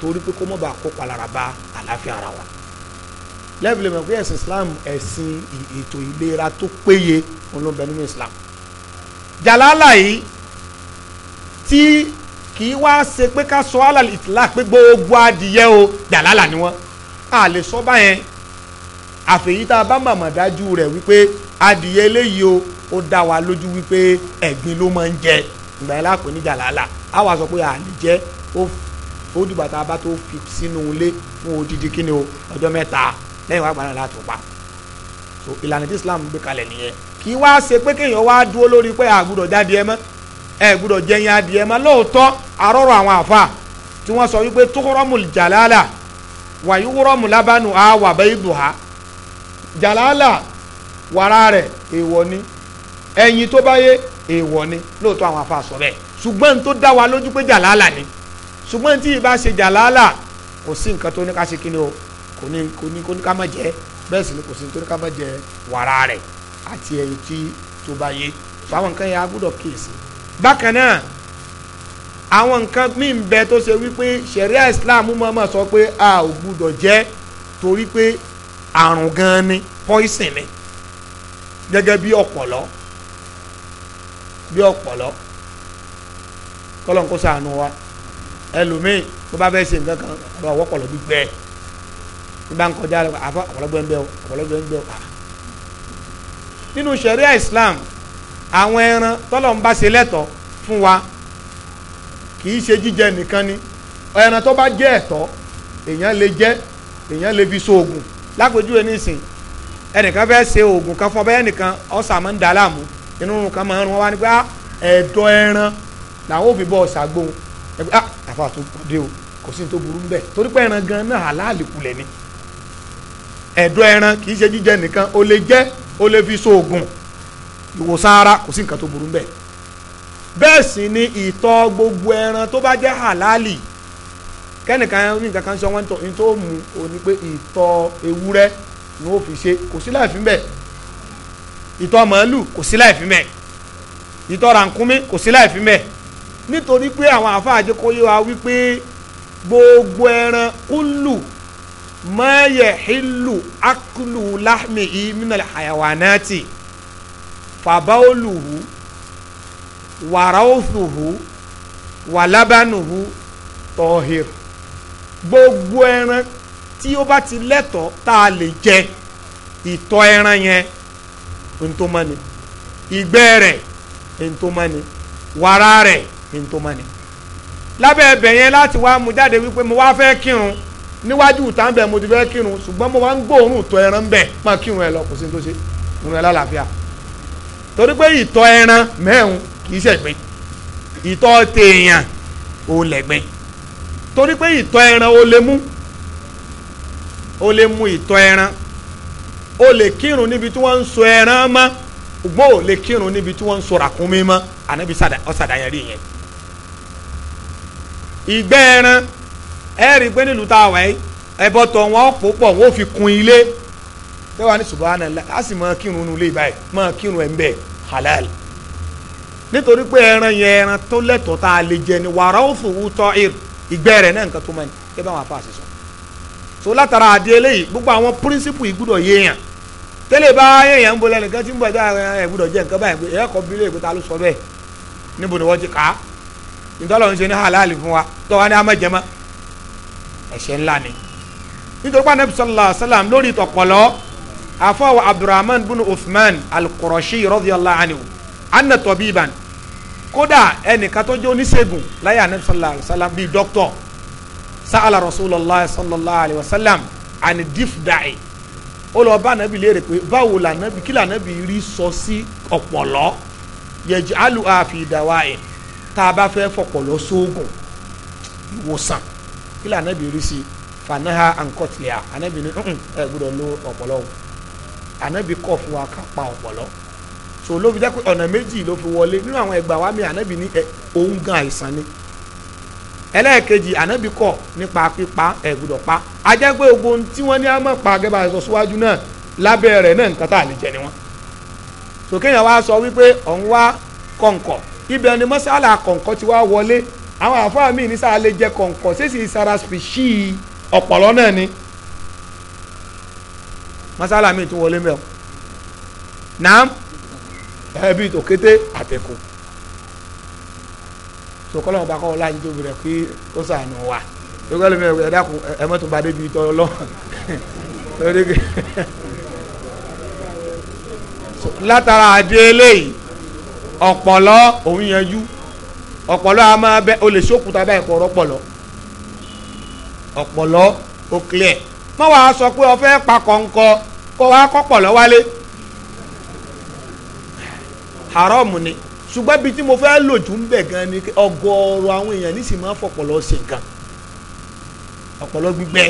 torí pé kó mọ̀ bá kó palara bá àlàáfíà ara wa lẹ́bìlì mọ̀ pé ẹ̀sìn Islam ẹ̀sìn ètò ìlera tó péye òun ló ń bẹ nínú Islam jàlálà yìí tí kì í wá ṣe pé ká sọ alàlì ìtìlá pé gbogbo adìyẹ o jàlálà ni wọ́n a lè sọ báyẹn àfẹ̀yí tá a bá màmá dájú rẹ̀ wípé adìyẹ eléyìí o ó dá wa lójú wípé ẹ̀gbin ló máa ń jẹ ìgbà yẹn láàpẹ̀ níjà làálà á wàá sọ pé à lè ó dìgbà tá a bá tó fi sínú ilé fún odidi kíni o ọjọ́ mẹ́ta lẹ́yìn wàá gbàdúrà láti pa so ìlànà tí Islam gbé kalẹ̀ nìyẹn kì í wá ṣe pé kéèyàn wá dúró lórí pé àgùdọ̀ jáde ẹ mọ́ ẹ gbúdọ̀ jẹyìn adìẹ mọ́ lóòótọ́ àrọ́rọ̀ àwọn àfa tí wọ́n sọ wípé tókọ́rọ́mù jàlálà wàyúwúrọ́mù lábánu àwàbẹ́ ìdùhà jàlálà wàrà rẹ̀ èèwọ̀ ni ẹyin tó bá yé èèwọ̀ ni lóòótọ́ àwọn afa sọ bẹ́ẹ̀ ṣùgbọ́n tó dá wa lójú pé jàlálà ni ṣùgbọ́n tí ì bá ṣe jàlálà kò sí nǹkan tó ní ká ṣe kí ni o kò ní kò ní kò ní ká má jẹ bẹ́ẹ̀ sì ni kò sí ní tó ní ká má jẹ wàrà rẹ̀ àti ẹyin tí tó bá yé fáwọn nǹkan yẹn a gbọ́dọ̀ kíyèsí bákan náà àwọn nǹkan míì ń bẹ tó ṣe wípé ṣẹ̀ríà Islam mọ̀ọ́mọ̀ sọ pé a ò gbúdọ̀ jẹ torí pé àrùn gan ni poison ni gẹ́gẹ́ bí ọ̀pọ̀lọ́ bí ọ̀pọ̀lọ́ kọ́lọ́n kó sànù wa ẹlòmíì bó bá fẹ́ ṣe nǹkan kan àbá wọ́pọ̀lọ́ gbígbẹ́ ní bá ń kọjá lọ àfọ ọ̀pọ̀lọ́gbẹ́ ń bẹ́ ọ ọ̀pọ̀lọ́gbẹ́ ń bẹ́ ọ. nínú ṣẹ̀ríà Islam àwọn ẹran tọ́lọ̀ ń bá ṣe lẹ́tọ̀ fún wa kì í ṣe jíjẹ nìkan ni ẹran tó bá jẹ́ ẹ̀tọ́ èèyàn lè jẹ èèyàn lè fi so lápèjúwe nísìn ẹnìkan fẹ́ ṣe oògùn kan fún ọbẹ̀ ẹnìkan ọ̀sà máa ń da láàmú inú kan máa ń rún wá ní pé ah, ẹ̀dọ̀ ẹran làwọn òbí bọ̀ ọ̀sà gbóhùn ẹgbẹ́ ah àfa àtò pàdé o kò sí ní tó burú bẹ́ẹ̀ torí pé ẹran gan náà aláàlì kulẹ̀ ni ẹ̀dọ̀ ẹran kì í ṣe jíjẹ nìkan o lè jẹ o lè fi so oògùn ìwòsàn ara kò sí nǹkan tó burú bẹ́ẹ̀ bẹ́ẹ̀ sì ni ìtọ̀ gbogbo ẹran tó bá jẹ́ halali kẹ́nìkan ní nǹkan kan sọ wọ́n tó ní tó mú o ní pé ìtọ̀ ewúrẹ́ ni ó fi ṣe kò sí láìfín bẹ́ẹ̀ ìtọ̀ màálù kò sí láìfín bẹ́ẹ̀ ìtọ̀ rànkúnmí kò sí láìfín bẹ́ẹ̀ nítorí pé àwọn àfáà jẹ́ kó wa wípé gbogbo ẹran kúlù mọ́yẹ̀ hílù akúlù láhmi ìmínàlẹ̀ àyàwánáàtì fàbáolùhù wàràófùhù wàlábánuhù tọ́hìrì gbogbo ẹran tí ó bá ti lẹ́tọ̀ọ́ tá a lè jẹ ìtọ̀ ẹran yẹn ń tó mọ́ ni ìgbẹ́ rẹ̀ ń tó mọ́ ni wàrà rẹ̀ ń tó mọ́ ni lábẹ́ ẹbẹ̀ yẹn láti wá mu jáde wípé mo wá fẹ́ kírun níwájú ìta ń bẹ̀ mo ti fẹ́ kírun ṣùgbọ́n mo wá ń gbóòórùn ìtọ̀ ẹran bẹ̀ máa kírun ẹ lọ kò sí ní tó ṣe ìrun ẹ lálàáfíà torí pé ìtọ̀ ẹran mẹ́rin kì í ṣẹ̀gbẹ́ ìtọ̀ tèèyàn ò lẹ̀gbẹ́ torí pé ìtọ̀ ẹran o lè mú o lè mu ìtọ̀ ẹran o lè kírun níbi tí wọ́n ń so ẹran mọ́ ṣùgbọ́n o lè kírun níbi tí wọ́n ń so ràkúnmí mọ́ ànábi ọ̀sàdàyàn rí yẹn ìgbẹ́ ẹran ẹ rí i pé nílùú tá a wà yìí ẹbọ tọ̀ wọ́n pò wọ́n fi kun ilé tẹ́wà ní subhanallah á sì máa kírun nu ilé báyìí máa kírun ẹ̀ ń bẹ̀ halal nítorí pé ẹran yẹn ẹran tó lẹ́tọ̀ọ́ tá a lè jẹ ni wàrà ó fòwú tọ́ ìrù ìgbẹ́ rẹ̀ náà nǹkan tó mọ́ ni ẹ bá wọn apá àṣẹ sọ. so látara àdé eléyìí gbogbo àwọn píríncípù ìgbúdọ̀ yéèyàn tẹ́lẹ̀ bá yéèyàn ń bolẹ̀ nìkan tí ń bọ̀ ẹ̀ gbúdọ̀ jẹ́ nǹkan báyìí ẹ̀ kọ́ bílẹ̀ èkó ta ló sọ bẹ́ẹ̀ níbo ni wọ́n ti kà á ìtọ́lọ̀ ń ṣe ní halal fún wa tọ́wa ní amẹ́jẹmọ́ ẹ̀ṣẹ̀ ńlá ni nítorí pé anabi sallallahu alayhi wa sallam lórí ìtọ̀pọ̀lọ́ al-qurashi radiyallahu anhu anna kódà ẹnìkan tó jẹ́ oníṣègùn láyé anabi sallallahu alayhi wa sallam bíi dókítọ̀ sa'ala rasulallah sallallahu alayhi wa sallam ani difda'i ó lọ bá anabi léèrè pé báwo la anabi kí la anabi rí sọ sí ọ̀pọ̀lọ́ yẹjú alu àfi ìdáwà ẹ̀ tá a bá fẹ́ fọ̀pọ̀lọ́ sóògùn ìwòsàn kí la anabi rí sí fanaha ankotlia anabi ní ẹ gbọ́dọ̀ lo ọ̀pọ̀lọ́ anabi kọ̀ fún wa ká pa ọ̀pọ̀lọ́ so ló fi jẹ́ pé ọ̀nà méjì ló fi wọlé nínú àwọn ẹgbàá wa mi ànábì ní òun gan àìsàn ni ẹlẹ́ẹ̀kejì ànábì kọ̀ nípa pípa ẹ̀gbọ́dọ̀ pa a jẹ́ pé ogun tí wọ́n ní á mọ̀ pa gẹ́gẹ́ bá a sọ síwájú náà lábẹ́ rẹ̀ náà nǹkan tá a lè jẹ ni wọ́n so kéèyàn wá sọ wípé òun wá kọ̀ǹkọ̀ ibẹ̀ ni mọ́sálà kọ̀ǹkọ̀ ti wá wọlé àwọn àfáà míì ní sáà lè jẹ kọ̀ǹkọ̀ sísì sara spèṣì ọ̀pọ̀lọ́ náà ni mọ́sálà míì tún wọlé mẹ́ọ̀ náà ẹbí òkété àtẹkù sọkọlọ́n bá kọ́ láyé tóbi rẹ̀ kí ó sànù wa lókè lómi ẹ̀ dákun ẹ̀ mọ́tò bá débi ìtọ́ ọlọ́run lórí (laughs) kí látara àdé eléyìí ọ̀pọ̀lọ́ òun yanjú ọ̀pọ̀lọ́ a máa bẹ o lè ṣókùtà báyìí kọ̀ ọ̀rọ̀pọ̀lọ́ ọ̀pọ̀lọ́ ó clear mọ́ wàá sọ pé o fẹ́ pa kọ̀ǹkọ̀ kó wàá kọ́pọ̀lọ́ wálé haram ni ṣùgbọ́n ibi tí mo fẹ́ lò jù ń bẹ̀ gan ni ọgọ́ọ̀rọ̀ àwọn èèyàn ní sì máa ń fọpọlọ ṣe nǹkan ọpọlọ gbígbẹ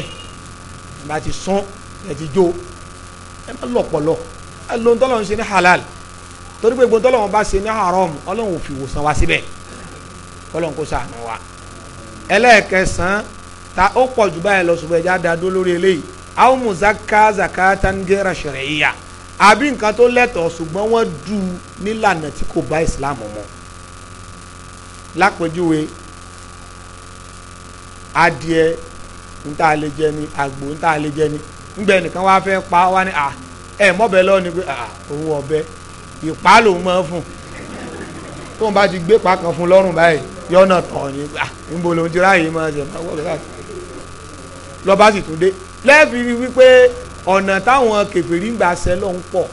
bá ti sún ẹ ti jó ẹ má lọ ọpọlọ ẹ lo ohun tọ́lọ́run ṣe ní halal torí pé gbogbo tọ́lọ́run bá ṣe ní haram ọlọ́run ò fi ìwòsàn wá síbẹ̀ kọ́lọ́run kó ṣàánú wa ẹlẹ́ẹ̀kẹsàn-án ta ó pọ̀ jù báyìí lọ ṣùgbọ́n ẹ̀já da dó lórí eléyìí àwọn mùsàkà zakatan gẹ́rà yíyà àbí nǹkan tó lẹ́tọ̀ọ́ ṣùgbọ́n wọ́n dù ú nílànà tí kò bá islam mọ́ lápèjúwe adìẹ níta lè jẹ ni àgbò níta lè jẹ ni ńgbẹ nìkan wá fẹ́ pa wá ní à ẹ mọ́bẹ lọ́wọ́ ni pé à òun ọ̀bẹ ìpá lòun máa ń fún tóun bá ti gbé pa kan fún lọ́rùn báyìí yọ̀nà tọ̀ ni à ńbo lòun ti ráàyè máa jẹ máa wọ̀ lọ́ba sì tún dé lẹ́ẹ̀fì wípé ọ̀nà táwọn kèfèrí ń gbà sẹ́lọ̀ ń pọ̀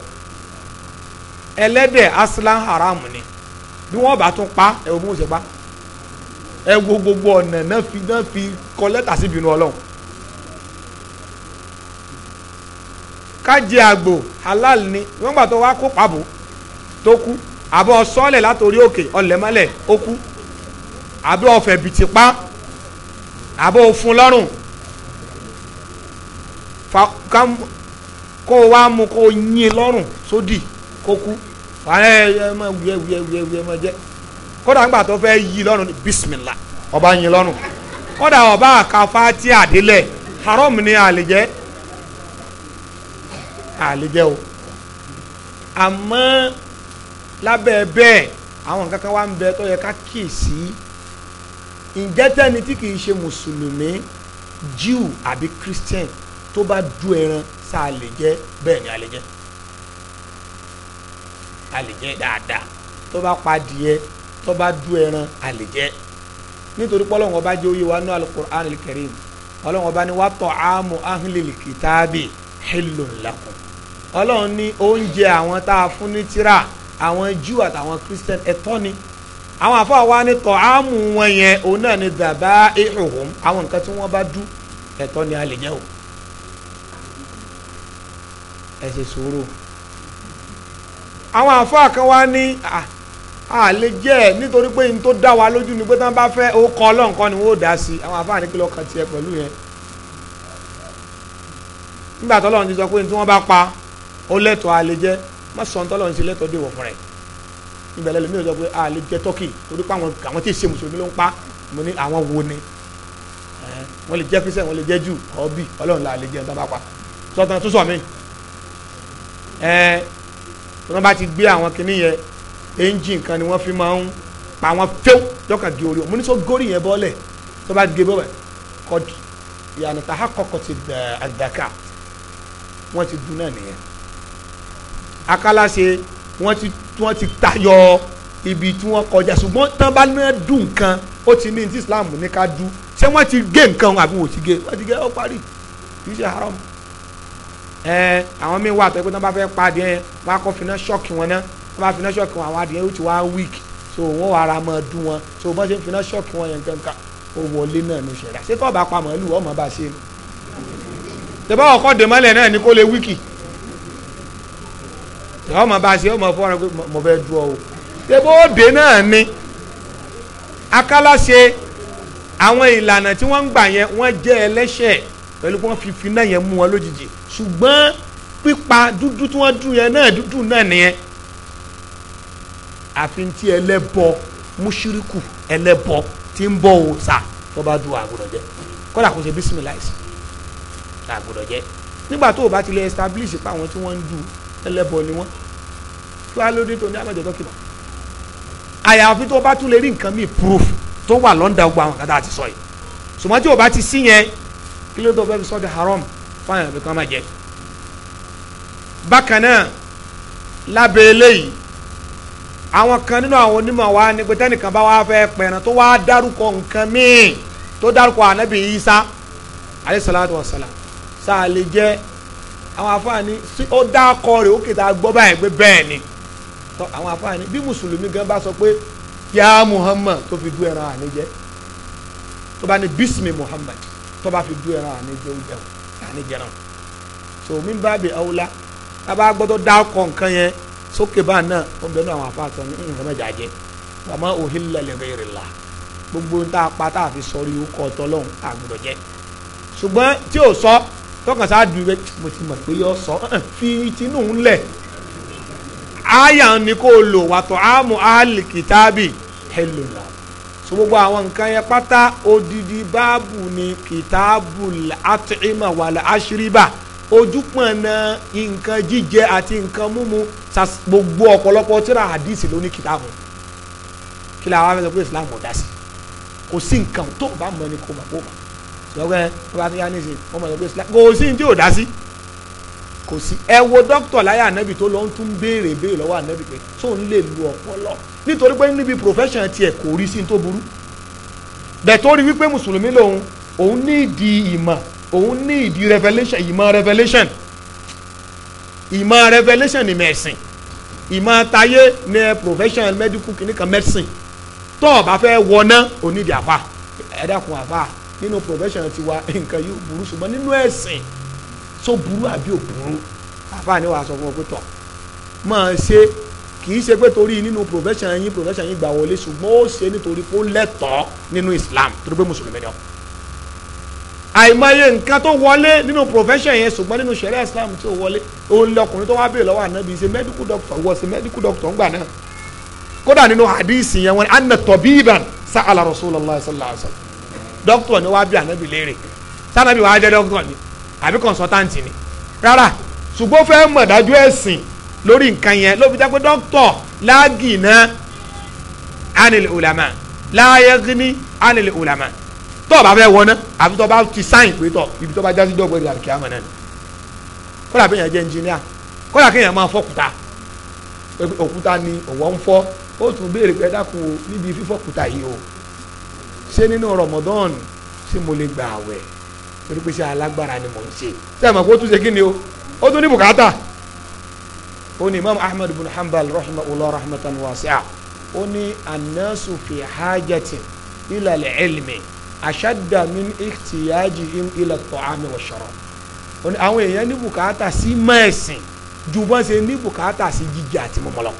ẹlẹ́dẹ̀ aslan haram ni bí wọ́n bá tún pa ẹ wo bí wọ́n ṣe pa ẹ wo gbogbo ọ̀nà náà fi náà fi kọ lẹ́tà síbi inú ọlọ́run ká jẹ àgbò halal ni wọ́n gbà tó wá kó pàbò tó kú àbọ̀ sọ́ọ̀lẹ̀ látòrí òkè ọ̀lẹ́mọ́lẹ̀ ó kú àbọ̀ ọ̀fẹ́ bìtì pa àbọ̀ òfun lọ́rùn ká kó o wá mu kó o yín lọ́rùn sódì kó kú ẹ ẹ máa wíyẹ wíyẹ wíyẹ wíyẹ máa jẹ kódà ńgbà tó fẹ́ yí lọ́rùn ní bisimilá ọba yín lọ́rùn kódà ọba àkàfà tí àdélẹ̀ haram ni àlejẹ́ àlejẹ́ o àmọ́ lábẹ́ bẹ́ẹ̀ àwọn kankan wá ń bẹ tó yẹ ká kíyèsí ǹjẹ́ tẹ́ni tí kì í ṣe mùsùlùmí Jew àbí Christian tó bá du ẹran sá a lè jẹ bẹ́ẹ̀ ni a lè jẹ a lè jẹ dáadáa tó bá pa adìyẹ tó bá du ẹran a lè jẹ nítorí pọ́lọ́wọ́n bá jẹ́ oyè wa nú alukur'an al-karim ọlọ́wọ́n bá ní wà ta'amu ahlil kitabi hillun lakum ọlọ́run ní oúnjẹ àwọn tá a fún ní tírà àwọn Júù àtàwọn Christian ẹ̀tọ́ ni àwọn àfọwọ́ wa ní ta'amu wọn yẹn òun náà ní dàbá ìhùhùn àwọn nǹkan tí wọ́n bá dú ẹ̀tọ́ ni a lè jẹ́ o ẹ ṣe sùúrù àwọn àfáà kan wá ní a lè jẹ́ ẹ̀ nítorí pé n tó dá wa lójú ni pé tí wọ́n bá fẹ́ ó kọ́ ọlọ́nkan ni wọ́n ó dá sí i àwọn àfáà ní kí lọ́kàn tiẹ̀ pẹ̀lú yẹn nígbà tọ́lọ́run ti sọ pé tí wọ́n bá pa ó lẹ́tọ̀ọ́ a lè jẹ́ má sọ ní tọ́lọ́run ti lẹ́tọ̀ọ́ dé ìwọ̀ fún rẹ̀ ibẹ̀ lẹ́lẹ̀ mi ò sọ pé a lè jẹ́ tọ́kì torí pé àwọn àwọn tí ì ṣe mùsùlùmí ló ń pa mo ní àwọn wo ni wọ́n lè jẹ́ kristian wọ́n lè jẹ́ jù ọ́bì ọlọ́run là lè jẹ́ ní tọ́ bá pa sọ́tàn tó sọ mí ẹ wọn bá ti gbé àwọn kìnnì yẹn engine kan ni wọ́n fi máa ń pa àwọn fíw yọkàn gé orí o mo ní sọ górí yẹn bọ́ọ̀lẹ̀ tó bá gé bọ́ọ̀lẹ̀ kọ́ ìyànà tá a kọ́kọ́ ti bẹ̀ àdàkà wọ́n ti dun náà nìyẹn akálàṣe wọ́n ti wọ́n ti tayọ ibi tí wọ́n kọjá ṣùgbọ́n tán bá náà dùn nǹkan ó ti ní ti Islam ní ká dú ṣé wọ́n ti gé nǹkan àbí wọ́n ti gé wọ́n ti gé ó parí kì í ṣe haram ẹ àwọn míì wà tó pé tí wọ́n bá fẹ́ pa adìẹ wọn á kọ́ finá ṣọ́ọ̀kì wọn ná wọ́n bá finá ṣọ́ọ̀kì wọn àwọn adìẹ yóò ti wá weak so wọ́n wà ara máa dún wọn so bọ́n ṣe ń finá ṣọ́ọ̀kì wọn yẹn kankan ó wọlé náà ní ṣẹ̀dá ṣé tó bá pa màálù ọmọ bá ṣe ni tẹ́ bá ọkọ̀ dè mọ́lẹ̀ náà ni kó lè wíkì tẹ́ ọmọ bá ṣe ọmọ fọ́nrán pé mo fẹ́ du ọ o tẹ́ bó dé náà ni akálá ṣe àwọn ìlànà tí wọ́n ń gbà yẹn wọ́n jẹ́ ẹlẹ́ṣẹ̀ pẹ̀lú pé wọ́n fi finá yẹn mú wọn lójijì ṣùgbọ́n pípa dúdú tí wọ́n dùn yẹn náà dúdú náà nìyẹn àfi tí ẹlẹ́bọ mùṣírìkù ẹlẹ́bọ tí ń bọ òòṣà tó bá dùn àgùdọ̀ jẹ kódà kò ṣe bísímìláì sí àgùdọ̀ jẹ nígbà tó o bá ti lè establish pa àwọn tí wọ́n ń du ẹlẹ́bọ ni wọ́n tó a lóde tó ní àmọ̀jọ dọ́kítà àyàfi tó o bá tún lè rí nǹkan míì proof tó wà lọ́ndà gbogbo àwọn kan tá a ti sọ yìí sùmọ́ tí o bá ti sí yẹn kí ló tó fẹ́ fi sọ́ di haram fáwọn èèyàn pé kí wọ́n máa jẹ. bákan náà lábẹ́ eléyìí àwọn kan nínú àwọn onímọ̀ wa ni pé tẹ́nìkan bá wá fẹ́ pẹ̀ràn tó wá dárúkọ nǹkan míì tó dárúkọ ànábì Isa alayhi salatu wa salam sáà lè jẹ́ àwọn afáàní ó dá akọ rẹ̀ ó kìtà gbọ́ báyìí pé bẹ́ẹ̀ ni àwọn afáàní bí mùsùlùmí gan bá sọ pé yá Muhammad tó fi dú ẹran àníjẹ tó bá ní bísímì Muhammad tó bá fi dú ẹran àníjẹ ó jẹun níjẹran so min bá bi awla tábà gbọ́dọ̀ dá ọkọ̀ nǹkan yẹn sókè bá náà ó ń bẹnu àwọn afáàtọ̀ ní nǹkan mẹ́jà jẹ́ wàmọ́ uhilla li ghayrillah gbogbo ń tá a pa tá a fi sọrí orúkọ tọ́lọ́hún àgbọ̀dọ̀ jẹ́ ṣùgbọ́n tí ò sọ tọkàn sáà dùn bẹ́ẹ̀ mo ti mọ̀ pé yọ sọ fi tinú ń lẹ̀ áyà ni kò lò wàtò àmú ahl kitabi so gbogbo àwọn nǹkan yẹn pátá odidi báàbù ni kìtàbù àtìmọ̀ wàlẹ̀ àṣíríbà ojúpọ̀nà nǹkan jíjẹ àti nǹkan múmu gbogbo ọ̀pọ̀lọpọ̀ tíra àdìsí ló ní kìtàbù kí la wá fẹ́ sọ pé Islam ò dá sí kò sí nǹkan tó bá mọ ni kò mọ̀ kó mọ̀ sọgbẹ́ bàbá tó yá ní ìsìn ọmọ ìsọgbẹ́ Islam kò sí ní tí ò dá sí kò sí ẹ wo dókítà láyé ànábì tó lọ ń tún béèrè béèrè lọ́wọ́ ànábì pé tó ń lè lu ọpọlọ nítorí pé níbi profession tiẹ̀ kò rí sí tó burú bẹ́ẹ̀ tó rí wípé mùsùlùmí lòun òun ní ìdí ìmọ̀ òun ní ìdí revelation ìmọ̀ revelation ìmọ̀ revelation ni mẹ̀sìn ìmọ̀ tayé ni profession medical clinical medicine tó o bá fẹ́ wọná onídìí àfa ẹ dákun àfa nínú profession tiwa nǹkan yóò burú ṣùgbọ́n nínú ẹ̀sìn tó burú àbí ò burú àfa ni wàá sọ fún ọ pé tọ̀ máa ṣe kì í ṣe pé torí nínú profession yín profession yín gbà wọlé ṣùgbọ́n ó ṣe nítorí pé ó lẹ́tọ̀ọ́ nínú Islam torí pé mùsùlùmí ni ọ. àìmọye nǹkan tó wọlé nínú profession yẹn ṣùgbọ́n nínú ṣẹ̀ríà Islam tí ó wọlé òun lọkùnrin tó wá bèèrè lọ́wọ́ ànábì ṣe medical doctor wọ ṣe medical doctor ńgbà náà kódà nínú hadisi yẹn wọn anna tabiban sa'ala Rasulullah sallallahu alaihi wasallam doctor ni wá bí ànábì léèrè sanabi wàá jẹ́ doctor ni àbí consultant ni rárá ṣùgbọ́n fẹ́ mọ̀ dájú ẹ̀sìn lórí nǹkan yẹn ló fi jẹ́ pé dókítọ̀ lágìnà anil ulama láyẹ́gínní anil ulama tó o bá fẹ́ wọná àbí tó o bá ti sáyìn pé tọ̀ ibi tó o bá já sí dọ́gbọ̀n ìlànà kí a mọ̀ náà ni kódà kéèyàn jẹ́ ẹnjìníà kódà kéèyàn máa fọ́kùtà òkúta ni ọ̀wọ́ ń fọ́ ó tún béèrè pé dákun o níbi fífọ́kùtà yìí o ṣé nínú Ramadan ṣé mo lè gbà àwẹ̀ torí pé ṣé alágbára ni mò ń ṣe ṣé ẹ̀ mọ̀ pé ó tún ṣe kí ni o ó tún ní bùkátà ó ní imam ahmed bin hanbal rahimahullah rahmatan wasi'a ó ní annasu fi hajatin ila al-ilmi ashadda min ihtiyajihim ila at-ta'ami wash-sharab ó ní àwọn èèyàn ní bùkátà sí mẹ́ẹ̀sìn ju bọ́n ṣe ní bùkátà sí jíjẹ àti mọ́mọ́lọ́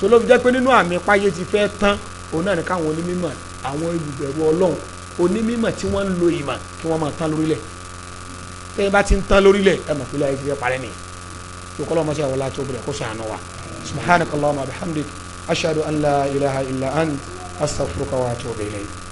sọlọ́fi jẹ́ pé nínú àmì páyé ti fẹ́ tán òun náà ní káwọn onímọ̀ àwọn olùbẹ̀rù ọlọ́run onímọ̀ tí wọ́n ń lo ìmọ̀ kí wọ́n máa tán lórílẹ̀ tẹ́yìn bá ti ń tán lórílẹ̀ ẹ̀ mọ̀ pé láyé ti fẹ́ parẹ́ يقول ما ولا توب لقوس عنوا سبحانك اللهم وبحمدك أشهد أن لا إله إلا أنت أستغفرك وأتوب إليك